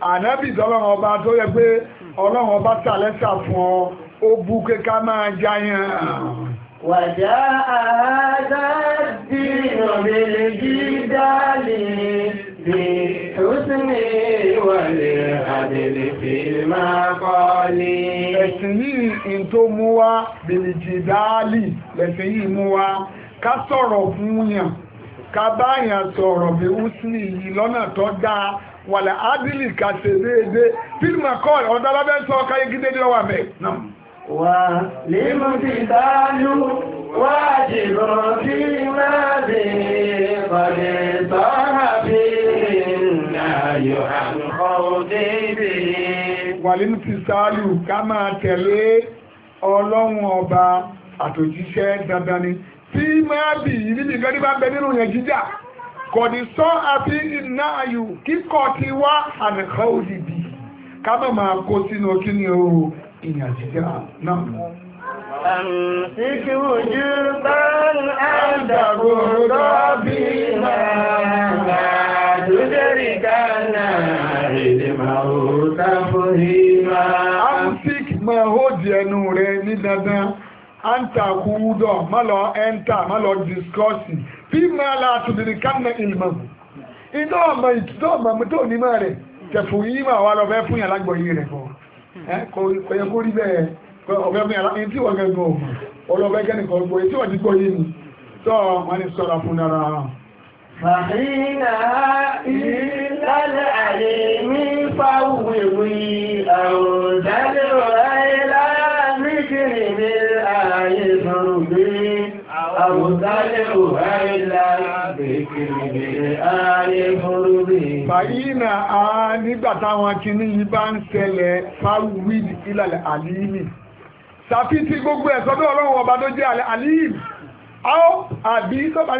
S1: ànábì ọlọ́run ọba tó yẹ pé ọlọ́run ọba tà lẹ́sà fún ọ ó bú kéka máa jáyàn wàjá
S2: àádá sí ọ̀rẹ́lẹ̀ jídálì
S1: bí ó sì ní ìwàlẹ̀ àdèlè fi máa kọ́ ní ẹ̀sìn yìí tó mú wá lẹ̀sìn yìí mú wá ká sọ̀rọ̀ wàlẹ̀ adìlì kàṣẹ déédé fílmà kọ́ọ̀l ọ̀dọ́ lábẹ́ sọ káyé gídé ní ọwà mẹ́ wà límú ti dáánú wà jìbọ̀ sí máa dé pàdé sọ́hà bí náyọ̀ àmọ́ déédé wà límú ti sáálù ká máa tẹ̀lé ọlọ́run ọba àtòjíṣẹ́ dandan ni tí máa bì yìí níbi kọ̀dísọ́ àti iná ayù kíkọ́ ti wá àdìkọ́ òdìdì ká mọ̀ máa kó sínú kí ni o ìyàn jíjá náà Àmìsíkí ojú bá ń àdàgbò rọ́bí máa lójẹ́rì gánà èdè máa ó tábò rí máa. Àmìsíkí máa ó di ẹnu rẹ̀ ní dandan, àǹtàkú údọ̀, má lọ ẹ́ntà, má lọ dìskọ́sì bí máa látùdìrí kánà ìlmọ̀ iná ọmọ ìtútọ́ ọmọ tó ní máa rẹ̀ tẹ̀fù yí máa wá lọ́fẹ́ fún yà lágbọ̀yí rẹ̀ fọ́ eh, kò yẹ kó rí bẹ́ẹ̀ ọ̀fẹ́ fún yà lágbọ̀yí tí wọ́n gẹ́gọ́ ọlọ́fẹ́ kẹ́nìkan gbọ́ tí wọ́n ti gbọ́ yé ni tọ́ wọn ni sọ́ra fún dára wọn. Fàhínà ìlàlẹ̀ àlè ní fáwẹ̀wẹ̀ àrùn dáná. مختلفها إلا ذكر بالآل فرضي fàyínà á nígbà táwọn kinní yìí bá ń ṣẹlẹ̀ fáwíìlì ìlàlẹ̀ àlìmì ṣàfíìtì gbogbo ẹ̀ sọ́dọ̀ ọlọ́run ọba tó jẹ́ àlìmì áó àbí sọ́pàá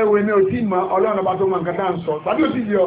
S1: ẹ̀wẹ̀ ni ò tí mọ̀ ọlọ́run ọba tó mọ̀ nǹkan tá à ń sọ tàbí ò tí yọ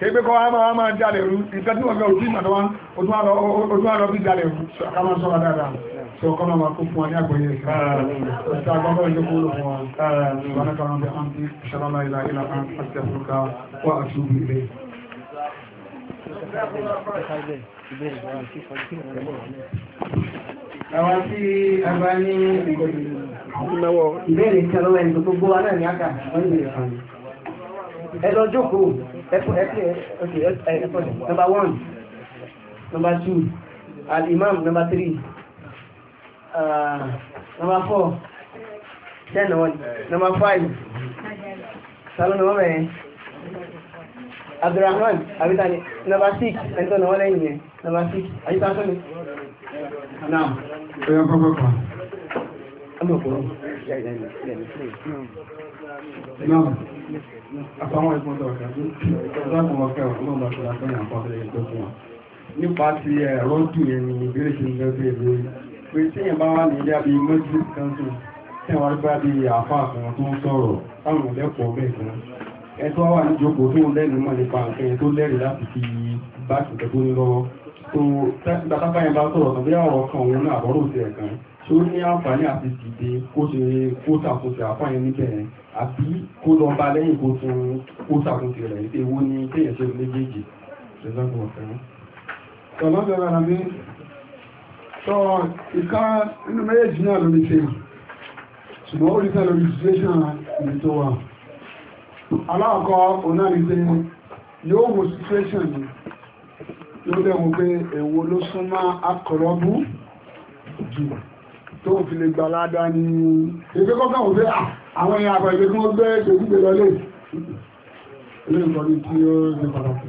S1: kéègbé kọ́ wá máa máa jalè rú ìtẹ́tíwọ̀gbẹ̀ òjú àlọ́ bí jalè rú ṣàkámá sọ́ra dáadáa tí ọkọ́ máa kó fún wa ní àgbẹ̀yẹ Àwọn tí a bá ní ìbéèrè ìtẹ́lọ́wẹ́ ìgbogbo wa náà ní àkà, wọ́n ní ìrẹ̀fà. Ẹ lọ jókòó ẹkùn ẹkùn ẹkùn number one number two al-imam number three uh, number four ten one number five salon number one. abdulrahman abitani number six ẹ̀ńtọ́ náà wọ́n lẹ́yìn yẹn number six ayíta sọ́ni now. ẹ̀yọ́ pápá kan. ọmọ kò rọrùn. náà àfáwọn ẹ̀gbọ́n tọ̀ọ̀kàtú ọ̀sán ọ̀kẹ́ ọ̀pọ̀lọpọ̀ àti àfẹ́yàn àpapẹ̀lẹ̀ ẹ̀tọ́ fún wa nípa ti ẹ̀rọ jù ẹni ìbéèrè ṣe ń gẹ́ sí ẹ̀rọ pé tí èèyàn bá wà ní ilé àbí mẹ́tírì council tí àwọn agbá bí àfá àkànà tó ń sọ̀rọ̀ táwọn ọ̀lẹ́pọ̀ bẹ́ẹ̀ kan ẹ̀tọ́ wà ní jókòó tó ń lẹ́nu mọ̀ nípa nǹkan tó lẹ́rìí tàbí àwọn ọ̀rọ̀ òun náà àbọ̀rọ̀ sí ẹ̀kan ṣó ní àǹfààní àti dìde kó ṣe kó ṣàkóso àfáàyàn níbẹ̀ yẹn àbí kó lọ bá lẹ́yìn kó tún kó ṣàkóso rẹ̀ ní ewu ní kéèyàn ṣe méjèèjì ṣẹlẹ́gbọ̀n ọ̀fẹ́ tọ́lọ́bẹ̀ rárá mi tọ́ ìka inú méjèèjì náà lórí ṣe ṣùgbọ́n ó rí sẹ́ lórí situation ní tó wà aláàkọ́ òun náà ní pé yóò mú situation ní ló bẹ̀rù pé èwo ló súnmọ́ akọ̀rọ̀bù jù tó fi lè gbà ládá ní ẹgbẹ́ kọ́kọ́ òfé àwọn èèyàn àgbà ìgbẹ́ kí wọ́n gbé ṣègúgbè lọ lè ilé ìkọ̀lù tí ó ṣe pàtàkì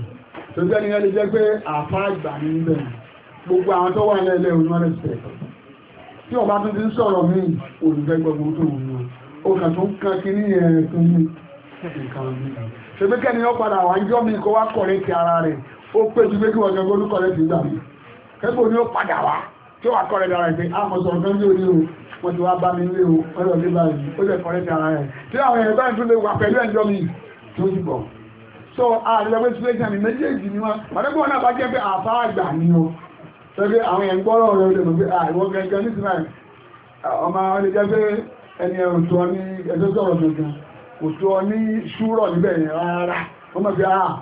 S1: tó jẹ́ ní ẹni jẹ́ pé àfá ìgbà ní ibẹ̀ gbogbo àwọn tó wà lẹ́lẹ́ onímọ̀lẹ́ sẹ̀ tí ọba tó ti ń sọ̀rọ̀ mí olùfẹ́ gbogbo tó wù ú ó tó ń kan kí ní ẹ̀rẹ̀ ní nǹkan mi ó padà wá yọ́ mi kó wá kọ̀rẹ́ ara rẹ̀ ó pé ju pé kí wọ́n jẹ́ tí wà kọ́rẹ̀ dára ìpé àmọ́sọ̀rọ̀ ah, tó ń orí o wọ́n ti wá bá mi lé o ọ̀rọ̀ lé báyìí ó lè kọ́rẹ̀ dára rẹ̀ tí àwọn èèyàn báyìí tún lè wà pẹ̀lú ẹ̀jọ́ mi tó ti bọ̀ so àrẹ̀lẹ́gbẹ́ situation ni méjèèjì ni wọ́n pàdébọ̀ náà bá jẹ́ pé àfá àgbà ni o tẹ́gbẹ́ àwọn èèyàn gbọ́rọ̀ rẹ̀ lè mọ̀ pé àìwọ́ ah, gẹ́gẹ́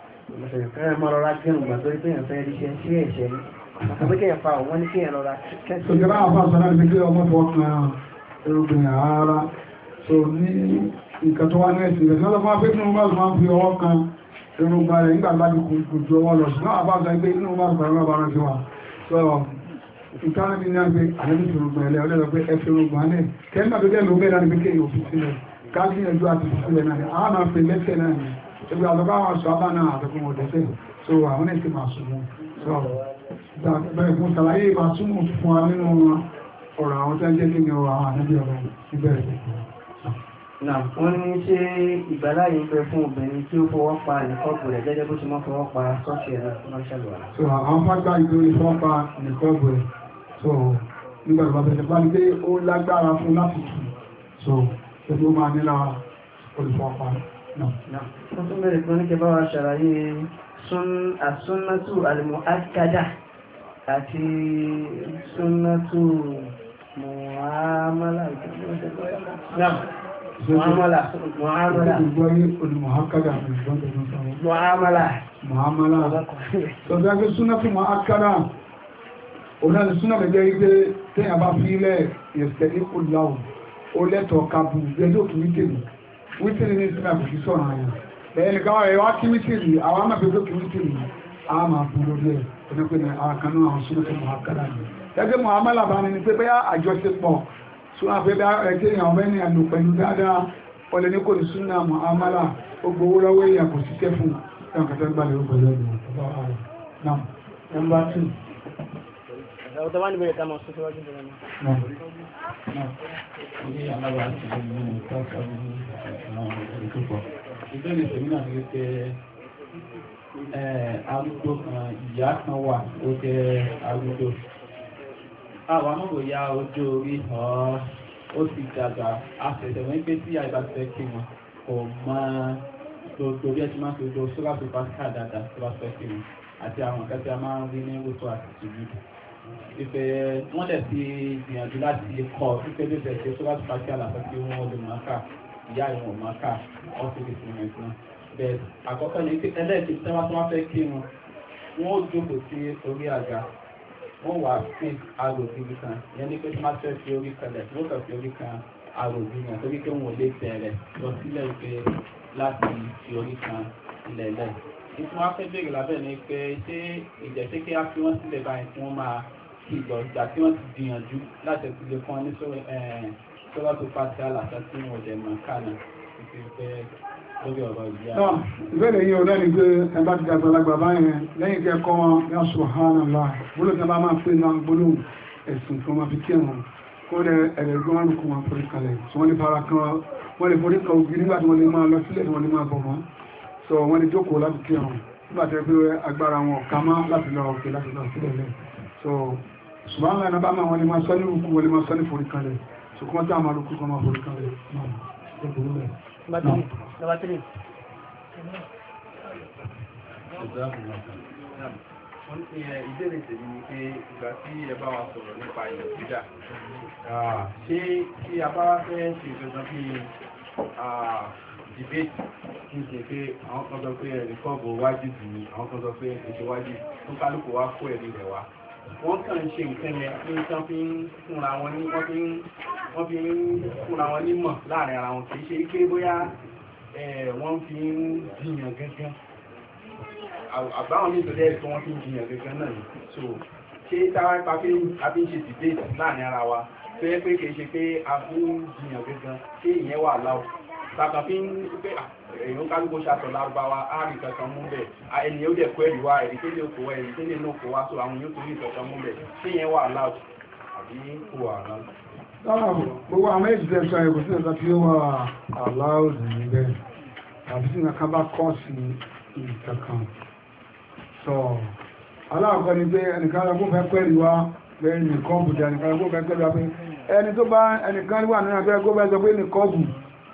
S2: ẹ máa rọra kírun gbà torí pé èèyàn fẹ́ rí iṣẹ́ sí ẹ̀ṣẹ̀ ní àtàbí kéèyàn
S1: fa òun ní kéèyàn rọra kẹ́sì. ìjọba àwọn afọ àṣàlá ti gbé ọmọ fọ kan irúgbìn ara so ní nǹkan tó wá ní ẹ̀sìn rẹ̀ sọ́dọ̀ máa pé nínú bá máa ń fi ọwọ́ kan irúgbà rẹ̀ nígbà bá ti kò ju ọwọ́ lọ ṣùgbọ́n àbá àṣà gbé nínú bá gbà lọ́ba rántí wa so ìtàn ní ní àgbẹ̀ àlejò irúgbà ẹ̀lẹ́ ọlẹ́lọ pé ẹ fi irúgbà lẹ̀ kẹ́ńtà tó dẹ́ lómi ẹ̀dá ni pé kéèyàn òfin sílẹ̀ káàkiri ẹjọ́ àti sílẹ̀ náà ni ìgbà àlọ́bá àwọn aṣọ abáná àtọ́kùn ọ̀dẹ́sẹ̀ so àwọn ẹ̀sì máa súnmù so bẹ̀rẹ̀ fún sàlàyé ìbá súnmù fún wa nínú ọ̀rọ̀ àwọn tó ń jẹ́ kíni ọ̀rọ̀ àwọn ànábì ọ̀rọ̀ ìbẹ̀rẹ̀
S2: wọ́n ní ṣe ìgbàláyé ń bẹ fún obìnrin tí ó fọwọ́ pa nìkọ́bù rẹ̀ gẹ́gẹ́ bó ti mọ́ fọwọ́ pa sọ́ọ̀tì ẹ̀rọ lọ́ṣẹ̀lọ́wà. so àwọn
S1: fágbá ìgbèrè fọwọ́ pa nìkọ́bù rẹ̀ so nígbà tó bá bẹ̀rẹ̀ bá ní pé ó lágbára fún
S2: Wọ́n tún bẹ̀rẹ̀ kan ní kẹfà wa ṣàlàyé àsúnnátù alìmọ̀ákádà àti súnnátù mọ̀hámálà. Mọ̀hámálà.
S1: Mọ̀hámálà. Mọ̀hámálà. Sọ̀tọ́ pé súnnátù mọ̀hákádà, òun náà ni súnnátù jẹ́ ipé tẹ́yà bá fílẹ̀ ìrẹsẹ̀ ní kò láwùn, ó lẹ́tọ̀ọ́ kábù, ẹjọ́ kìí tèmi wítìrì ní ìsinmi àbùkù sọ̀rọ̀ àyà bẹ́ẹ̀ nìkan wà wá kí wítìrì àwọn àmà bèbè kí wítìrì àwọn àmà bù lórí ẹ̀ onípe ní àwọn kan náà àwọn súnmọ́ tó mọ̀ àkàrà ni ẹgbẹ́ mọ̀ àmàlà bá ní ni pé bẹ́ẹ̀ àjọṣepọ̀ súnmọ́ pé bẹ́ẹ̀ ẹgbẹ́ ìyàwó mẹ́ni àlò pẹ̀lú dáadáa ọlẹ́ ní kò ní súnmọ́ àmọ̀ àmàlà ó gbowó lọ́wọ́ èèyàn kò sí kẹfù ẹ̀
S2: ọ̀tọ̀ wá níbẹ̀rẹ̀ tá máa sọ síwájú bẹ̀rẹ̀
S1: ìbéèrè tèmi náà ni pé arúgbó kan ìyá kan wà ó jẹ́ arúgbó àwọn amúgbò ya ojú orí ọ̀ọ́ ó ti dàgbà àfẹ̀sẹ̀ wọ́n pé tí àìbá fẹ́ kí wọn kò mọ gbogbo bí ẹ ti máa ń sojú sólà tó bá ká dáadáa tó bá fẹ́ kí wọn àti àwọn kẹtẹ a máa ń rí ní rútó àti tìlú ìfẹ́ wọ́n dẹ̀ ti gbìyànjú láti kọ́ ìfẹ́ ló fẹ́ ṣe tó bá ti pàṣẹ àlàfo tí wọ́n lè máa kà ìyá ìwọ̀n máa kà wọ́n ti lè fún ẹ̀sìn bẹ́ẹ̀ àkọ́kọ́ ni ẹlẹ́ẹ̀kejì tí wọ́n fẹ́ kírun wọ́n ó jókòó sí orí àga wọ́n wà sí àrò síbi kan ìyẹn ní pé tí wọ́n fẹ́ fi orí kalẹ̀ wọ́n kàn fi orí kan àrò gbìyàn torí pé wọn ò lè bẹ̀rẹ̀ lọ sílẹ̀ pé láti fi orí kan ilẹ̀ lẹ̀ ìfún afẹ́ bèrè lábẹ́ ni pé ṣé ìjẹ́sẹ́kẹ́ á fi wọ́n sílẹ̀ báyìí tí wọ́n máa ti lọ ìgbà tí wọ́n ti gbìyànjú láti ẹ̀kúlé fún ọ ní sọ́wọ́ tó pàṣẹ àlàṣà tí wọ́n jẹ mọ̀ kánà títí pé lórí ọ̀rọ̀ ìyá. ìbéèrè yìí ọ̀dọ́ ni pé ẹ bá ti dàgbà lágbà báyẹn lẹ́yìn kẹ́ kọ́ wọn ní subhanallah gbólóhùn tí a bá máa pè náà gbólóhùn ẹ̀sùn tó máa fi kí ẹ̀wọ̀n kó lẹ ẹ̀rẹ̀ gbọ́n wọn kó wọn forí kalẹ̀ tí wọ́n lè fara kan wọ́n lè forí kan ògiri nígbà tí wọ́n lè máa lọ sílẹ̀ tí wọ́n lè máa bọ̀ wọ́n sọ wọ́n lè jókòó agbára wọn kà má láti lọ òkè láti lọ sílẹ̀ lẹ́yìn ṣùgbọ́n àwọn ẹ̀nàbá máa wọn lè máa sọ ní rúkú máa sọ ní kan rẹ̀ ṣùgbọ́n tí a máa rúkú kan máa kan rẹ̀ ìbéèrè tèmi ni pé ìgbà tí ẹ bá wa sọ̀rọ̀ nípa ìlú jíjà ah. ṣé tí a bá fẹ́ ṣe ìgbẹ̀sán bí debate kí n ṣe pé àwọn kan sọ pé ẹnìkan bò wájú jù ní àwọn kan sọ pé ètò wájú tó kálukú wá kó ẹ̀rí rẹ̀ wá wọ́n kàn ń ṣe nǹkan yẹn ní tán fi ń fúnra wọn ní wọ́n fi ń wọ́n fi ń fúnra wọn ní mọ̀ láàrin ara wọn kìí ṣe ike bóyá wọ́n fi ń jiyàn gangan àbáwọn mi tó dẹ́rẹ̀ tí wọ́n fi ń jiyàn gangan náà ni so ṣé táwa pa pé a fi ń ṣe debate láàrin ara wa tó yẹ pé kìí ṣe pé a fi ń jiyàn gangan ṣé ìyẹn wà láwọ tàbí fi ń pé èyàn kálukó ṣàtọ̀ lárúbáwá áàrì kankan mú bẹ̀ ẹni yóò dẹ̀ kó ẹ̀rí wá ẹ̀rí tẹ́lẹ̀ kó wá ẹ̀rí tẹ́lẹ̀ náà kó wá so àwọn yóò torí kankan mú bẹ̀ ṣé yẹn wà láàbù àbí kò wà láàbù. gbogbo àwọn èjì tẹ́ sọ ẹ̀kọ́ sí ẹ̀ka tí ó wà aláàbù níbẹ̀ àbí sí nǹkan bá kọ́ sí ìkankan sọ aláàkọ́ ni pé ẹnìkan ló fẹ́ pẹ́ẹ́rì wá lẹ́yìn kọ́ọ̀bù ẹnìkan ló fẹ́ pẹ́ẹ́rì wá pé ẹni tó bá ẹnìkan wà nínú ẹgbẹ́ gbọ́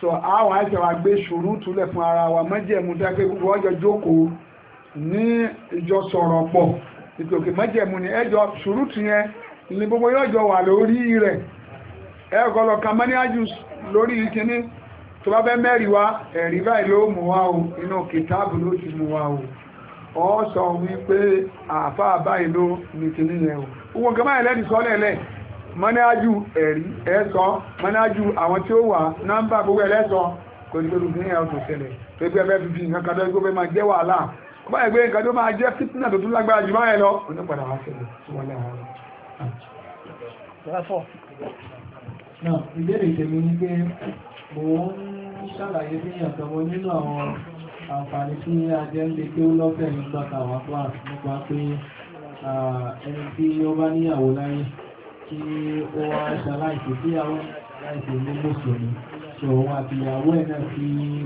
S1: so àwọn àìsàn wa gbé ṣòro túlẹ̀ fún ara wa májẹ̀mú tó gbogbo ọjọ́ jókòó ní ìjọ sọ̀rọ̀ pọ̀ ni ẹjọ́ ṣòro yẹn ni gbogbo yóò wà lórí rẹ̀ ẹ̀kọ́ lọ ka lórí ìkíní tó bá fẹ́ mẹ́rin wá ẹ̀rí báyìí ló o inú ló ti mú o ọ sọ wípé ló yẹn o mọ́nájú ẹ̀rí ẹ̀sọ́ mọ́nájú àwọn tí ó wà nọ́mbà gbogbo ẹlẹ́sọ́ kò ní pẹ̀lú ní ẹ̀rọ tó ṣẹlẹ̀ tó gbé ẹgbẹ́ fífi nǹkan kan tó gbé máa jẹ́ wàhálà ó bá ẹgbẹ́ nǹkan tó máa jẹ́ fítínà tó tún lágbára jù báyẹn lọ onípadà wá ṣẹlẹ̀ tó wọlé àwọn ọ̀rọ̀. náà ìbéèrè tèmi ni pé mò ń ṣàlàyé bí ìyàtọ̀ mo nínú àwọn àǹfààní tí ajẹ́ ń lè pé ó lọ́fẹ̀ẹ́ nígbà táwọn class nípa pé ẹni tí ó bá níyàwó láyé kí ó wá ṣaláìsí sí àwọn ṣaláìsí ní mùsùlùmí so wọn àti ìyàwó ẹ̀ náà tí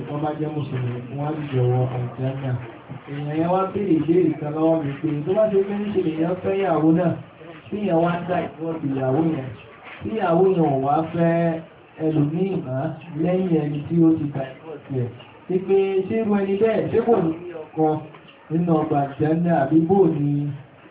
S1: wọ́n bá jẹ́ mùsùlùmí wọ́n á jùjọ wọ àìsíámíà èèyàn yẹn wá béèrè ìbéèrè kan lọ́wọ́ mi pé tó bá ṣe pé níṣe èèyàn fẹ́ ìyàwó náà tí èèyàn wá ń dá ìfọ́ọ̀tì ìyàwó yẹn tí ìyàwó yẹn ò wá fẹ́ ẹlòmíì mọ́ lẹ́yìn ẹni tí ó ti dá ìfọ́ọ̀tì ẹ̀ ti pé ṣé irú ẹni bẹ́ẹ̀ ṣé kò ní ọkọ nínú ọgbà àjẹ́ náà àbí bò ní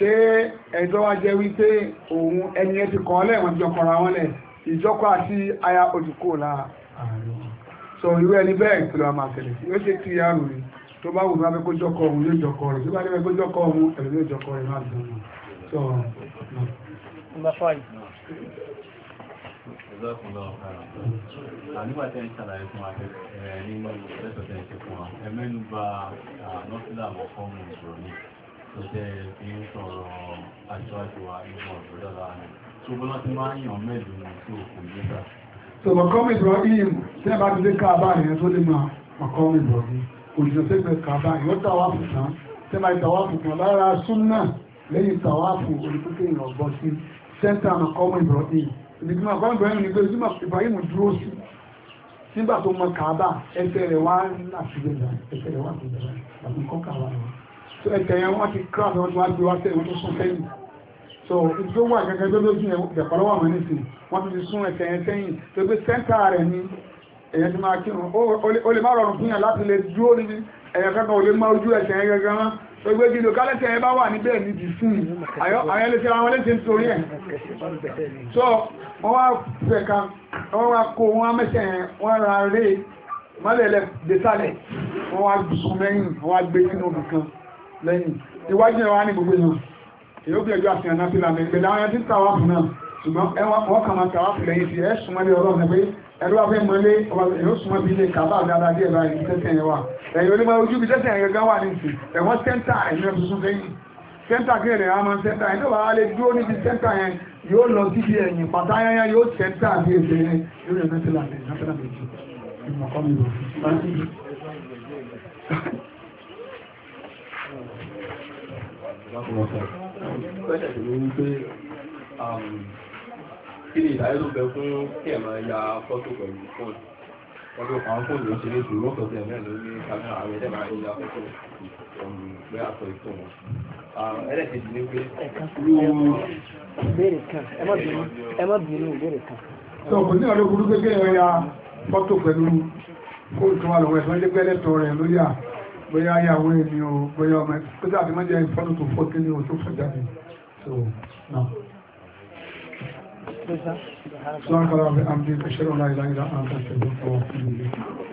S1: ṣe ẹjọ́ wá jẹ́ wípé òun ẹni ẹ ti kọ́ lẹ́wọ̀n tí ọkọ̀ra wọn lẹ̀ ìjọ́kọ̀ àti aya òdùkú lára so irú ẹni bẹ́ẹ̀ tí lọ máa tẹ̀lẹ̀ yóò ṣe tí ya rù rí tó bá wùdó abẹ́kó jọ́kọ̀ òun yóò jọ́kọ̀ rẹ̀ tó bá ní ẹgbẹ́ jọ́kọ̀ òun ẹ̀rọ yóò jọ́kọ̀ rẹ̀ máa dùn so nígbàtẹ́ ìṣàlàyé fún akẹ́kẹ́ nínú ẹ̀ẹ́dọ̀tẹ̀ ìṣẹ́kùn ẹ̀mẹ́nu bá nọ́sílà mọ̀ fọ́ọ̀mù ìṣòro ní tó tẹ́ fi ń sọ̀rọ̀ aṣíwájú
S2: wa ìmọ̀ ọ̀dọ́dọ́ láàrin tó bọ́lá tí
S1: máa ń yàn mẹ́lùú ní tó kò ní sà. so mọ̀kọ́mù Ibrahim tẹ́ bá ti dé káàbá yẹn tó lè máa mọ̀kọ́mù Ibrahim òjò tẹ́ bẹ káàbá yẹn ó tàwa fùtán tẹ́ bá tàwa fùtán lára súnà lẹ́yìn tàwa fù olùkókè ìrọ̀bọ sí sẹ́ńtà mọ̀kọ́mù Ibrahim ìdìbò mọ̀kọ́mù Ibrahim ni pé ìdìbò Ibrahim dúró sí nígbà tó mọ káàbá ẹsẹ̀ rẹ̀ wá ń àṣìgbẹ̀dà ẹsẹ̀ rẹ̀ wá àṣìgbẹ̀dà àbíkọ́ káàbá rẹ̀ so ẹ̀kẹ́ yẹn wọ́n ti craft wọ́n ti wá gbé wá sẹ́yìn wọ́n tó sún sẹ́yìn so ibi tó wà gẹ́gẹ́ bí lójú yẹn ìdẹ̀pọ̀lọ́wọ́ àwọn ẹnìsìn wọ́n ti sún ẹ̀kẹ́ yẹn sẹ́yìn tó gbé sẹ́ńtà rẹ̀ ní èyàn ti máa kírun ó lè má rọrùn fún yàn láti lè dúró níbi ẹ̀yàn kankan ò lè má ojú ẹ̀sẹ̀ yẹn gẹ́gẹ́ rán gbogbo ìdílò kálẹ́tẹ̀ ẹ bá wà níbẹ̀ níbi fún àwọn ẹlẹ́sẹ̀ àwọn ẹlẹ́sẹ̀ nítorí ẹ̀ so wọ́n wá fẹ̀ka wọ́n wá kó wọ́n mẹ́sẹ̀ wọ́n ra rẹ̀ mọ́lẹ̀lẹ̀ dẹ́sàlẹ̀ wọ́n wá sùn mẹ́yìn wọ́n wá gbé nínú nìkan lẹ́yìn iwájú ẹwà ní gbogbo èèyàn èyí ó bí ẹjọ́ àti àná fílà mi pẹ̀lú àwọn ẹni tí ń tàwà fún náà ṣùgbọ́n wọ́n kà máa tàwà fún lẹ́yìn tí ẹ súnmọ́lé ọlọ́run pé ẹ̀rọ afẹ́ mọ́lé èyí ó súnmọ́ bí ilé kàbá àdáda díẹ̀ báyìí tẹ́tẹ̀ yẹn wà ẹ̀yìn onímọ̀ ojú bí tẹ́tẹ̀ yẹn gan wà ní ìsìn ẹ̀wọ́n sẹ́ńtà ẹ̀yìn ọdún tún lẹ́yìn sẹ́ńtà kí ẹ̀rẹ̀ àmọ́ sẹ́ńtà yẹn tó bá wà lè dúró níbi sẹ́ńtà yẹn yóò lọ síbi ẹ̀yìn pàtà yẹn yóò sẹ́ńtà bí méjì ìmọ̀kọ́ mi lọ. Kí ni ìdáyé ló bẹ fún kí ẹ máa ya fọ́tò pẹ̀lú fóònù? Ọdún àwọn fóònù ló ṣe ní ìṣòro ọkọ̀ tí ẹ̀mẹ́ ló ní kámẹ́rà àwọn ẹ̀dẹ́ máa ya fọ́tò ọ̀nà ìgbé àtọ̀ ìtọ̀ wọn. Ẹlẹ́kejì ni pé rú ìbéèrè kan, ẹ má bínú ìbéèrè kan. Sọ kò sí ọ̀rẹ́ burúkú kékeré ya fọ́tò pẹ̀lú fóònù tó wà lọ́wọ́ ẹ̀ bóyá ayé àwọn ènìyàn bóyá ọmọ tó jáde mọ́jẹ́ ìfọ́nù tó fọ́ kíní o tó fọ́ jáde so now. سبحانك اللهم وبحمدك اشهد ان لا اله
S2: الا انت استغفرك واتوب